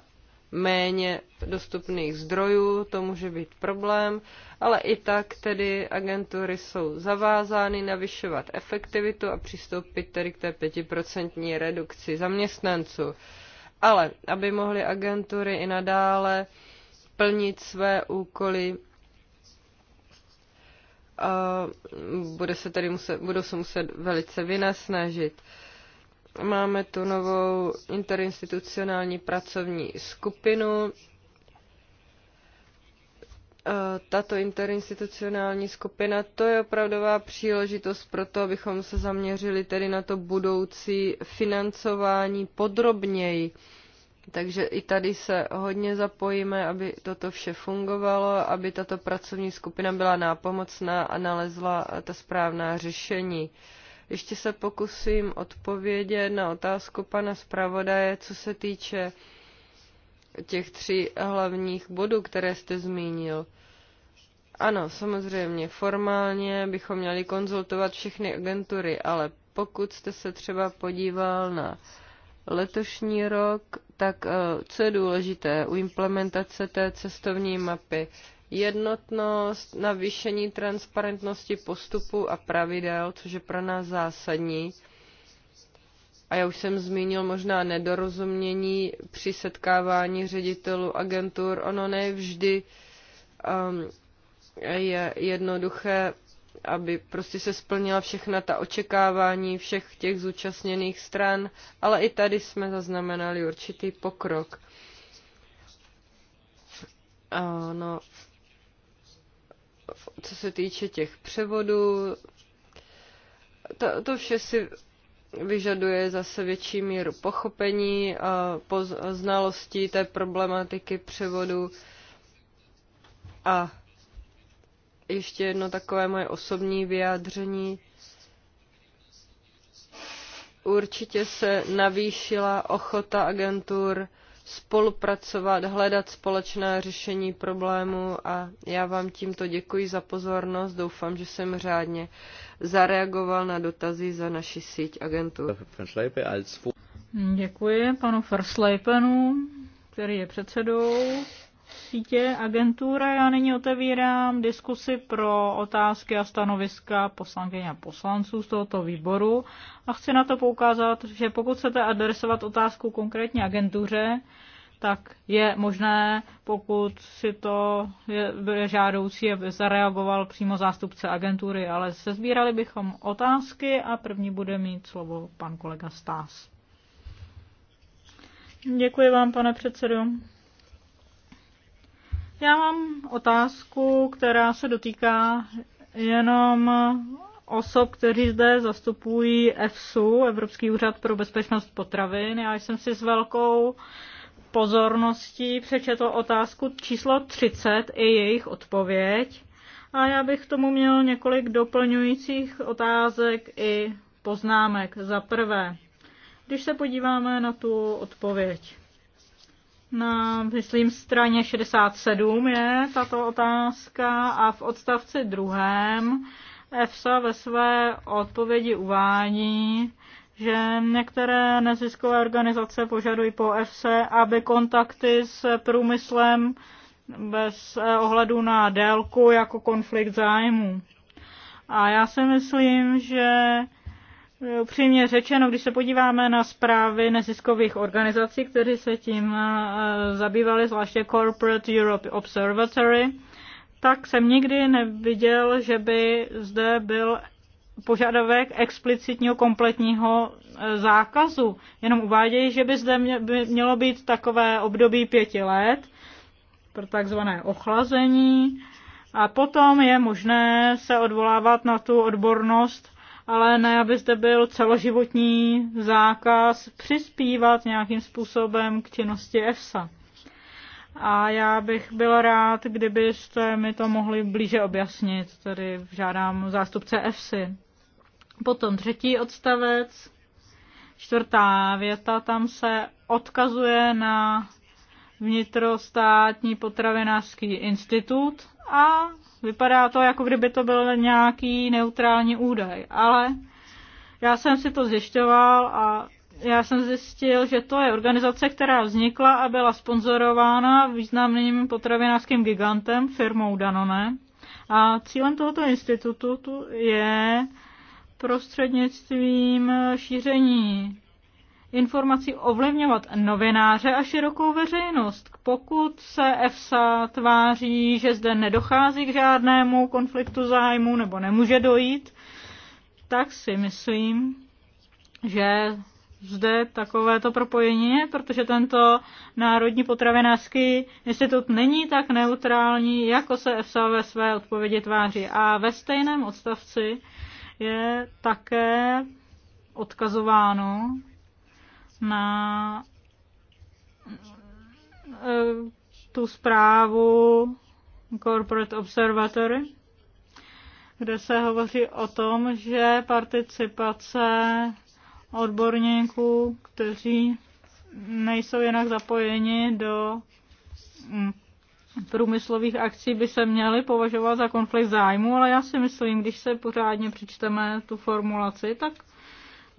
méně dostupných zdrojů, to může být problém, ale i tak tedy agentury jsou zavázány navyšovat efektivitu a přistoupit tedy k té pětiprocentní redukci zaměstnanců ale aby mohly agentury i nadále plnit své úkoly, a bude se tedy muset, budou se muset velice vynasnažit. Máme tu novou interinstitucionální pracovní skupinu, tato interinstitucionální skupina, to je opravdová příležitost pro to, abychom se zaměřili tedy na to budoucí financování podrobněji. Takže i tady se hodně zapojíme, aby toto vše fungovalo, aby tato pracovní skupina byla nápomocná a nalezla ta správná řešení. Ještě se pokusím odpovědět na otázku pana zpravodaje, co se týče uh, těch tří hlavních bodů, které jste zmínil. Ano, samozřejmě, formálně bychom měli konzultovat všechny agentury, ale pokud jste se třeba podíval na letošní rok, tak eh, co je důležité u implementace té cestovní mapy? Jednotnost, navýšení transparentnosti postupu a pravidel, což je pro nás zásadní a já už jsem zmínil možná nedorozumění při setkávání ředitelů agentur. Ono ne vždy um, je jednoduché, aby prostě se splnila všechna ta očekávání všech těch zúčastněných stran, ale i tady jsme zaznamenali určitý pokrok. Ano, co se týče těch převodů, to, to vše si vyžaduje zase větší míru pochopení a znalostí té problematiky převodu. A ještě jedno takové moje osobní vyjádření. Určitě se navýšila ochota agentur spolupracovat, hledat společné řešení problému a já vám tímto děkuji za pozornost. Doufám, že jsem řádně zareagoval na dotazy za naši síť agentů. Děkuji panu Versleipenu, který je předsedou sítě agentura. Já nyní otevírám diskusi pro otázky a stanoviska poslankyně a poslanců z tohoto výboru a chci na to poukázat, že pokud chcete adresovat otázku konkrétně agentuře, tak je možné, pokud si to je, bude žádoucí, aby zareagoval přímo zástupce agentury, ale sezbírali bychom otázky a první bude mít slovo pan kolega Stás. Děkuji vám, pane předsedo. Já mám otázku, která se dotýká jenom osob, kteří zde zastupují EFSU, Evropský úřad pro bezpečnost potravin. Já jsem si s velkou pozornosti přečetl otázku číslo 30 i jejich odpověď. A já bych k tomu měl několik doplňujících otázek i poznámek. Za prvé, když se podíváme na tu odpověď. Na, myslím, straně 67 je tato otázka a v odstavci druhém EFSA ve své odpovědi uvádí, že některé neziskové organizace požadují po FC, aby kontakty s průmyslem bez eh, ohledu na délku jako konflikt zájmu. A já si myslím, že eh, upřímně řečeno, když se podíváme na zprávy neziskových organizací, které se tím eh, zabývaly, zvláště Corporate Europe Observatory, tak jsem nikdy neviděl, že by zde byl požadavek explicitního kompletního e, zákazu. Jenom uvádějí, že by zde mělo být takové období pěti let pro takzvané ochlazení a potom je možné se odvolávat na tu odbornost, ale ne, aby zde byl celoživotní zákaz přispívat nějakým způsobem k činnosti EFSA. A já bych byl rád, kdybyste mi to mohli blíže objasnit, tedy žádám zástupce EFSI. Potom třetí odstavec, čtvrtá věta, tam se odkazuje na vnitrostátní potravinářský institut a vypadá to, jako kdyby to byl nějaký neutrální údaj. Ale já jsem si to zjišťoval a já jsem zjistil, že to je organizace, která vznikla a byla sponzorována významným potravinářským gigantem, firmou Danone. A cílem tohoto institutu je prostřednictvím šíření informací ovlivňovat novináře a širokou veřejnost. Pokud se EFSA tváří, že zde nedochází k žádnému konfliktu zájmu nebo nemůže dojít, tak si myslím, že zde takovéto propojení je, protože tento Národní potravinářský institut není tak neutrální, jako se EFSA ve své odpovědi tváří. A ve stejném odstavci je také odkazováno na e, tu zprávu Corporate Observatory, kde se hovoří o tom, že participace odborníků, kteří nejsou jinak zapojeni do průmyslových akcí by se měly považovat za konflikt zájmu, ale já si myslím, když se pořádně přečteme tu formulaci, tak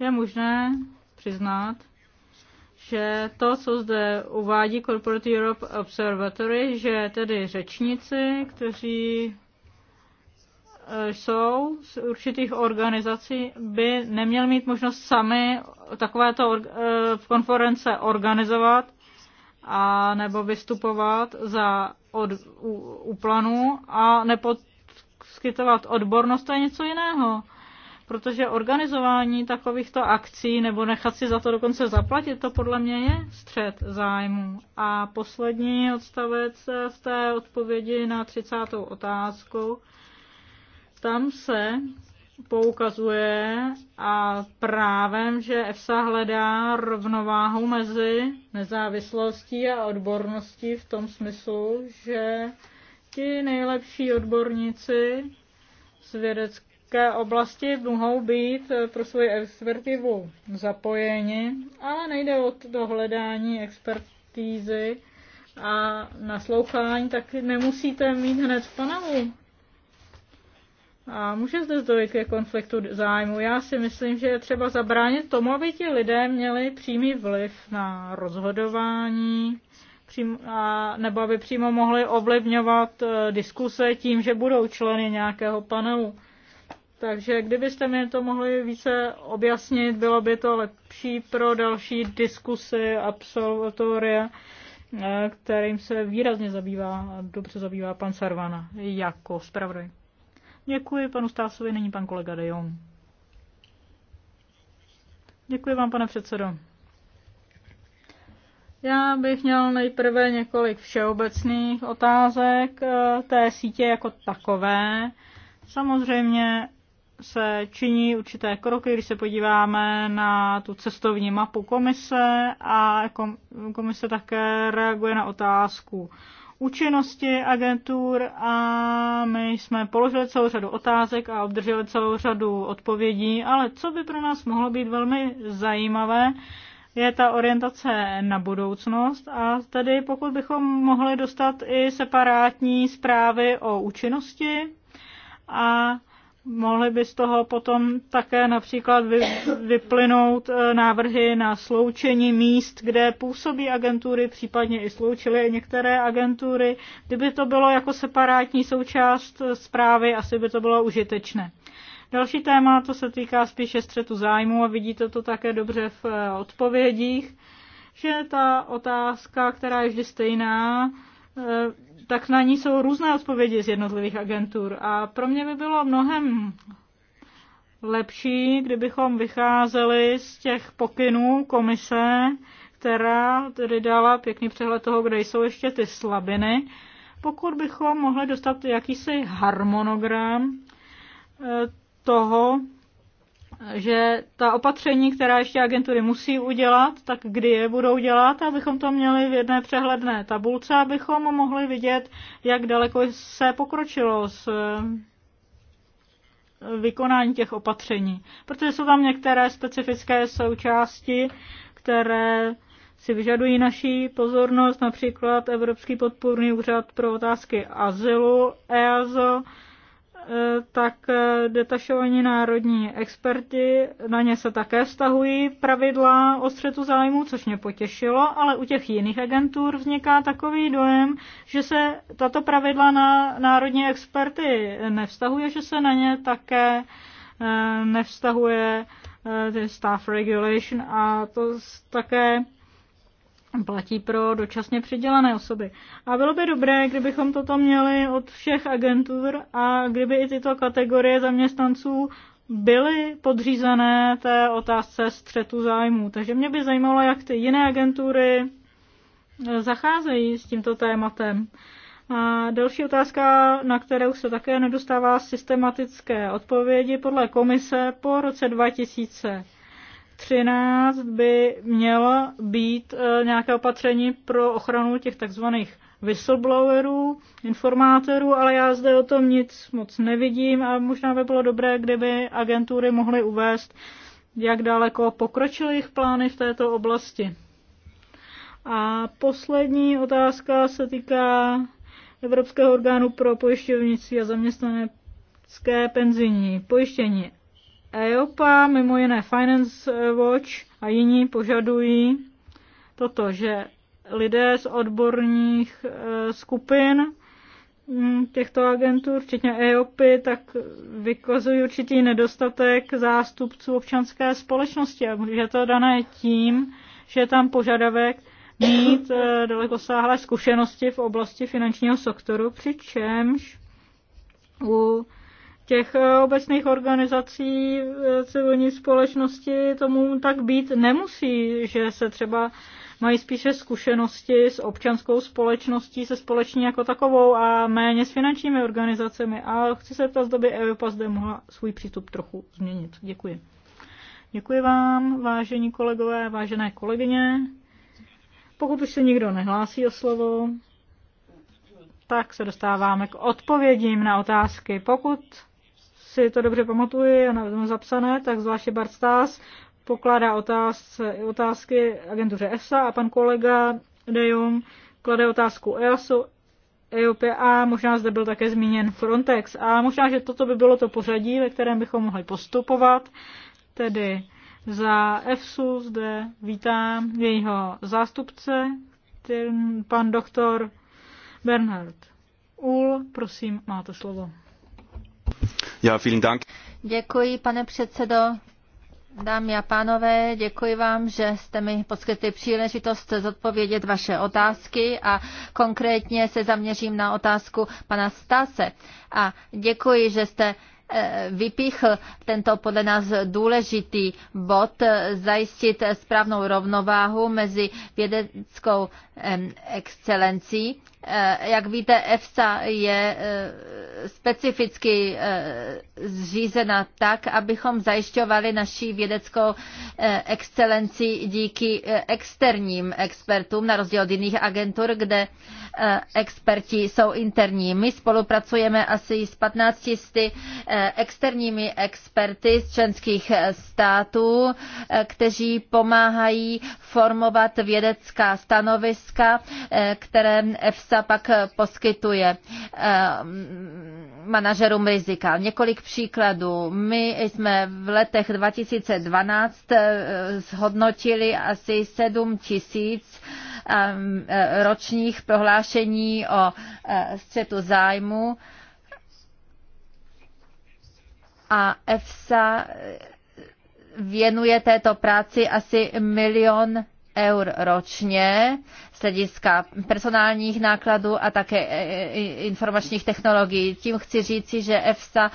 je možné přiznat, že to, co zde uvádí Corporate Europe Observatory, že tedy řečníci, kteří eh, jsou z určitých organizací, by neměli mít možnost sami takovéto eh, konference organizovat a nebo vystupovat za od, u, u planu a neposkytovat odbornost, to je něco jiného. Protože organizování takovýchto akcí nebo nechat si za to dokonce zaplatit, to podle mě je střed zájmu. A poslední odstavec v té odpovědi na 30. otázku. Tam se poukazuje a právem, že EFSA hledá rovnováhu mezi nezávislostí a odborností v tom smyslu, že ti nejlepší odborníci z vědecké oblasti mohou být pro svoji expertivu zapojeni, ale nejde o to hledání expertízy a naslouchání, tak nemusíte mít hned v panelu a může zde dojít ke konfliktu zájmu. Já si myslím, že je třeba zabránit tomu, aby ti lidé měli přímý vliv na rozhodování, přím, a, nebo aby přímo mohli ovlivňovat e, diskuse tím, že budou členy nějakého panelu. Takže kdybyste mi to mohli více objasnit, bylo by to lepší pro další diskusy absolutoria, eh, kterým se výrazně zabývá, dobře zabývá pan Sarvana jako zpravodaj. Děkuji panu Stásovi, není pan kolega De Jong. Děkuji vám, pane předsedo. Já bych měl nejprve několik všeobecných otázek eh, té sítě jako takové. Samozřejmě se činí určité kroky, když se podíváme na tu cestovní mapu komise a komise také reaguje na otázku účinnosti agentur a my jsme položili celou řadu otázek a obdrželi celou řadu odpovědí, ale co by pro nás mohlo být velmi zajímavé, je ta orientace na budoucnost a tedy pokud bychom mohli dostat i separátní zprávy o účinnosti a Mohly by z toho potom také například vy, vyplynout e, návrhy na sloučení míst, kde působí agentury, případně i sloučily některé agentury. Kdyby to bylo jako separátní součást e, zprávy, asi by to bylo užitečné. Další téma, to se týká spíše střetu zájmu a vidíte to také dobře v e, odpovědích, že ta otázka, která je vždy stejná, tak na ní jsou různé odpovědi z jednotlivých agentur. A pro mě by bylo mnohem lepší, kdybychom vycházeli z těch pokynů komise, která tedy dala pěkný přehled toho, kde jsou ještě ty slabiny. Pokud bychom mohli dostat jakýsi harmonogram eh, toho, že ta opatření, která ještě agentury musí udělat, tak kdy je budou dělat, abychom to měli v jedné přehledné tabulce, abychom mohli vidět, jak daleko se pokročilo s eh, vykonání těch opatření. Protože jsou tam některé specifické součásti, které si vyžadují naší pozornost, například Evropský podpůrný úřad pro otázky azylu EASO, Eh, tak eh, detašovaní národní experti, na ně se také vztahují pravidla o střetu zájmu, což mě potěšilo, ale u těch jiných agentur vzniká takový dojem, že se tato pravidla na národní experty nevztahuje, že se na ně také eh, nevztahuje staff regulation a to také platí pro dočasně přidělené osoby. A bylo by dobré, kdybychom toto měli od všech agentur a kdyby i tyto kategorie zaměstnanců byly podřízené té otázce střetu zájmů. Takže mě by zajímalo, jak ty jiné agentury eh, zacházejí s tímto tématem. A další otázka, na kterou se také nedostává systematické odpovědi podle komise po roce 2000 13 by měla být eh, nějaké opatření pro ochranu těch takzvaných whistleblowerů, informátorů, ale já zde o tom nic moc nevidím a možná by bylo dobré, kdyby agentury mohly uvést, jak daleko pokročily jejich plány v této oblasti. A poslední otázka se týká Evropského orgánu pro pojišťovnictví a zaměstnanecké penzijní pojištění EOPA, mimo jiné Finance Watch a jiní požadují toto, že lidé z odborných eh, skupin mm, těchto agentur, včetně EOPy, tak vykazují určitý nedostatek zástupců občanské společnosti. A je to dané tím, že je tam požadavek mít eh, dalekosáhlé zkušenosti v oblasti finančního sektoru, přičemž u těch eh, obecných organizací eh, civilní společnosti tomu tak být nemusí, že se třeba mají spíše zkušenosti s občanskou společností, se společní jako takovou a méně s finančními organizacemi. A chci se ptát, zda by EUPA zde mohla svůj přístup trochu změnit. Děkuji. Děkuji vám, vážení kolegové, vážené kolegyně. Pokud už se nikdo nehlásí o slovo, tak se dostáváme k odpovědím na otázky. Pokud si to dobře pamatuji a tom zapsané, tak zvláště Bart Stas pokládá otázky, otázky agentuře ESA a pan kolega De Jong klade otázku EASu, EOPA, možná zde byl také zmíněn Frontex a možná, že toto by bylo to pořadí, ve kterém bychom mohli postupovat, tedy za EFSU zde vítám jejího zástupce, ten pan doktor Bernhard Uhl, prosím, máte slovo. Ja, vielen Dank. Děkuji, pane předsedo. Dámy a pánové, děkuji vám, že jste mi poskytli příležitost zodpovědět vaše otázky a konkrétně se zaměřím na otázku pana Stase. A děkuji, že jste vypíchl tento podle nás důležitý bod eh, zajistit správnou rovnováhu mezi vědeckou excelencí. Eh, jak víte, EFSA je eh, specificky zřízena tak, abychom zajišťovali naší vědeckou excelenci díky externím expertům, na rozdíl od jiných agentur, kde experti jsou interní. My spolupracujeme asi s 15 sty externími experty z členských států, eh, kteří pomáhají formovat vědecká stanoviska, eh, které EFSA pak poskytuje eh, manažerům rizika. Několik příkladů. My jsme v letech 2012 zhodnotili asi 7 tisíc ročních prohlášení o střetu zájmu a EFSA věnuje této práci asi milion eur ročně z hlediska personálních nákladů a také e, e, informačních technologií. Tím chci říci, že EFSA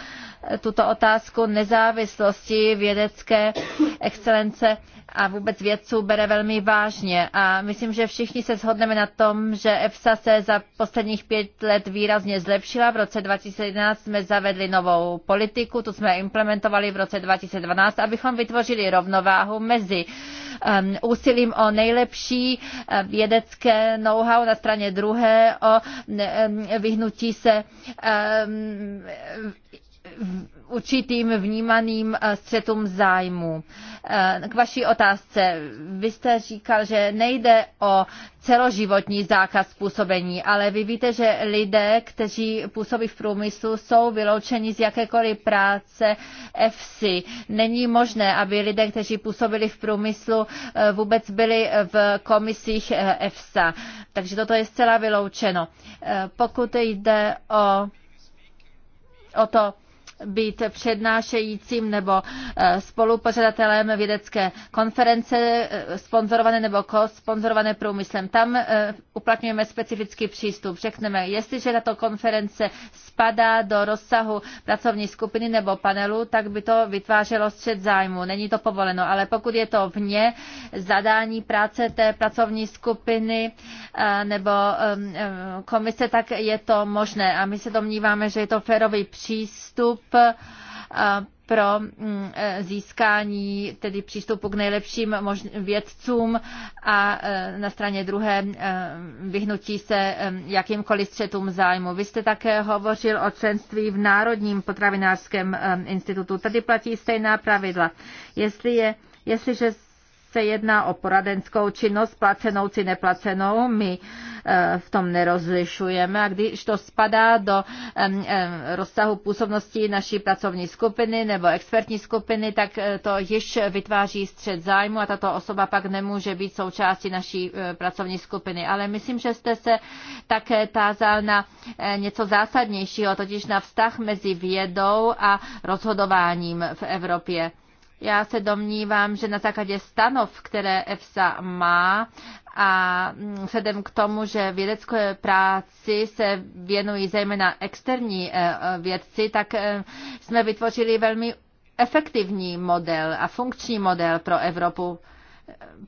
tuto otázku nezávislosti vědecké excelence a vůbec vědců bere velmi vážně. A myslím, že všichni se shodneme na tom, že EFSA se za posledních pět let výrazně zlepšila. V roce 2011 jsme zavedli novou politiku, tu jsme implementovali v roce 2012, abychom vytvořili rovnováhu mezi um, úsilím o nejlepší um, vědecké vědecké know-how, na straně druhé o vyhnutí se určitým vnímaným eh, střetům zájmu. Eh, k vaší otázce. Vy jste říkal, že nejde o celoživotní zákaz působení, ale vy víte, že lidé, kteří působí v průmyslu, jsou vyloučeni z jakékoliv práce EFSI. Není možné, aby lidé, kteří působili v průmyslu, eh, vůbec byli v komisích EFSA. Takže toto je zcela vyloučeno. Pokud jde o, o to, být přednášejícím nebo eh, spolupořadatelem vědecké konference eh, sponzorované nebo sponzorované průmyslem. Tam eh, uplatňujeme specifický přístup. Řekneme, jestliže tato konference spadá do rozsahu pracovní skupiny nebo panelu, tak by to vytvářelo střed zájmu. Není to povoleno, ale pokud je to vně zadání práce té pracovní skupiny nebo komise, tak je to možné. A my se domníváme, že je to férový přístup Eh, pro mm, eh, získání tedy přístupu k nejlepším vědcům a eh, na straně druhé vyhnutí se jakýmkoliv střetům zájmu. Vy jste také hovořil o členství v Národním potravinářském institutu. Tady platí stejná pravidla. Jestli je, jestliže se jedná o poradenskou činnost, placenou či neplacenou, my eh, v tom nerozlišujeme. A když to spadá do rozsahu působnosti naší pracovní skupiny nebo expertní skupiny, tak eh, to již vytváří střed zájmu a tato osoba pak nemůže být součástí naší eh, pracovní skupiny. Ale myslím, že jste se také tázal na něco zásadnějšího, totiž na vztah mezi vědou a rozhodováním v Evropě. Já se domnívám, že na základě stanov, které EFSA má, a vzhledem k tomu, že vědecké práci se věnují zejména externí eh, vědci, tak eh, jsme vytvořili velmi efektivní model a funkční model pro Evropu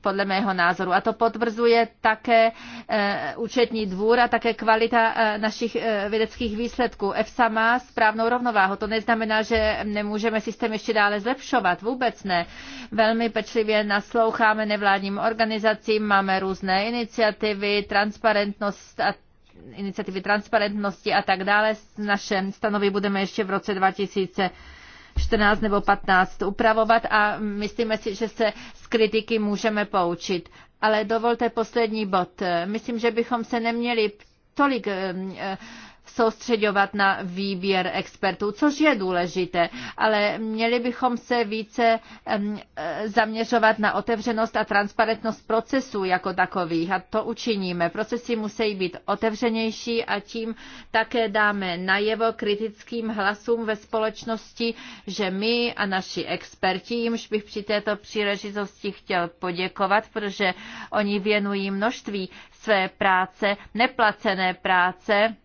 podle mého názoru. A to potvrzuje také eh, účetní dvůr a také kvalita eh, našich eh, vědeckých výsledků. EFSA má správnou rovnováhu. To neznamená, že nemůžeme systém ještě dále zlepšovat. Vůbec ne. Velmi pečlivě nasloucháme nevládním organizacím, máme různé iniciativy, transparentnost a iniciativy transparentnosti a tak dále. Naše stanovy budeme ještě v roce 2000 14 nebo 15 upravovat a myslíme si, že se z kritiky můžeme poučit. Ale dovolte poslední bod. Myslím, že bychom se neměli tolik eh, eh, soustředovat na výběr expertů, což je důležité, ale měli bychom se více e, zaměřovat na otevřenost a transparentnost procesů jako takových a to učiníme. Procesy musí být otevřenější a tím také dáme najevo kritickým hlasům ve společnosti, že my a naši experti, jimž bych při této příležitosti chtěl poděkovat, protože oni věnují množství své práce, neplacené práce,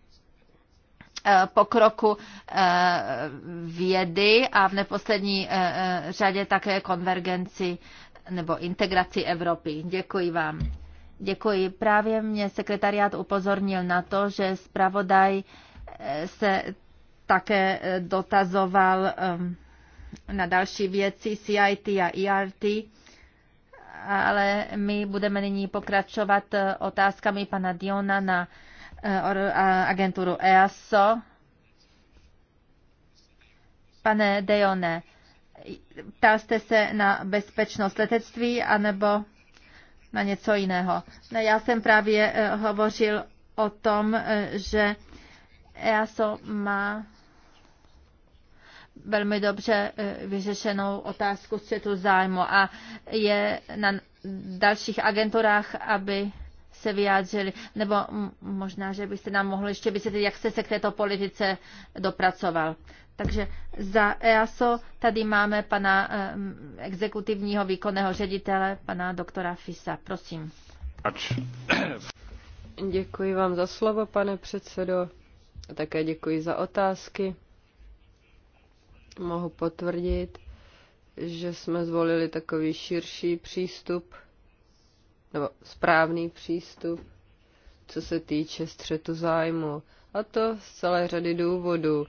Eh, pokroku eh, vědy a v neposlední eh, řadě také konvergenci nebo integraci Evropy. Děkuji vám. Děkuji. Právě mě sekretariát upozornil na to, že zpravodaj se také dotazoval na další věci CIT a ERT, ale my budeme nyní pokračovat otázkami pana Diona na Eh, eh, agenturu EASO. Pane Dejone, ptal jste se na bezpečnost letectví anebo na něco jiného? já jsem právě eh, hovořil o tom, že EASO má velmi dobře vyřešenou otázku střetu zájmu a je na dalších agenturách, aby se vyjádřili, nebo možná, že byste nám mohli ještě vysvětlit, jak jste se k této politice dopracoval. Takže za EASO tady máme pana exekutivního výkonného ředitele, pana doktora Fisa. Prosím. Děkuji vám za slovo, pane předsedo. A také děkuji za otázky. Mohu potvrdit, že jsme zvolili takový širší přístup nebo správný přístup, co se týče střetu zájmu. A to z celé řady důvodů.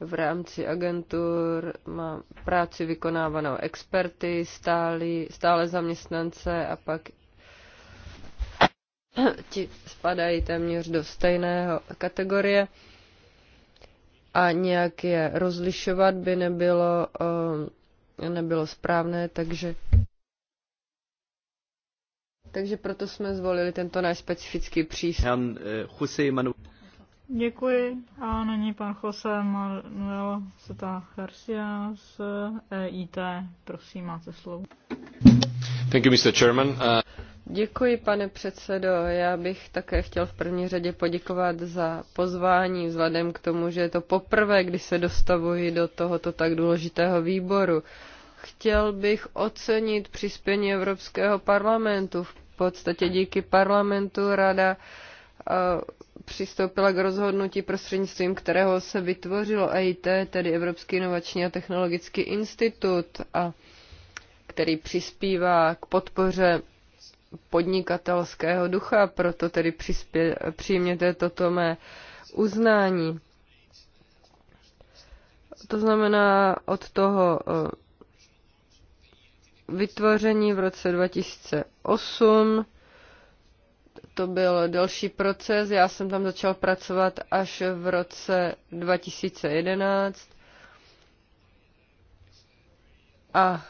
V rámci agentur mám práci vykonávanou experty, stály, stále zaměstnance a pak ti spadají téměř do stejného kategorie a nějak je rozlišovat by nebylo, eh, nebylo správné, takže takže proto jsme zvolili tento specifický přístup. Eh, Děkuji. A nyní pan Jose Manuel Seta Garcia z EIT. Prosím, máte slovo. Thank you, Mr. Chairman. Uh... Děkuji, pane předsedo. Já bych také chtěl v první řadě poděkovat za pozvání, vzhledem k tomu, že je to poprvé, kdy se dostavuji do tohoto tak důležitého výboru. Chtěl bych ocenit přispění Evropského parlamentu v podstatě díky parlamentu rada eh, přistoupila k rozhodnutí prostřednictvím kterého se vytvořilo EIT, tedy Evropský inovační a technologický institut, a který přispívá k podpoře podnikatelského ducha, proto tedy přispě, přijměte toto mé uznání. To znamená, od toho eh, vytvoření v roce 2008. To byl další proces, já jsem tam začal pracovat až v roce 2011. A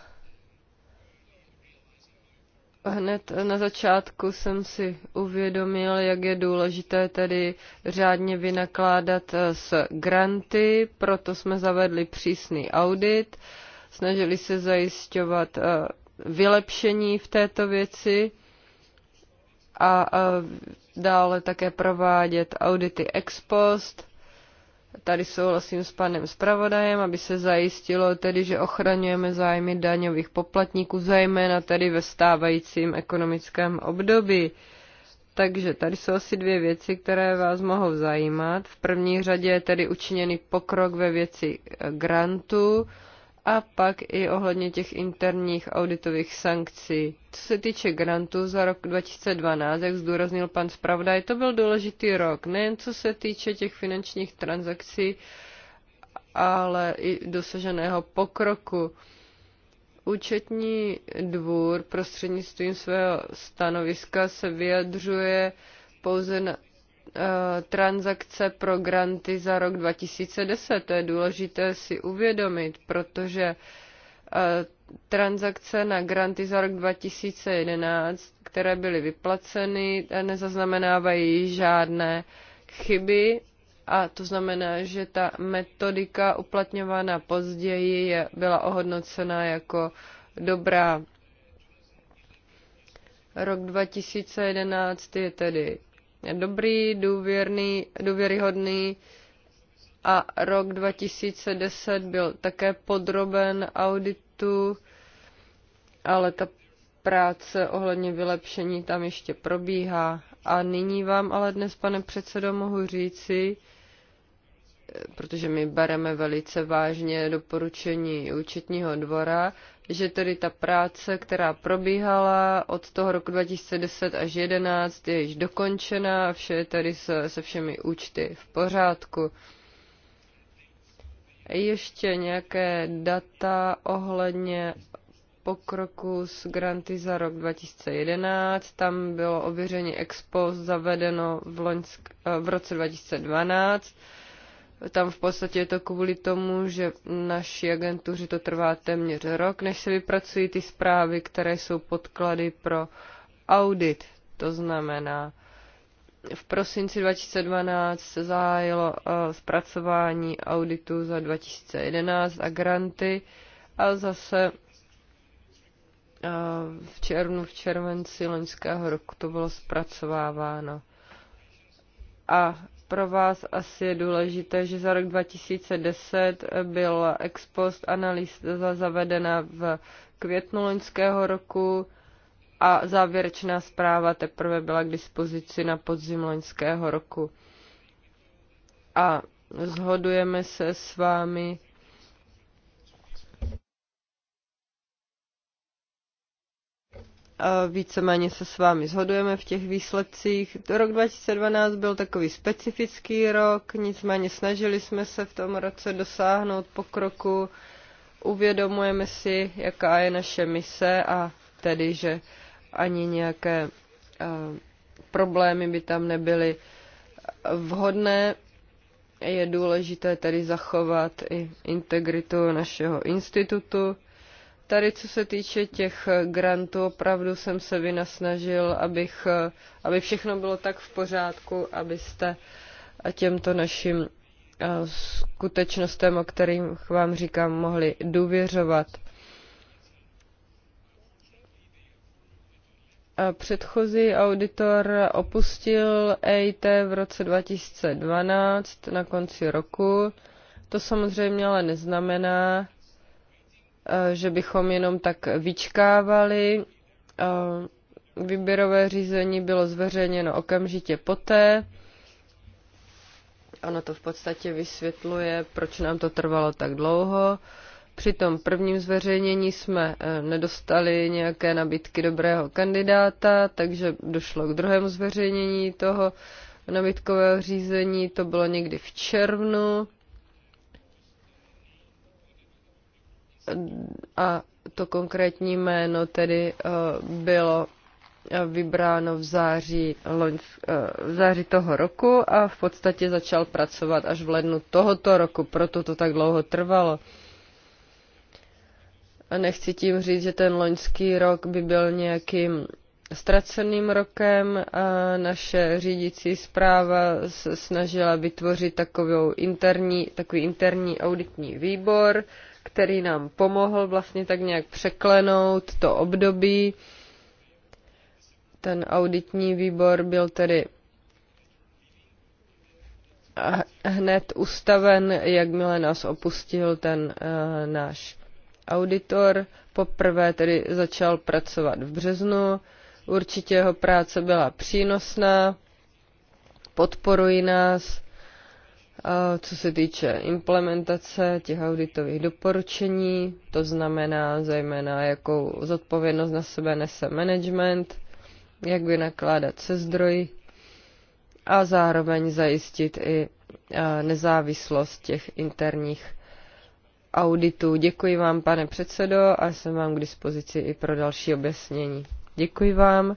hned na začátku jsem si uvědomil, jak je důležité tedy řádně vynakládat eh, s granty, proto jsme zavedli přísný audit. Uh, snažili se zajišťovat eh, vylepšení v této věci a eh, dále také provádět audity ex post. Tady souhlasím s panem zpravodajem, aby se zajistilo tedy, že ochraňujeme zájmy daňových poplatníků, zejména tady ve stávajícím ekonomickém období. Takže tady jsou asi dvě věci, které vás mohou zajímat. V první řadě je tedy učiněný pokrok ve věci eh, grantu a pak i ohledně těch interních auditových sankcí. Co se týče grantu za rok 2012, jak zdůraznil pan zpravodaj, to byl důležitý rok, nejen co se týče těch finančních transakcí, ale i dosaženého pokroku. Účetní dvůr prostřednictvím svého stanoviska se vyjadřuje pouze na Eh, transakce pro granty za rok 2010. To je důležité si uvědomit, protože eh, transakce na granty za rok 2011, které byly vyplaceny, eh, nezaznamenávají žádné chyby a to znamená, že ta metodika uplatňovaná později je, byla ohodnocena jako dobrá. Rok 2011 je tedy dobrý, důvěrný, důvěryhodný a rok 2010 byl také podroben auditu, ale ta práce ohledně vylepšení tam ještě probíhá. A nyní vám ale dnes, pane předsedo, mohu říci, protože my bereme velice vážně doporučení účetního dvora, že tedy ta práce, která probíhala od toho roku 2010 až 2011, je již dokončena a vše je tady se, se všemi účty v pořádku. Ještě nějaké data ohledně pokroku s granty za rok 2011. Tam bylo ověření expo zavedeno v, loňsk, eh, v roce 2012 tam v podstatě je to kvůli tomu, že naší agentuři to trvá téměř rok, než se vypracují ty zprávy, které jsou podklady pro audit. To znamená, v prosinci 2012 se zahájilo eh, zpracování auditu za 2011 a granty a zase eh, v červnu, v červenci loňského roku to bylo zpracováváno. A pro vás asi je důležité, že za rok 2010 byl ex post analýza zavedena v květnu loňského roku a závěrečná zpráva teprve byla k dispozici na podzim loňského roku. A zhodujeme se s vámi víceméně se s vámi zhodujeme v těch výsledcích. Rok 2012 byl takový specifický rok, nicméně snažili jsme se v tom roce dosáhnout pokroku. Uvědomujeme si, jaká je naše mise a tedy, že ani nějaké problémy by tam nebyly vhodné. Je důležité tedy zachovat i integritu našeho institutu tady, co se týče těch grantů, opravdu jsem se vynasnažil, abych, aby všechno bylo tak v pořádku, abyste těmto našim eh, skutečnostem, o kterých vám říkám, mohli důvěřovat. A předchozí auditor opustil EIT v roce 2012 na konci roku. To samozřejmě ale neznamená, Eh, že bychom jenom tak vyčkávali. Eh, výběrové řízení bylo zveřejněno okamžitě poté. Ono to v podstatě vysvětluje, proč nám to trvalo tak dlouho. Při tom prvním zveřejnění jsme eh, nedostali nějaké nabídky dobrého kandidáta, takže došlo k druhému zveřejnění toho nabídkového řízení. To bylo někdy v červnu a to konkrétní jméno tedy eh, bylo eh, vybráno v září, loň, eh, v září toho roku a v podstatě začal pracovat až v lednu tohoto roku, proto to tak dlouho trvalo. A nechci tím říct, že ten loňský rok by byl nějakým ztraceným rokem. A naše řídící zpráva se snažila vytvořit takovou interní, takový interní auditní výbor, který nám pomohl vlastně tak nějak překlenout to období. Ten auditní výbor byl tedy hned ustaven, jakmile nás opustil ten uh, náš auditor. Poprvé tedy začal pracovat v březnu. Určitě jeho práce byla přínosná, podporují nás co se týče implementace těch auditových doporučení, to znamená zejména, jakou zodpovědnost na sebe nese management, jak vynakládat se zdroji a zároveň zajistit i nezávislost těch interních auditů. Děkuji vám, pane předsedo, a jsem vám k dispozici i pro další objasnění. Děkuji vám,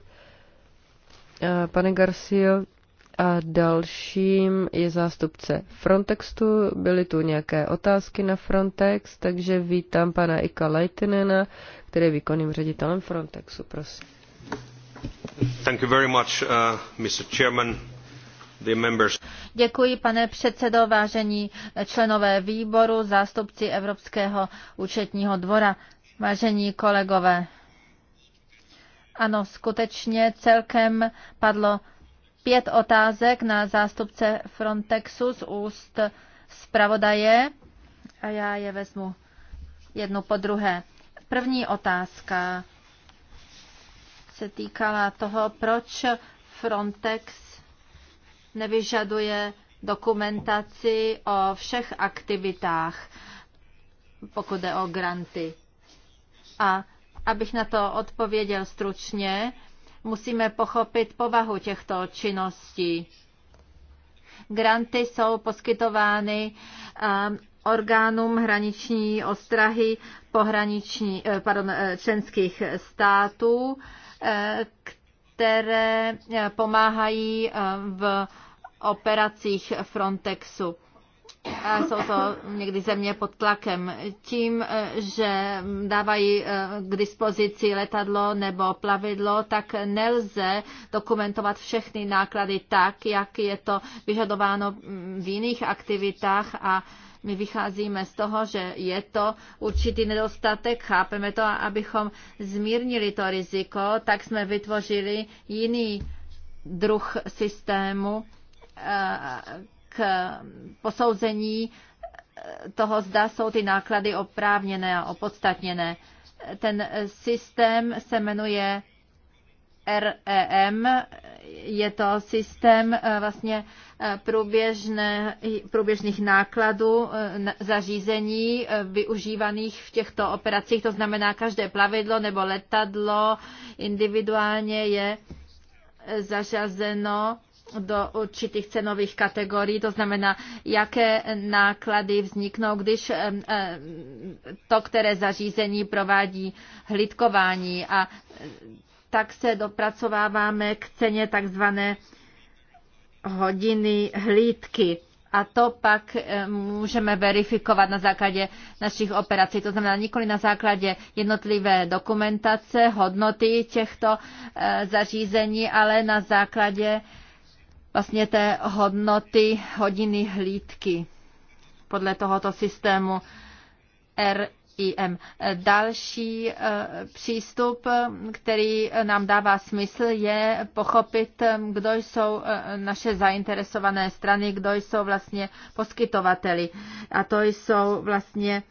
pane Garcio. A dalším je zástupce Frontextu. Byly tu nějaké otázky na Frontex, takže vítám pana Ika Leitinena, který je výkonným ředitelem Frontexu. Prosím. Thank you very much, uh, Mr. Chairman. Děkuji, pane předsedo, vážení členové výboru, zástupci Evropského účetního dvora, vážení kolegové. Ano, skutečně celkem padlo pět otázek na zástupce Frontexu z úst zpravodaje a já je vezmu jednu po druhé. První otázka se týkala toho, proč Frontex nevyžaduje dokumentaci o všech aktivitách, pokud jde o granty. A abych na to odpověděl stručně, Musíme pochopit povahu těchto činností. Granty jsou poskytovány um, orgánům hraniční ostrahy pohraniční, eh, pardon, eh, členských států, eh, které pomáhají v operacích Frontexu jsou to někdy země pod tlakem. Tím, eh, že dávají eh, k dispozici letadlo nebo plavidlo, tak nelze dokumentovat všechny náklady tak, jak je to vyžadováno mm, v jiných aktivitách a my vycházíme z toho, že je to určitý nedostatek, chápeme to a abychom zmírnili to riziko, tak jsme vytvořili jiný druh systému, eh, Eh, posouzení eh, toho, zda jsou ty náklady oprávněné a opodstatněné. Ten eh, systém se jmenuje REM. Je to systém vlastně průběžné, průběžných nákladů zařízení využívaných v těchto operacích. To znamená, každé plavidlo nebo letadlo individuálně je zařazeno do určitých cenových kategorií, to znamená, jaké náklady vzniknou, když eh, eh, to, které zařízení provádí hlídkování a eh, tak se dopracováváme k ceně takzvané hodiny hlídky. A to pak můžeme verifikovat na základě našich operací. To znamená nikoli na základě jednotlivé dokumentace, hodnoty těchto zařízení, ale na základě vlastně té hodnoty hodiny hlídky podle tohoto systému RIM. Další eh, přístup, který nám dává smysl, je pochopit, kdo jsou eh, naše zainteresované strany, kdo jsou vlastně poskytovateli. A to jsou vlastně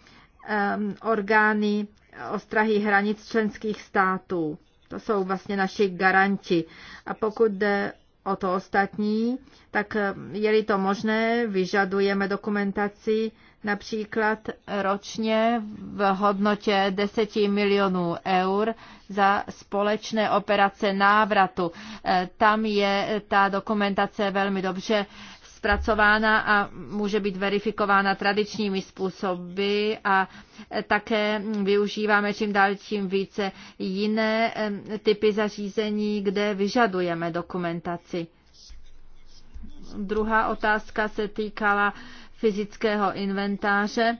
eh, orgány ostrahy hranic členských států. To jsou vlastně naši garanti. A pokud jde o to ostatní, tak eh, je-li to možné, vyžadujeme dokumentaci například ročně v hodnotě 10 milionů eur za společné operace návratu. Eh, tam je ta dokumentace velmi dobře zpracována a může být verifikována tradičními způsoby a také využíváme čím dál tím více jiné typy zařízení, kde vyžadujeme dokumentaci. Druhá otázka se týkala fyzického inventáře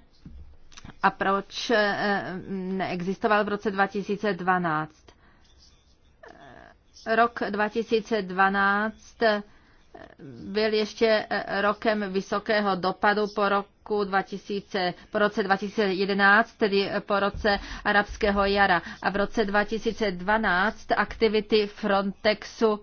a proč eh, neexistoval v roce 2012. Rok 2012 byl ještě eh, rokem vysokého dopadu po roku 2000, po roce 2011, tedy po roce arabského jara. A v roce 2012 aktivity Frontexu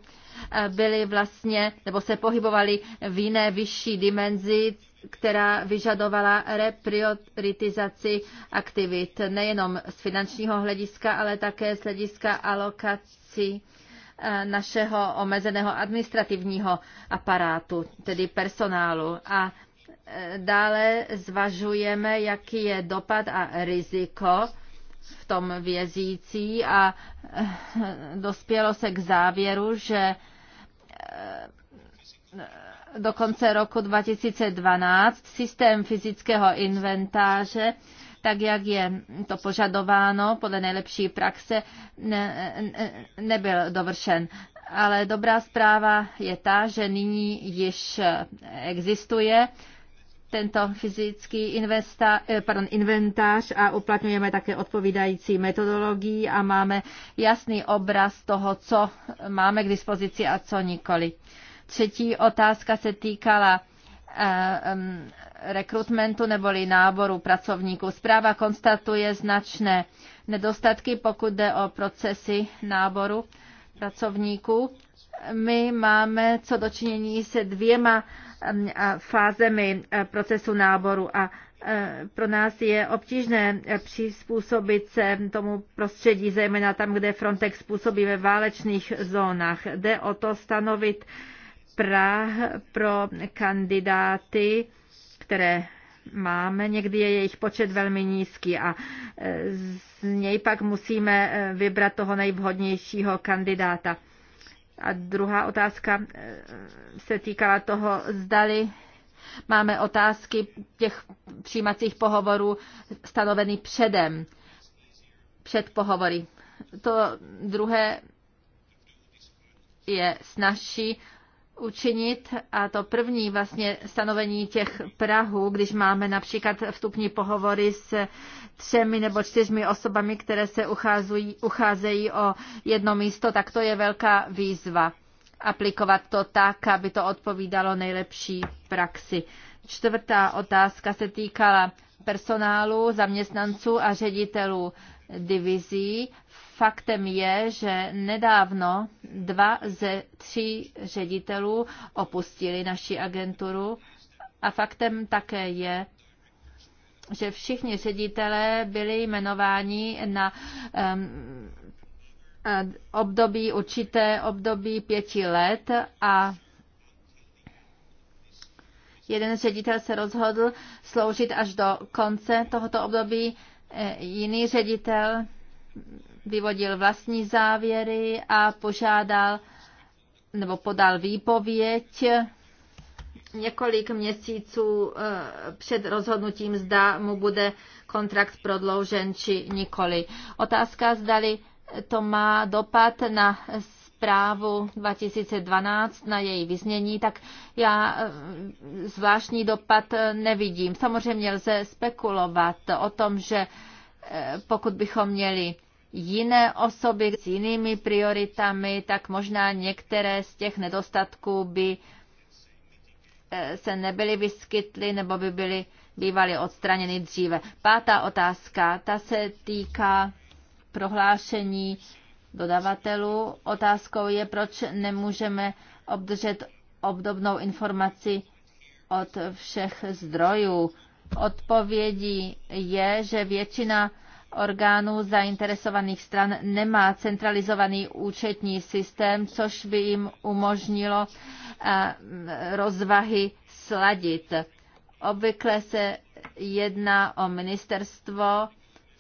eh, byly vlastně, nebo se pohybovaly v jiné vyšší dimenzi, která vyžadovala reprioritizaci aktivit, nejenom z finančního hlediska, ale také z hlediska alokací Eh, našeho omezeného administrativního aparátu, tedy personálu. A eh, dále zvažujeme, jaký je dopad a riziko v tom vězící a eh, dospělo se k závěru, že do konce roku 2012 systém fyzického inventáře tak jak je to požadováno podle nejlepší praxe, ne, ne, nebyl dovršen. Ale dobrá zpráva je ta, že nyní již existuje tento fyzický investa, eh, pardon, inventář a uplatňujeme také odpovídající metodologii a máme jasný obraz toho, co máme k dispozici a co nikoli. Třetí otázka se týkala Eh, rekrutmentu neboli náboru pracovníků. Zpráva konstatuje značné nedostatky, pokud jde o procesy náboru pracovníků. My máme co dočinění se dvěma fázemi eh, procesu náboru a eh, pro nás je obtížné přizpůsobit se tomu prostředí, zejména tam, kde Frontex působí ve válečných zónách. Jde o to stanovit Prah pro kandidáty, které máme. Někdy je jejich počet velmi nízký a e, z něj pak musíme e, vybrat toho nejvhodnějšího kandidáta. A druhá otázka e, se týkala toho, zdali máme otázky těch přijímacích pohovorů stanovený předem, před pohovory. To druhé je snažší učinit a to první vlastně stanovení těch Prahů, když máme například vstupní pohovory s třemi nebo čtyřmi osobami, které se ucházují, ucházejí o jedno místo, tak to je velká výzva aplikovat to tak, aby to odpovídalo nejlepší praxi. Čtvrtá otázka se týkala personálu, zaměstnanců a ředitelů divizí. Faktem je, že nedávno dva ze tří ředitelů opustili naši agenturu a faktem také je, že všichni ředitelé byli jmenováni na um, období určité období pěti let a jeden ředitel se rozhodl sloužit až do konce tohoto období Eh, jiný ředitel vyvodil vlastní závěry a požádal nebo podal výpověď několik měsíců eh, před rozhodnutím, zda mu bude kontrakt prodloužen či nikoli. Otázka, zdali to má dopad na zprávu 2012 na její vyznění, tak já eh, zvláštní dopad eh, nevidím. Samozřejmě lze spekulovat o tom, že eh, pokud bychom měli jiné osoby s jinými prioritami, tak možná některé z těch nedostatků by se nebyly vyskytly nebo by byly bývaly odstraněny dříve. Pátá otázka, ta se týká prohlášení dodavatelů. Otázkou je, proč nemůžeme obdržet obdobnou informaci od všech zdrojů. Odpovědí je, že většina orgánů zainteresovaných stran nemá centralizovaný účetní systém, což by jim umožnilo eh, rozvahy sladit. Obvykle se jedná o ministerstvo,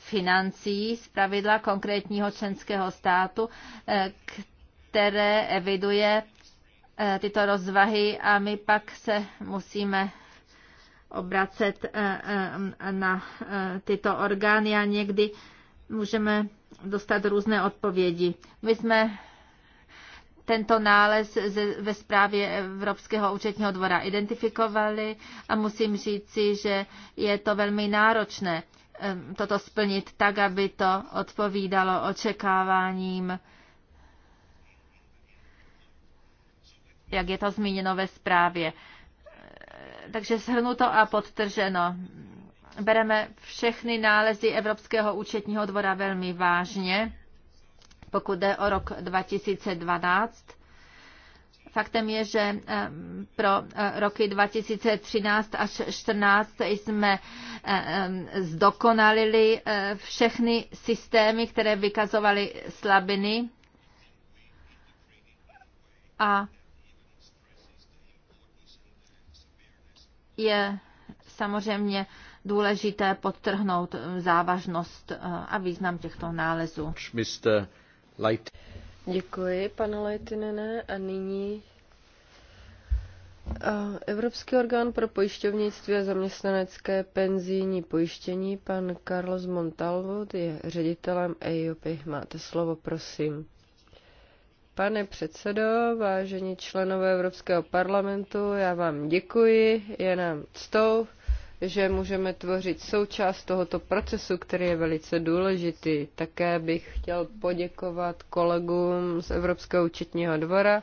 financí z pravidla konkrétního členského státu, eh, které eviduje eh, tyto rozvahy a my pak se musíme obracet eh, na tyto orgány a někdy můžeme dostat různé odpovědi. My jsme tento nález ve zprávě Evropského účetního dvora identifikovali a musím říci, že je to velmi náročné toto splnit tak, aby to odpovídalo očekáváním, jak je to zmíněno ve zprávě. Takže shrnuto a podtrženo. Bereme všechny nálezy Evropského účetního dvora velmi vážně, pokud jde o rok 2012 Faktem je, že eh, pro eh, roky 2013 až 2014 jsme eh, zdokonalili všechny systémy, které vykazovaly slabiny a je samozřejmě důležité podtrhnout závažnost a význam těchto nálezů. Mr. Light. Děkuji, pane Leitinene. A nyní Evropský orgán pro pojišťovnictví a zaměstnanecké penzijní pojištění, pan Carlos Montalvo, je ředitelem EIOPy. Máte slovo, prosím. Pane předsedo, vážení členové Evropského parlamentu, já vám děkuji, je nám ctou že můžeme tvořit součást tohoto procesu, který je velice důležitý. Také bych chtěl poděkovat kolegům z Evropského účetního dvora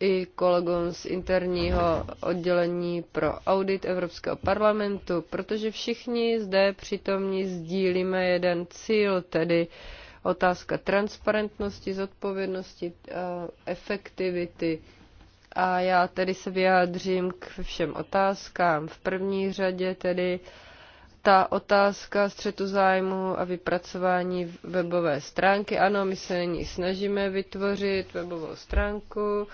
i kolegům z interního oddělení pro audit Evropského parlamentu, protože všichni zde přítomní sdílíme jeden cíl, tedy otázka transparentnosti, zodpovědnosti, efektivity a já tedy se vyjádřím k všem otázkám. V první řadě tedy ta otázka střetu zájmu a vypracování webové stránky. Ano, my se ní snažíme vytvořit webovou stránku,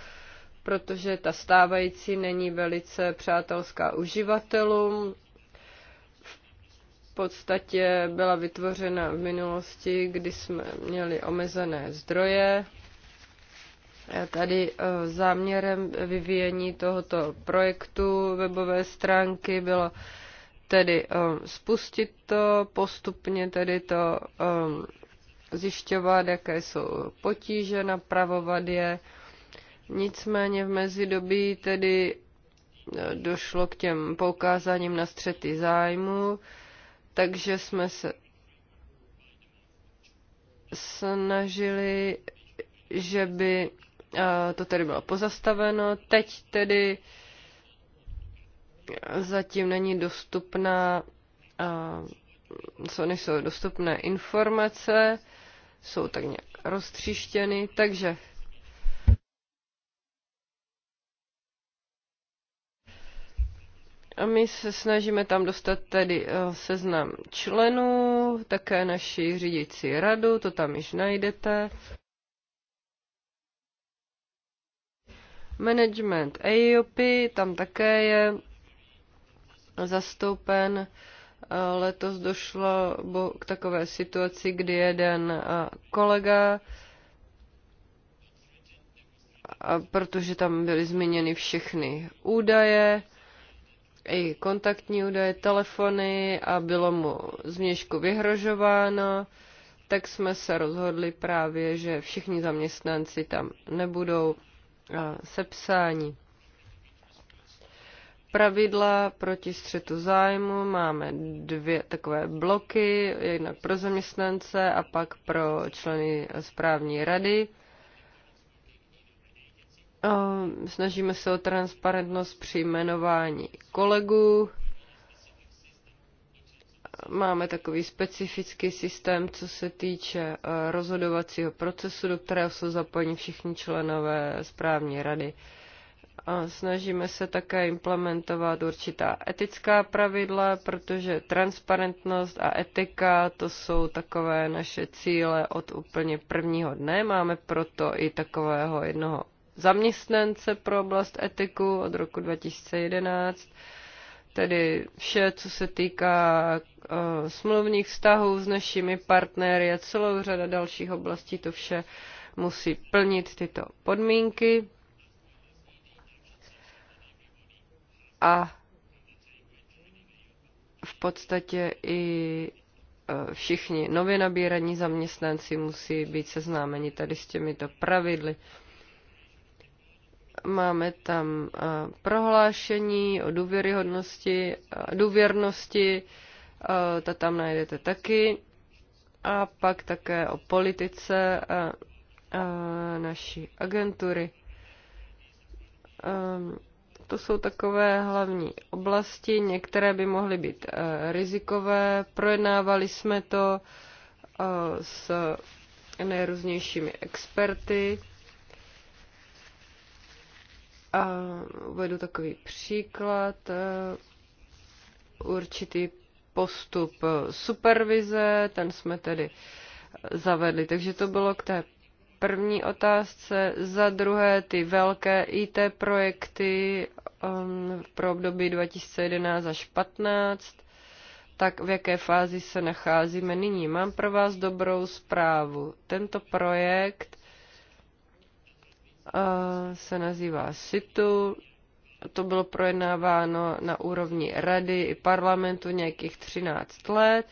protože ta stávající není velice přátelská uživatelům. V podstatě byla vytvořena v minulosti, kdy jsme měli omezené zdroje, Tady eh, záměrem vyvíjení tohoto projektu webové stránky bylo tedy eh, spustit to, postupně tedy to eh, zjišťovat, jaké jsou potíže, napravovat je. Nicméně v mezidobí tedy došlo k těm poukázáním na střety zájmu, takže jsme se snažili, že by to tedy bylo pozastaveno. Teď tedy zatím není dostupná, co nejsou dostupné informace, jsou tak nějak roztříštěny, takže A my se snažíme tam dostat tedy e, seznam členů, také naši řídící radu, to tam již najdete. Management EIOPy, tam také je zastoupen. Letos došlo k takové situaci, kdy jeden kolega, protože tam byly zmíněny všechny údaje, i kontaktní údaje, telefony a bylo mu změšku vyhrožováno, tak jsme se rozhodli právě, že všichni zaměstnanci tam nebudou sepsání. Pravidla proti střetu zájmu máme dvě takové bloky, jednak pro zaměstnance a pak pro členy správní rady. Snažíme se o transparentnost při jmenování kolegů máme takový specifický systém, co se týče eh, rozhodovacího procesu, do kterého jsou zapojeni všichni členové správní rady. A snažíme se také implementovat určitá etická pravidla, protože transparentnost a etika to jsou takové naše cíle od úplně prvního dne. Máme proto i takového jednoho zaměstnance pro oblast etiku od roku 2011 tedy vše, co se týká uh, smluvních vztahů s našimi partnery a celou řada dalších oblastí, to vše musí plnit tyto podmínky. A v podstatě i eh, všichni nově nabíraní zaměstnanci musí být seznámeni tady s těmito pravidly. Uh, Máme tam eh, prohlášení o důvěryhodnosti, eh, důvěrnosti, eh, ta tam najdete taky. A pak také o politice a, naší agentury. Ehm, to jsou takové hlavní oblasti. Některé by mohly být rizikové. Projednávali jsme to s nejrůznějšími experty. A uvedu takový příklad. E, určitý postup supervize, ten jsme tedy zavedli. Takže to bylo k té první otázce. Za druhé ty velké IT projekty um, pro období 2011 až 15. Tak v jaké fázi se nacházíme nyní? Mám pro vás dobrou zprávu. Tento projekt se nazývá SITU. To bylo projednáváno na úrovni rady i parlamentu nějakých 13 let.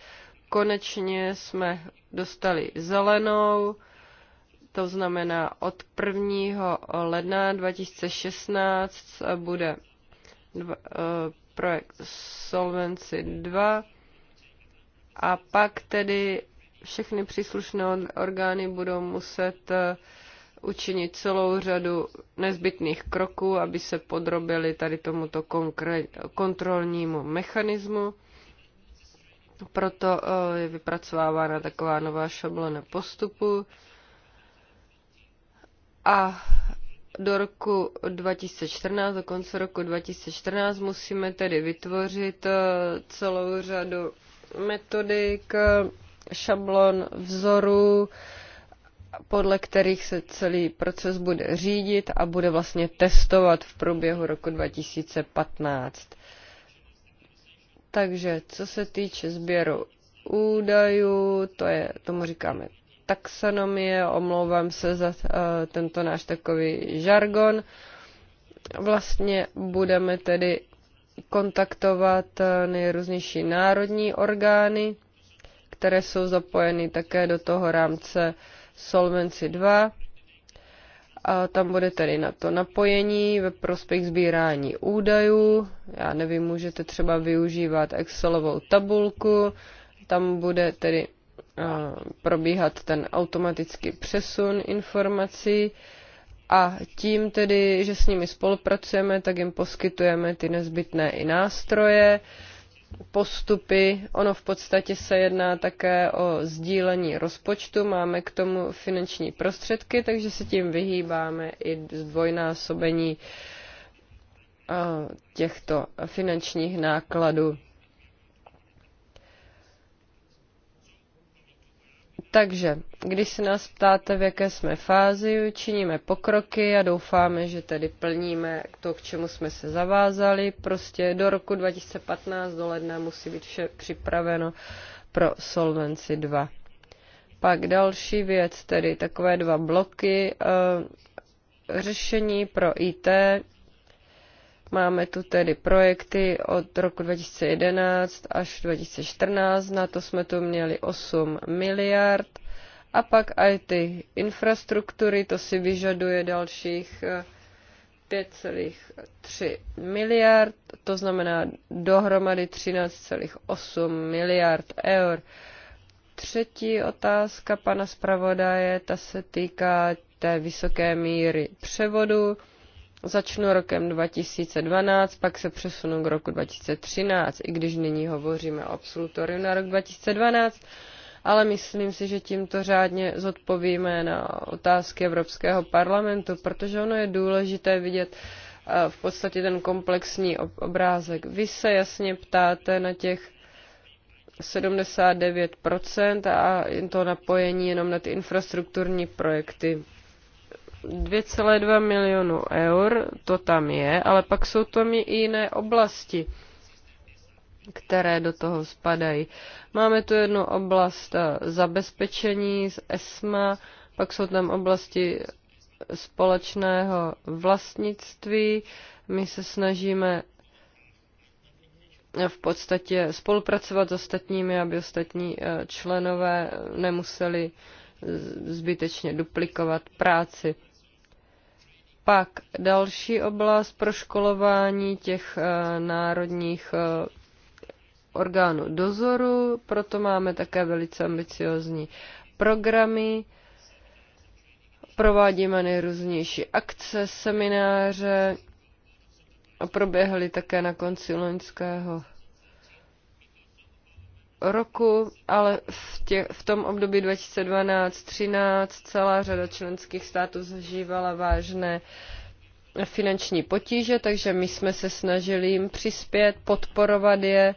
Konečně jsme dostali zelenou, to znamená od 1. ledna 2016 bude e, projekt Solvency 2 a pak tedy všechny příslušné orgány budou muset uh, učinit celou řadu nezbytných kroků, aby se podrobili tady tomuto kontrolnímu mechanismu. Proto eh, je vypracovávána taková nová šablona postupu. A do roku 2014, do konce roku 2014 musíme tedy vytvořit eh, celou řadu metodik, eh, šablon vzorů, podle kterých se celý proces bude řídit a bude vlastně testovat v průběhu roku 2015. Takže co se týče sběru údajů, to je, tomu říkáme taxonomie, omlouvám se za uh, tento náš takový žargon. Vlastně budeme tedy kontaktovat eh, nejrůznější národní orgány, které jsou zapojeny také do toho rámce uh, Solvency 2. A tam bude tedy na to napojení ve prospěch sbírání údajů. Já nevím, můžete třeba využívat Excelovou tabulku. Tam bude tedy probíhat ten automatický přesun informací a tím tedy, že s nimi spolupracujeme, tak jim poskytujeme ty nezbytné i nástroje, postupy. Ono v podstatě se jedná také o sdílení rozpočtu, máme k tomu finanční prostředky, takže se tím vyhýbáme i zdvojnásobení eh, těchto finančních nákladů. Takže, když se nás ptáte, v jaké jsme fázi, činíme pokroky a doufáme, že tedy plníme to, k čemu jsme se zavázali. Prostě do roku 2015 do ledna musí být vše připraveno pro Solvency 2. Pak další věc, tedy takové dva bloky eh, řešení pro IT Máme tu tedy projekty od roku 2011 až 2014, na to jsme tu měli 8 miliard. A pak aj ty infrastruktury, to si vyžaduje dalších 5,3 eh, miliard, to znamená dohromady 13,8 miliard eur. Třetí otázka pana zpravodaje, ta se týká té vysoké míry převodu. Začnu rokem 2012, pak se přesunu k roku 2013, i když nyní hovoříme o absolutoriu na rok 2012, ale myslím si, že tímto řádně zodpovíme na otázky Evropského parlamentu, protože ono je důležité vidět eh, v podstatě ten komplexní obrázek. Vy se jasně ptáte na těch 79% a to napojení jenom na ty infrastrukturní projekty. 2,2 milionu eur, to tam je, ale pak jsou tam i jiné oblasti, které do toho spadají. Máme tu jednu oblast eh, zabezpečení z ESMA, pak jsou tam oblasti společného vlastnictví. My se snažíme eh, v podstatě spolupracovat s ostatními, aby ostatní eh, členové nemuseli zbytečně duplikovat práci. Pak další oblast pro školování těch eh, národních eh, orgánů dozoru, proto máme také velice ambiciozní programy, provádíme nejrůznější akce, semináře a proběhly také na konci loňského roku, ale v, tě, v tom období 2012-13 celá řada členských států zažívala vážné finanční potíže, takže my jsme se snažili jim přispět, podporovat je.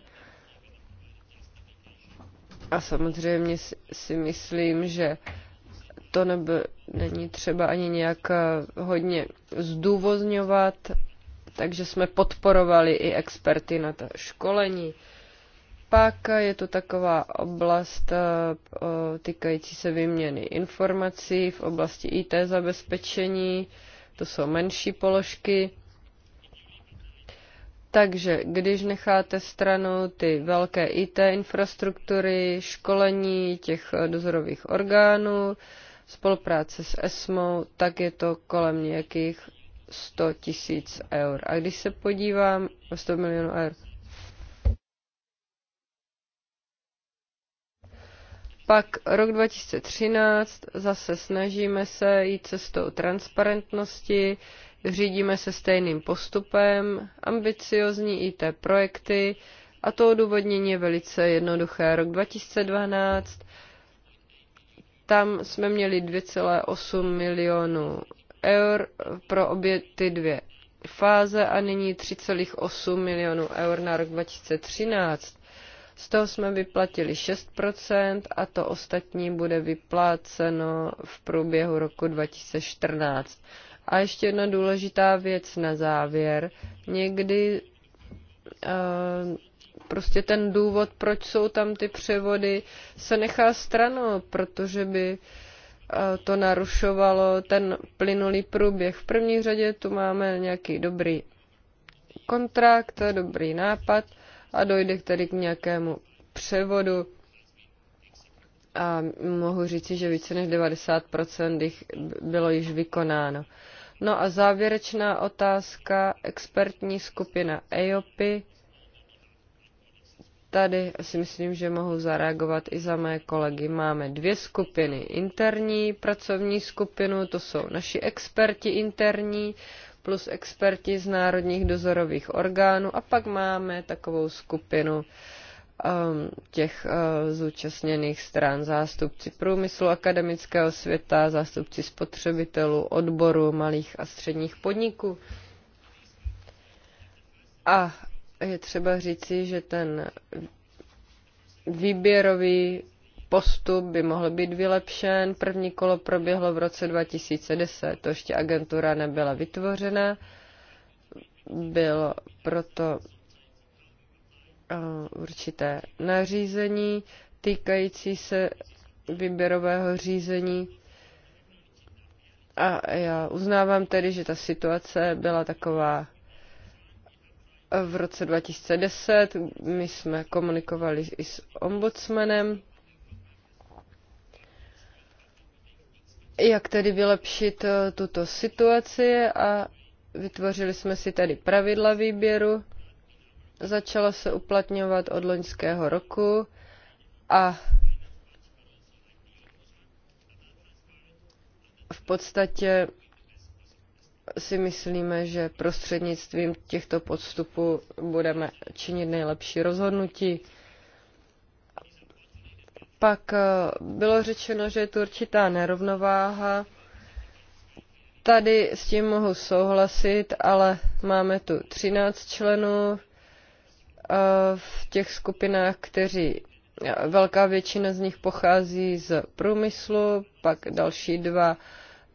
A samozřejmě si myslím, že to nebo není třeba ani nějak eh, hodně zdůvozňovat, takže jsme podporovali i experty na ta školení. Pak je to taková oblast eh, eh, týkající se výměny informací v oblasti IT zabezpečení, to jsou menší položky. Takže když necháte stranou ty velké IT infrastruktury, školení těch eh, dozorových orgánů, spolupráce s ESMO, tak je to kolem nějakých 100 tisíc eur. A když se podívám, 100 milionů eur, Pak rok 2013 zase snažíme se jít cestou transparentnosti, řídíme se stejným postupem, ambiciozní IT projekty a to odůvodnění je velice jednoduché. Rok 2012 tam jsme měli 2,8 milionů eur pro obě ty dvě fáze a nyní 3,8 milionů eur na rok 2013. Z toho jsme vyplatili 6% a to ostatní bude vypláceno v průběhu roku 2014. A ještě jedna důležitá věc na závěr. Někdy eh, prostě ten důvod, proč jsou tam ty převody, se nechá stranou, protože by eh, to narušovalo ten plynulý průběh. V první řadě tu máme nějaký dobrý kontrakt, dobrý nápad a dojde k tedy k nějakému převodu. A mohu říci, že více než 90% jich bylo již vykonáno. No a závěrečná otázka, expertní skupina EOPy. Tady si myslím, že mohu zareagovat i za mé kolegy. Máme dvě skupiny. Interní pracovní skupinu, to jsou naši experti interní, plus experti z národních dozorových orgánů a pak máme takovou skupinu um, těch uh, zúčastněných stran, zástupci průmyslu, akademického světa, zástupci spotřebitelů, odboru malých a středních podniků. A je třeba říci, že ten výběrový postup by mohl být vylepšen. První kolo proběhlo v roce 2010, to ještě agentura nebyla vytvořena, bylo proto eh, určité nařízení týkající se výběrového řízení. A já uznávám tedy, že ta situace byla taková v roce 2010. My jsme komunikovali i s ombudsmanem jak tedy vylepšit eh, tuto situaci a vytvořili jsme si tady pravidla výběru. Začala se uplatňovat od loňského roku a v podstatě si myslíme, že prostřednictvím těchto podstupů budeme činit nejlepší rozhodnutí. Pak eh, bylo řečeno, že je tu určitá nerovnováha. Tady s tím mohu souhlasit, ale máme tu 13 členů eh, v těch skupinách, kteří eh, velká většina z nich pochází z průmyslu, pak další dva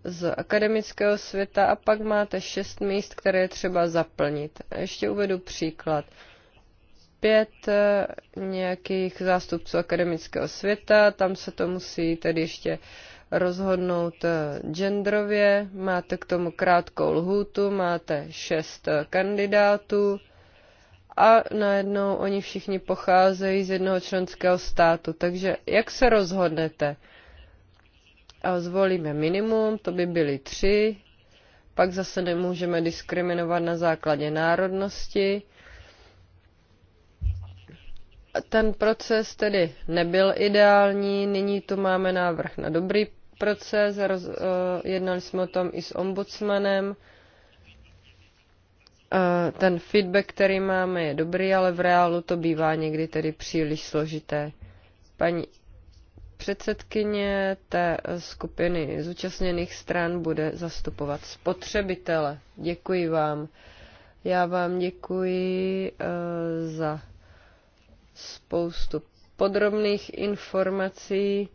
z akademického světa a pak máte šest míst, které je třeba zaplnit. Ještě uvedu příklad pět eh, nějakých zástupců akademického světa, tam se to musí tedy ještě rozhodnout eh, genderově, máte k tomu krátkou lhůtu, máte šest eh, kandidátů a najednou oni všichni pocházejí z jednoho členského státu. Takže jak se rozhodnete? A zvolíme minimum, to by byly tři, pak zase nemůžeme diskriminovat na základě národnosti, ten proces tedy nebyl ideální, nyní tu máme návrh na dobrý proces, roz, eh, jednali jsme o tom i s ombudsmanem. Eh, ten feedback, který máme, je dobrý, ale v reálu to bývá někdy tedy příliš složité. Paní předsedkyně té skupiny zúčastněných stran bude zastupovat spotřebitele. Děkuji vám. Já vám děkuji eh, za spoustu podrobných informací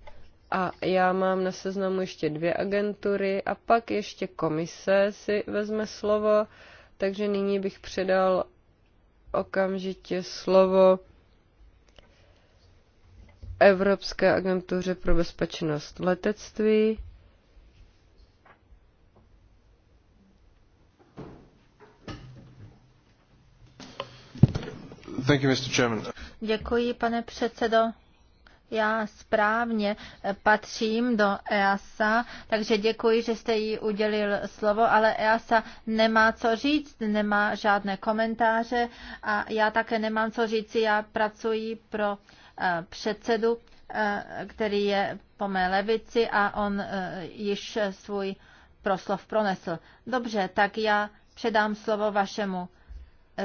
a já mám na seznamu ještě dvě agentury a pak ještě komise si vezme slovo, takže nyní bych předal okamžitě slovo Evropské agentuře pro bezpečnost letectví. Thank you, Mr. Chairman. Děkuji, pane předsedo. Já správně eh, patřím do EASA, takže děkuji, že jste jí udělil slovo, ale EASA nemá co říct, nemá žádné komentáře a já také nemám co říct. Já pracuji pro eh, předsedu, eh, který je po mé levici a on již svůj proslov pronesl. Dobře, tak já předám slovo vašemu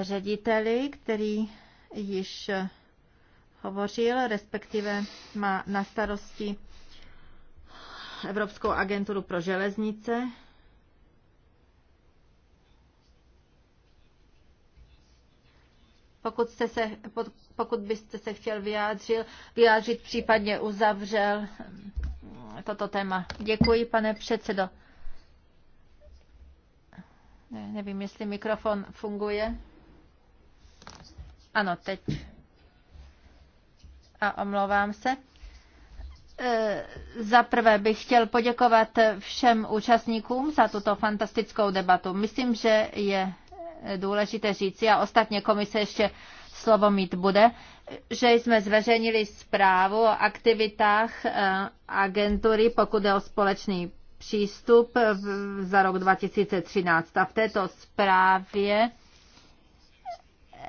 řediteli, který již hovořil, respektive má na starosti Evropskou agenturu pro železnice. Pokud, jste se, pokud byste se chtěl vyjádřil, vyjádřit, případně uzavřel mm, toto téma. Děkuji, pane předsedo. Ne, nevím, jestli mikrofon funguje. Ano, teď a omlouvám se. E, za prvé bych chtěl poděkovat všem účastníkům za tuto fantastickou debatu. Myslím, že je důležité říci, a ostatně komise ještě slovo mít bude, že jsme zveřejnili zprávu o aktivitách e, agentury, pokud je o společný přístup za rok 2013. A v této zprávě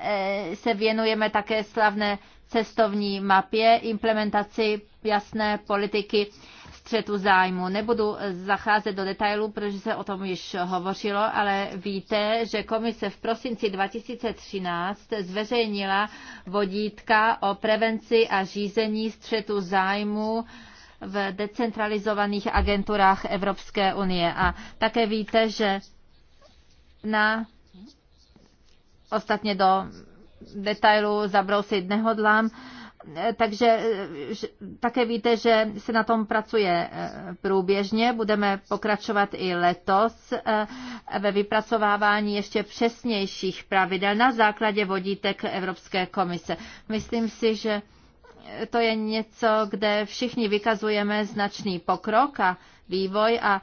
e, se věnujeme také slavné cestovní mapě implementaci jasné politiky střetu zájmu. Nebudu zacházet do detailů, protože se o tom již hovořilo, ale víte, že komise v prosinci 2013 zveřejnila vodítka o prevenci a řízení střetu zájmu v decentralizovaných agenturách Evropské unie. A také víte, že na ostatně do detailu zabrousit nehodlám. Takže také víte, že se na tom pracuje eh, průběžně. Budeme pokračovat i letos eh, ve vypracovávání ještě přesnějších pravidel na základě vodítek Evropské komise. Myslím si, že eh, to je něco, kde všichni vykazujeme značný pokrok a vývoj a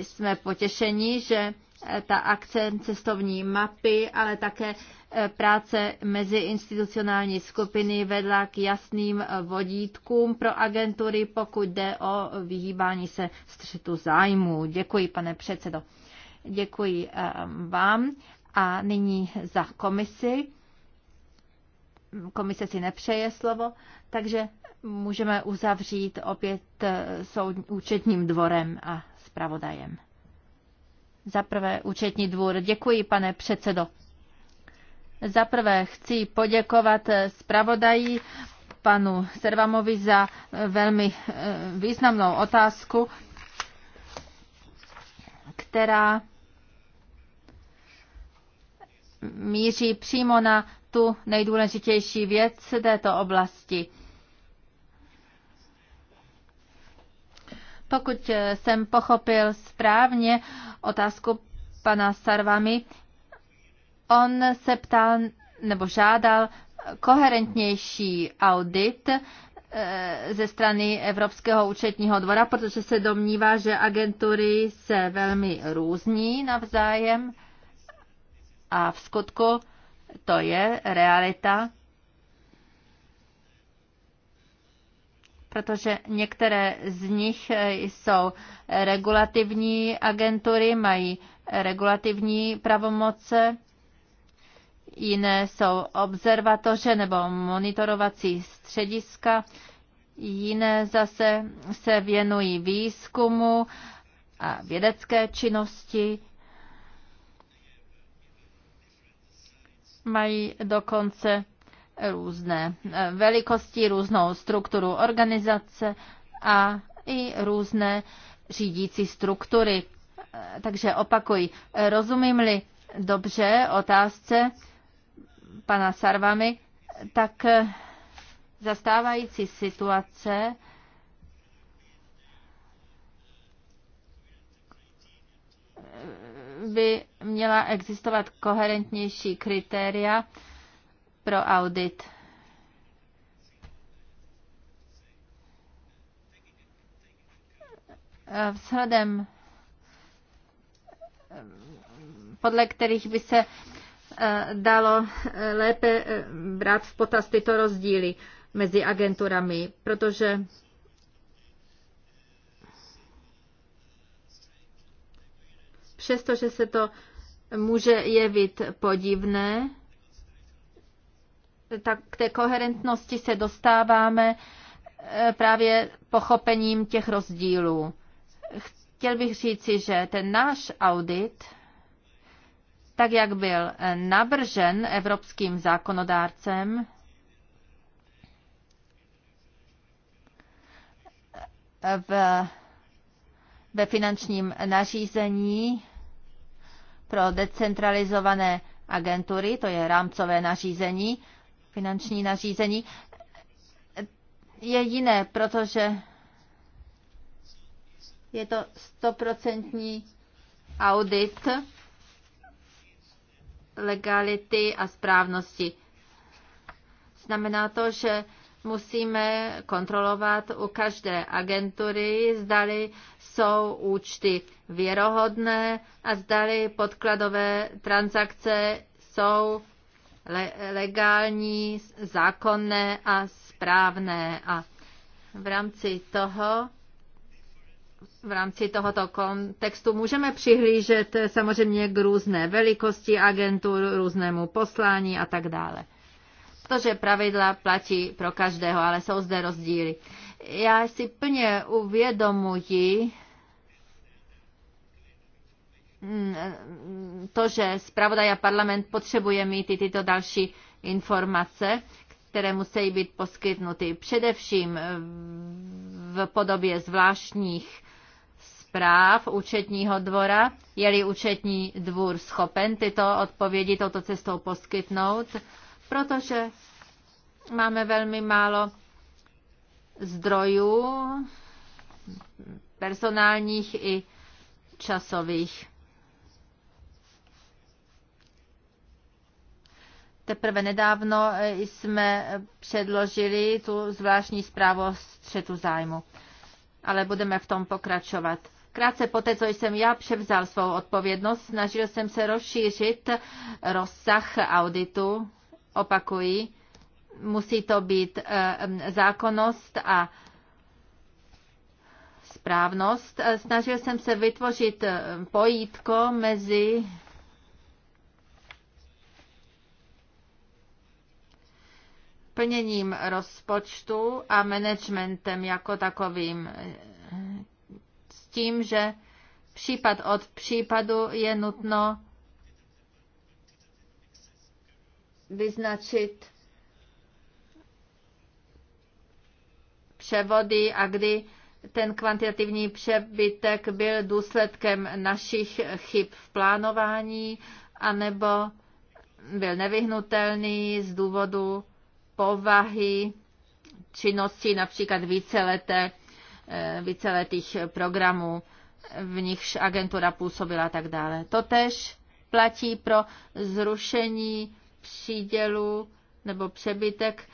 jsme potěšení, že Eh, ta akce cestovní mapy, ale také eh, práce mezi institucionální skupiny vedla k jasným eh, vodítkům pro agentury, pokud jde o vyhýbání se střetu zájmu. Děkuji, pane předsedo. Děkuji vám. A nyní za komisi. Komise si nepřeje slovo, takže můžeme uzavřít opět soud, účetním dvorem a zpravodajem. Za prvé účetní dvůr. Děkuji, pane předsedo. Za prvé chci poděkovat zpravodaji panu Servamovi za eh, velmi eh, významnou otázku, která míří přímo na tu nejdůležitější věc této oblasti – Pokud eh, jsem pochopil správně otázku pana Sarvami, on se ptal nebo žádal koherentnější audit eh, ze strany Evropského účetního dvora, protože se domnívá, že agentury se velmi různí navzájem a v skutku to je realita, protože některé z nich eh, jsou regulativní agentury, mají regulativní pravomoce, jiné jsou observatoře nebo monitorovací střediska, jiné zase se věnují výzkumu a vědecké činnosti, mají dokonce různé eh, velikosti, různou strukturu organizace a i různé řídící struktury. Eh, takže opakuji, rozumím-li dobře otázce pana Sarvamy, tak eh, zastávající situace by měla existovat koherentnější kritéria, pro audit. Vzhledem podle kterých by se eh, dalo eh, lépe eh, brát v potaz tyto rozdíly mezi agenturami, protože přestože se to může jevit podivné, tak k té koherentnosti se dostáváme eh, právě pochopením těch rozdílů. Chtěl bych říci, že ten náš audit, tak jak byl eh, navržen evropským zákonodárcem, eh, v, ve finančním nařízení pro decentralizované agentury, to je rámcové nařízení, finanční nařízení, je jiné, protože je to stoprocentní audit legality a správnosti. Znamená to, že musíme kontrolovat u každé agentury, zdali jsou účty věrohodné a zdali podkladové transakce jsou le- legální, zákonné a správné. A v rámci toho v rámci tohoto kontextu můžeme přihlížet samozřejmě k různé velikosti agentur, různému poslání a tak dále. Protože pravidla platí pro každého, ale jsou zde rozdíly. Já si plně uvědomuji Mm, eh, mm, to, že zpravodaj a parlament potřebuje mít i tyto další informace, které musí být poskytnuty především eh, v podobě zvláštních zpráv účetního dvora, je-li účetní dvůr schopen tyto odpovědi touto cestou poskytnout, protože máme velmi málo zdrojů personálních i časových. Teprve nedávno e, jsme předložili tu zvláštní zprávu o střetu zájmu, ale budeme v tom pokračovat. Krátce poté, co jsem já převzal svou odpovědnost, snažil jsem se rozšířit rozsah auditu. Opakuji, musí to být e, zákonnost a správnost. E, snažil jsem se vytvořit pojítko mezi plněním rozpočtu a managementem jako takovým. S tím, že případ od případu je nutno vyznačit převody a kdy ten kvantitativní přebytek byl důsledkem našich chyb v plánování, anebo byl nevyhnutelný z důvodu povahy činnosti, například víceleté, eh, víceletých programů, v nichž agentura působila a tak dále. To tež platí pro zrušení přídělu nebo přebytek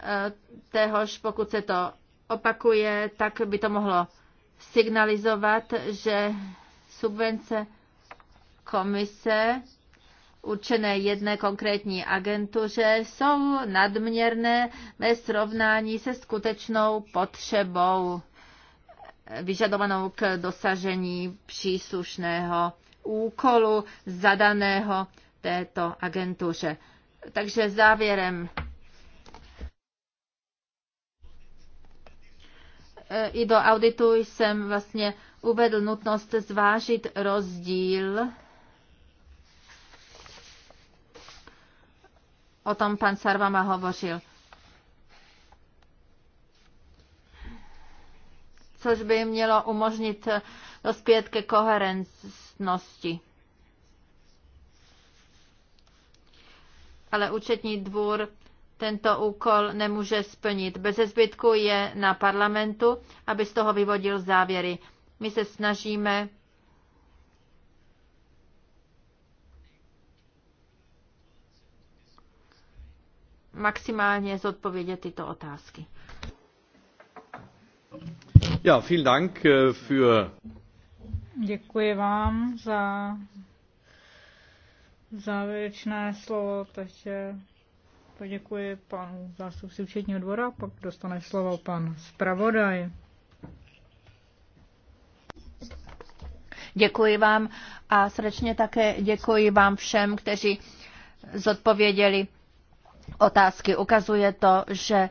eh, téhož, pokud se to opakuje, tak by to mohlo signalizovat, že subvence komise určené jedné konkrétní agentuře jsou nadměrné ve srovnání se skutečnou potřebou vyžadovanou k dosažení příslušného úkolu zadaného této agentuře. Takže závěrem e, i do auditu jsem vlastně uvedl nutnost zvážit rozdíl O tom pan Sarvama hovořil. Což by mělo umožnit dospět ke koherentnosti. Ale účetní dvůr tento úkol nemůže splnit. Bez zbytku je na parlamentu, aby z toho vyvodil závěry. My se snažíme maximálně zodpovědět tyto otázky. Ja, vielen Dank äh, für... Děkuji vám za závěrečné slovo, takže poděkuji panu zástupci účetního dvora, pak dostane slovo pan zpravodaj. Děkuji vám a srdečně také děkuji vám všem, kteří zodpověděli otázky. Ukazuje to, že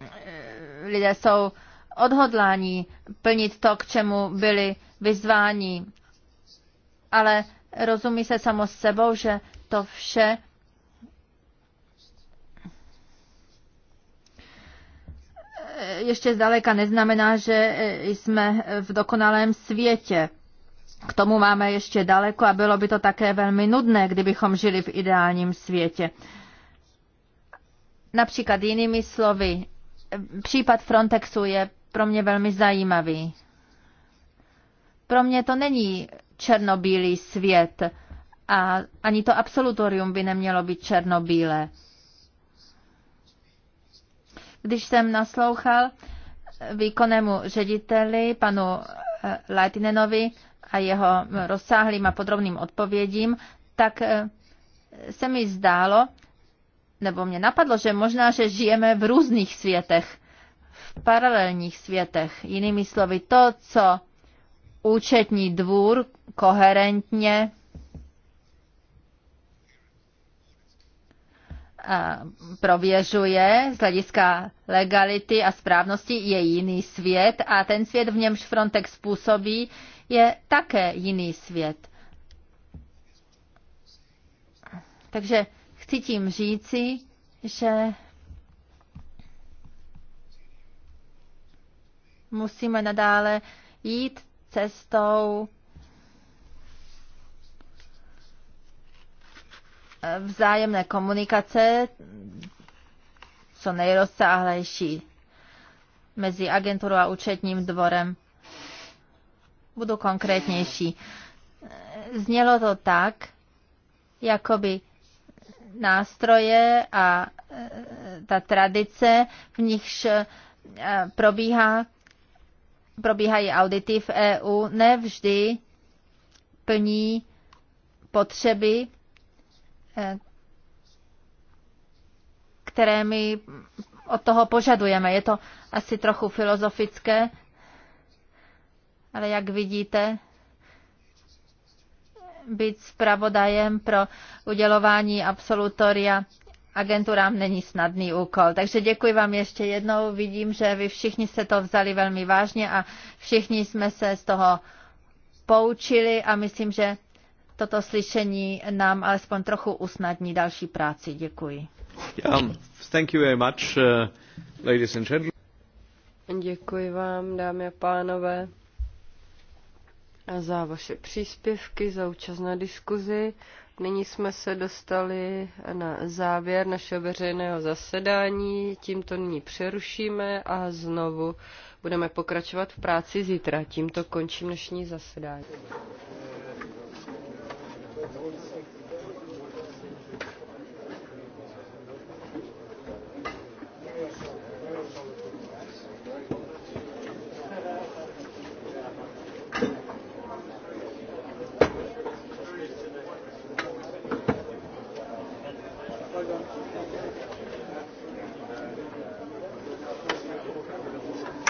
eh, lidé jsou odhodlání plnit to, k čemu byli vyzváni. Ale rozumí se samo s sebou, že to vše eh, ještě zdaleka neznamená, že eh, jsme v dokonalém světě. K tomu máme ještě daleko a bylo by to také velmi nudné, kdybychom žili v ideálním světě. Například jinými slovy, případ Frontexu je pro mě velmi zajímavý. Pro mě to není černobílý svět a ani to absolutorium by nemělo být černobílé. Když jsem naslouchal výkonnému řediteli, panu eh, Leitinenovi, a jeho rozsáhlým a podrobným odpovědím, tak eh, se mi zdálo, nebo mě napadlo, že možná, že žijeme v různých světech, v paralelních světech. Jinými slovy, to, co účetní dvůr koherentně eh, prověřuje z hlediska legality a správnosti je jiný svět a ten svět, v němž Frontex působí, je také jiný svět. Takže chci tím říci, že musíme nadále jít cestou eh, vzájemné komunikace, co nejrozsáhlejší mezi agenturou a účetním dvorem. Budu konkrétnější. Znělo to tak, jakoby nástroje a e, ta tradice, v nichž e, probíhá, probíhají audity v EU, nevždy plní potřeby, e, které my od toho požadujeme. Je to asi trochu filozofické, ale jak vidíte, být zpravodajem pro udělování absolutoria agenturám není snadný úkol. Takže děkuji vám ještě jednou. Vidím, že vy všichni jste to vzali velmi vážně a všichni jsme se z toho poučili a myslím, že toto slyšení nám alespoň trochu usnadní další práci. Děkuji. Um, thank you very much, uh, ladies and gentlemen. Děkuji vám, dámy a pánové za vaše příspěvky, za účast na diskuzi. Nyní jsme se dostali na závěr našeho veřejného zasedání. Tímto nyní přerušíme a znovu budeme pokračovat v práci zítra. Tímto končím dnešní zasedání.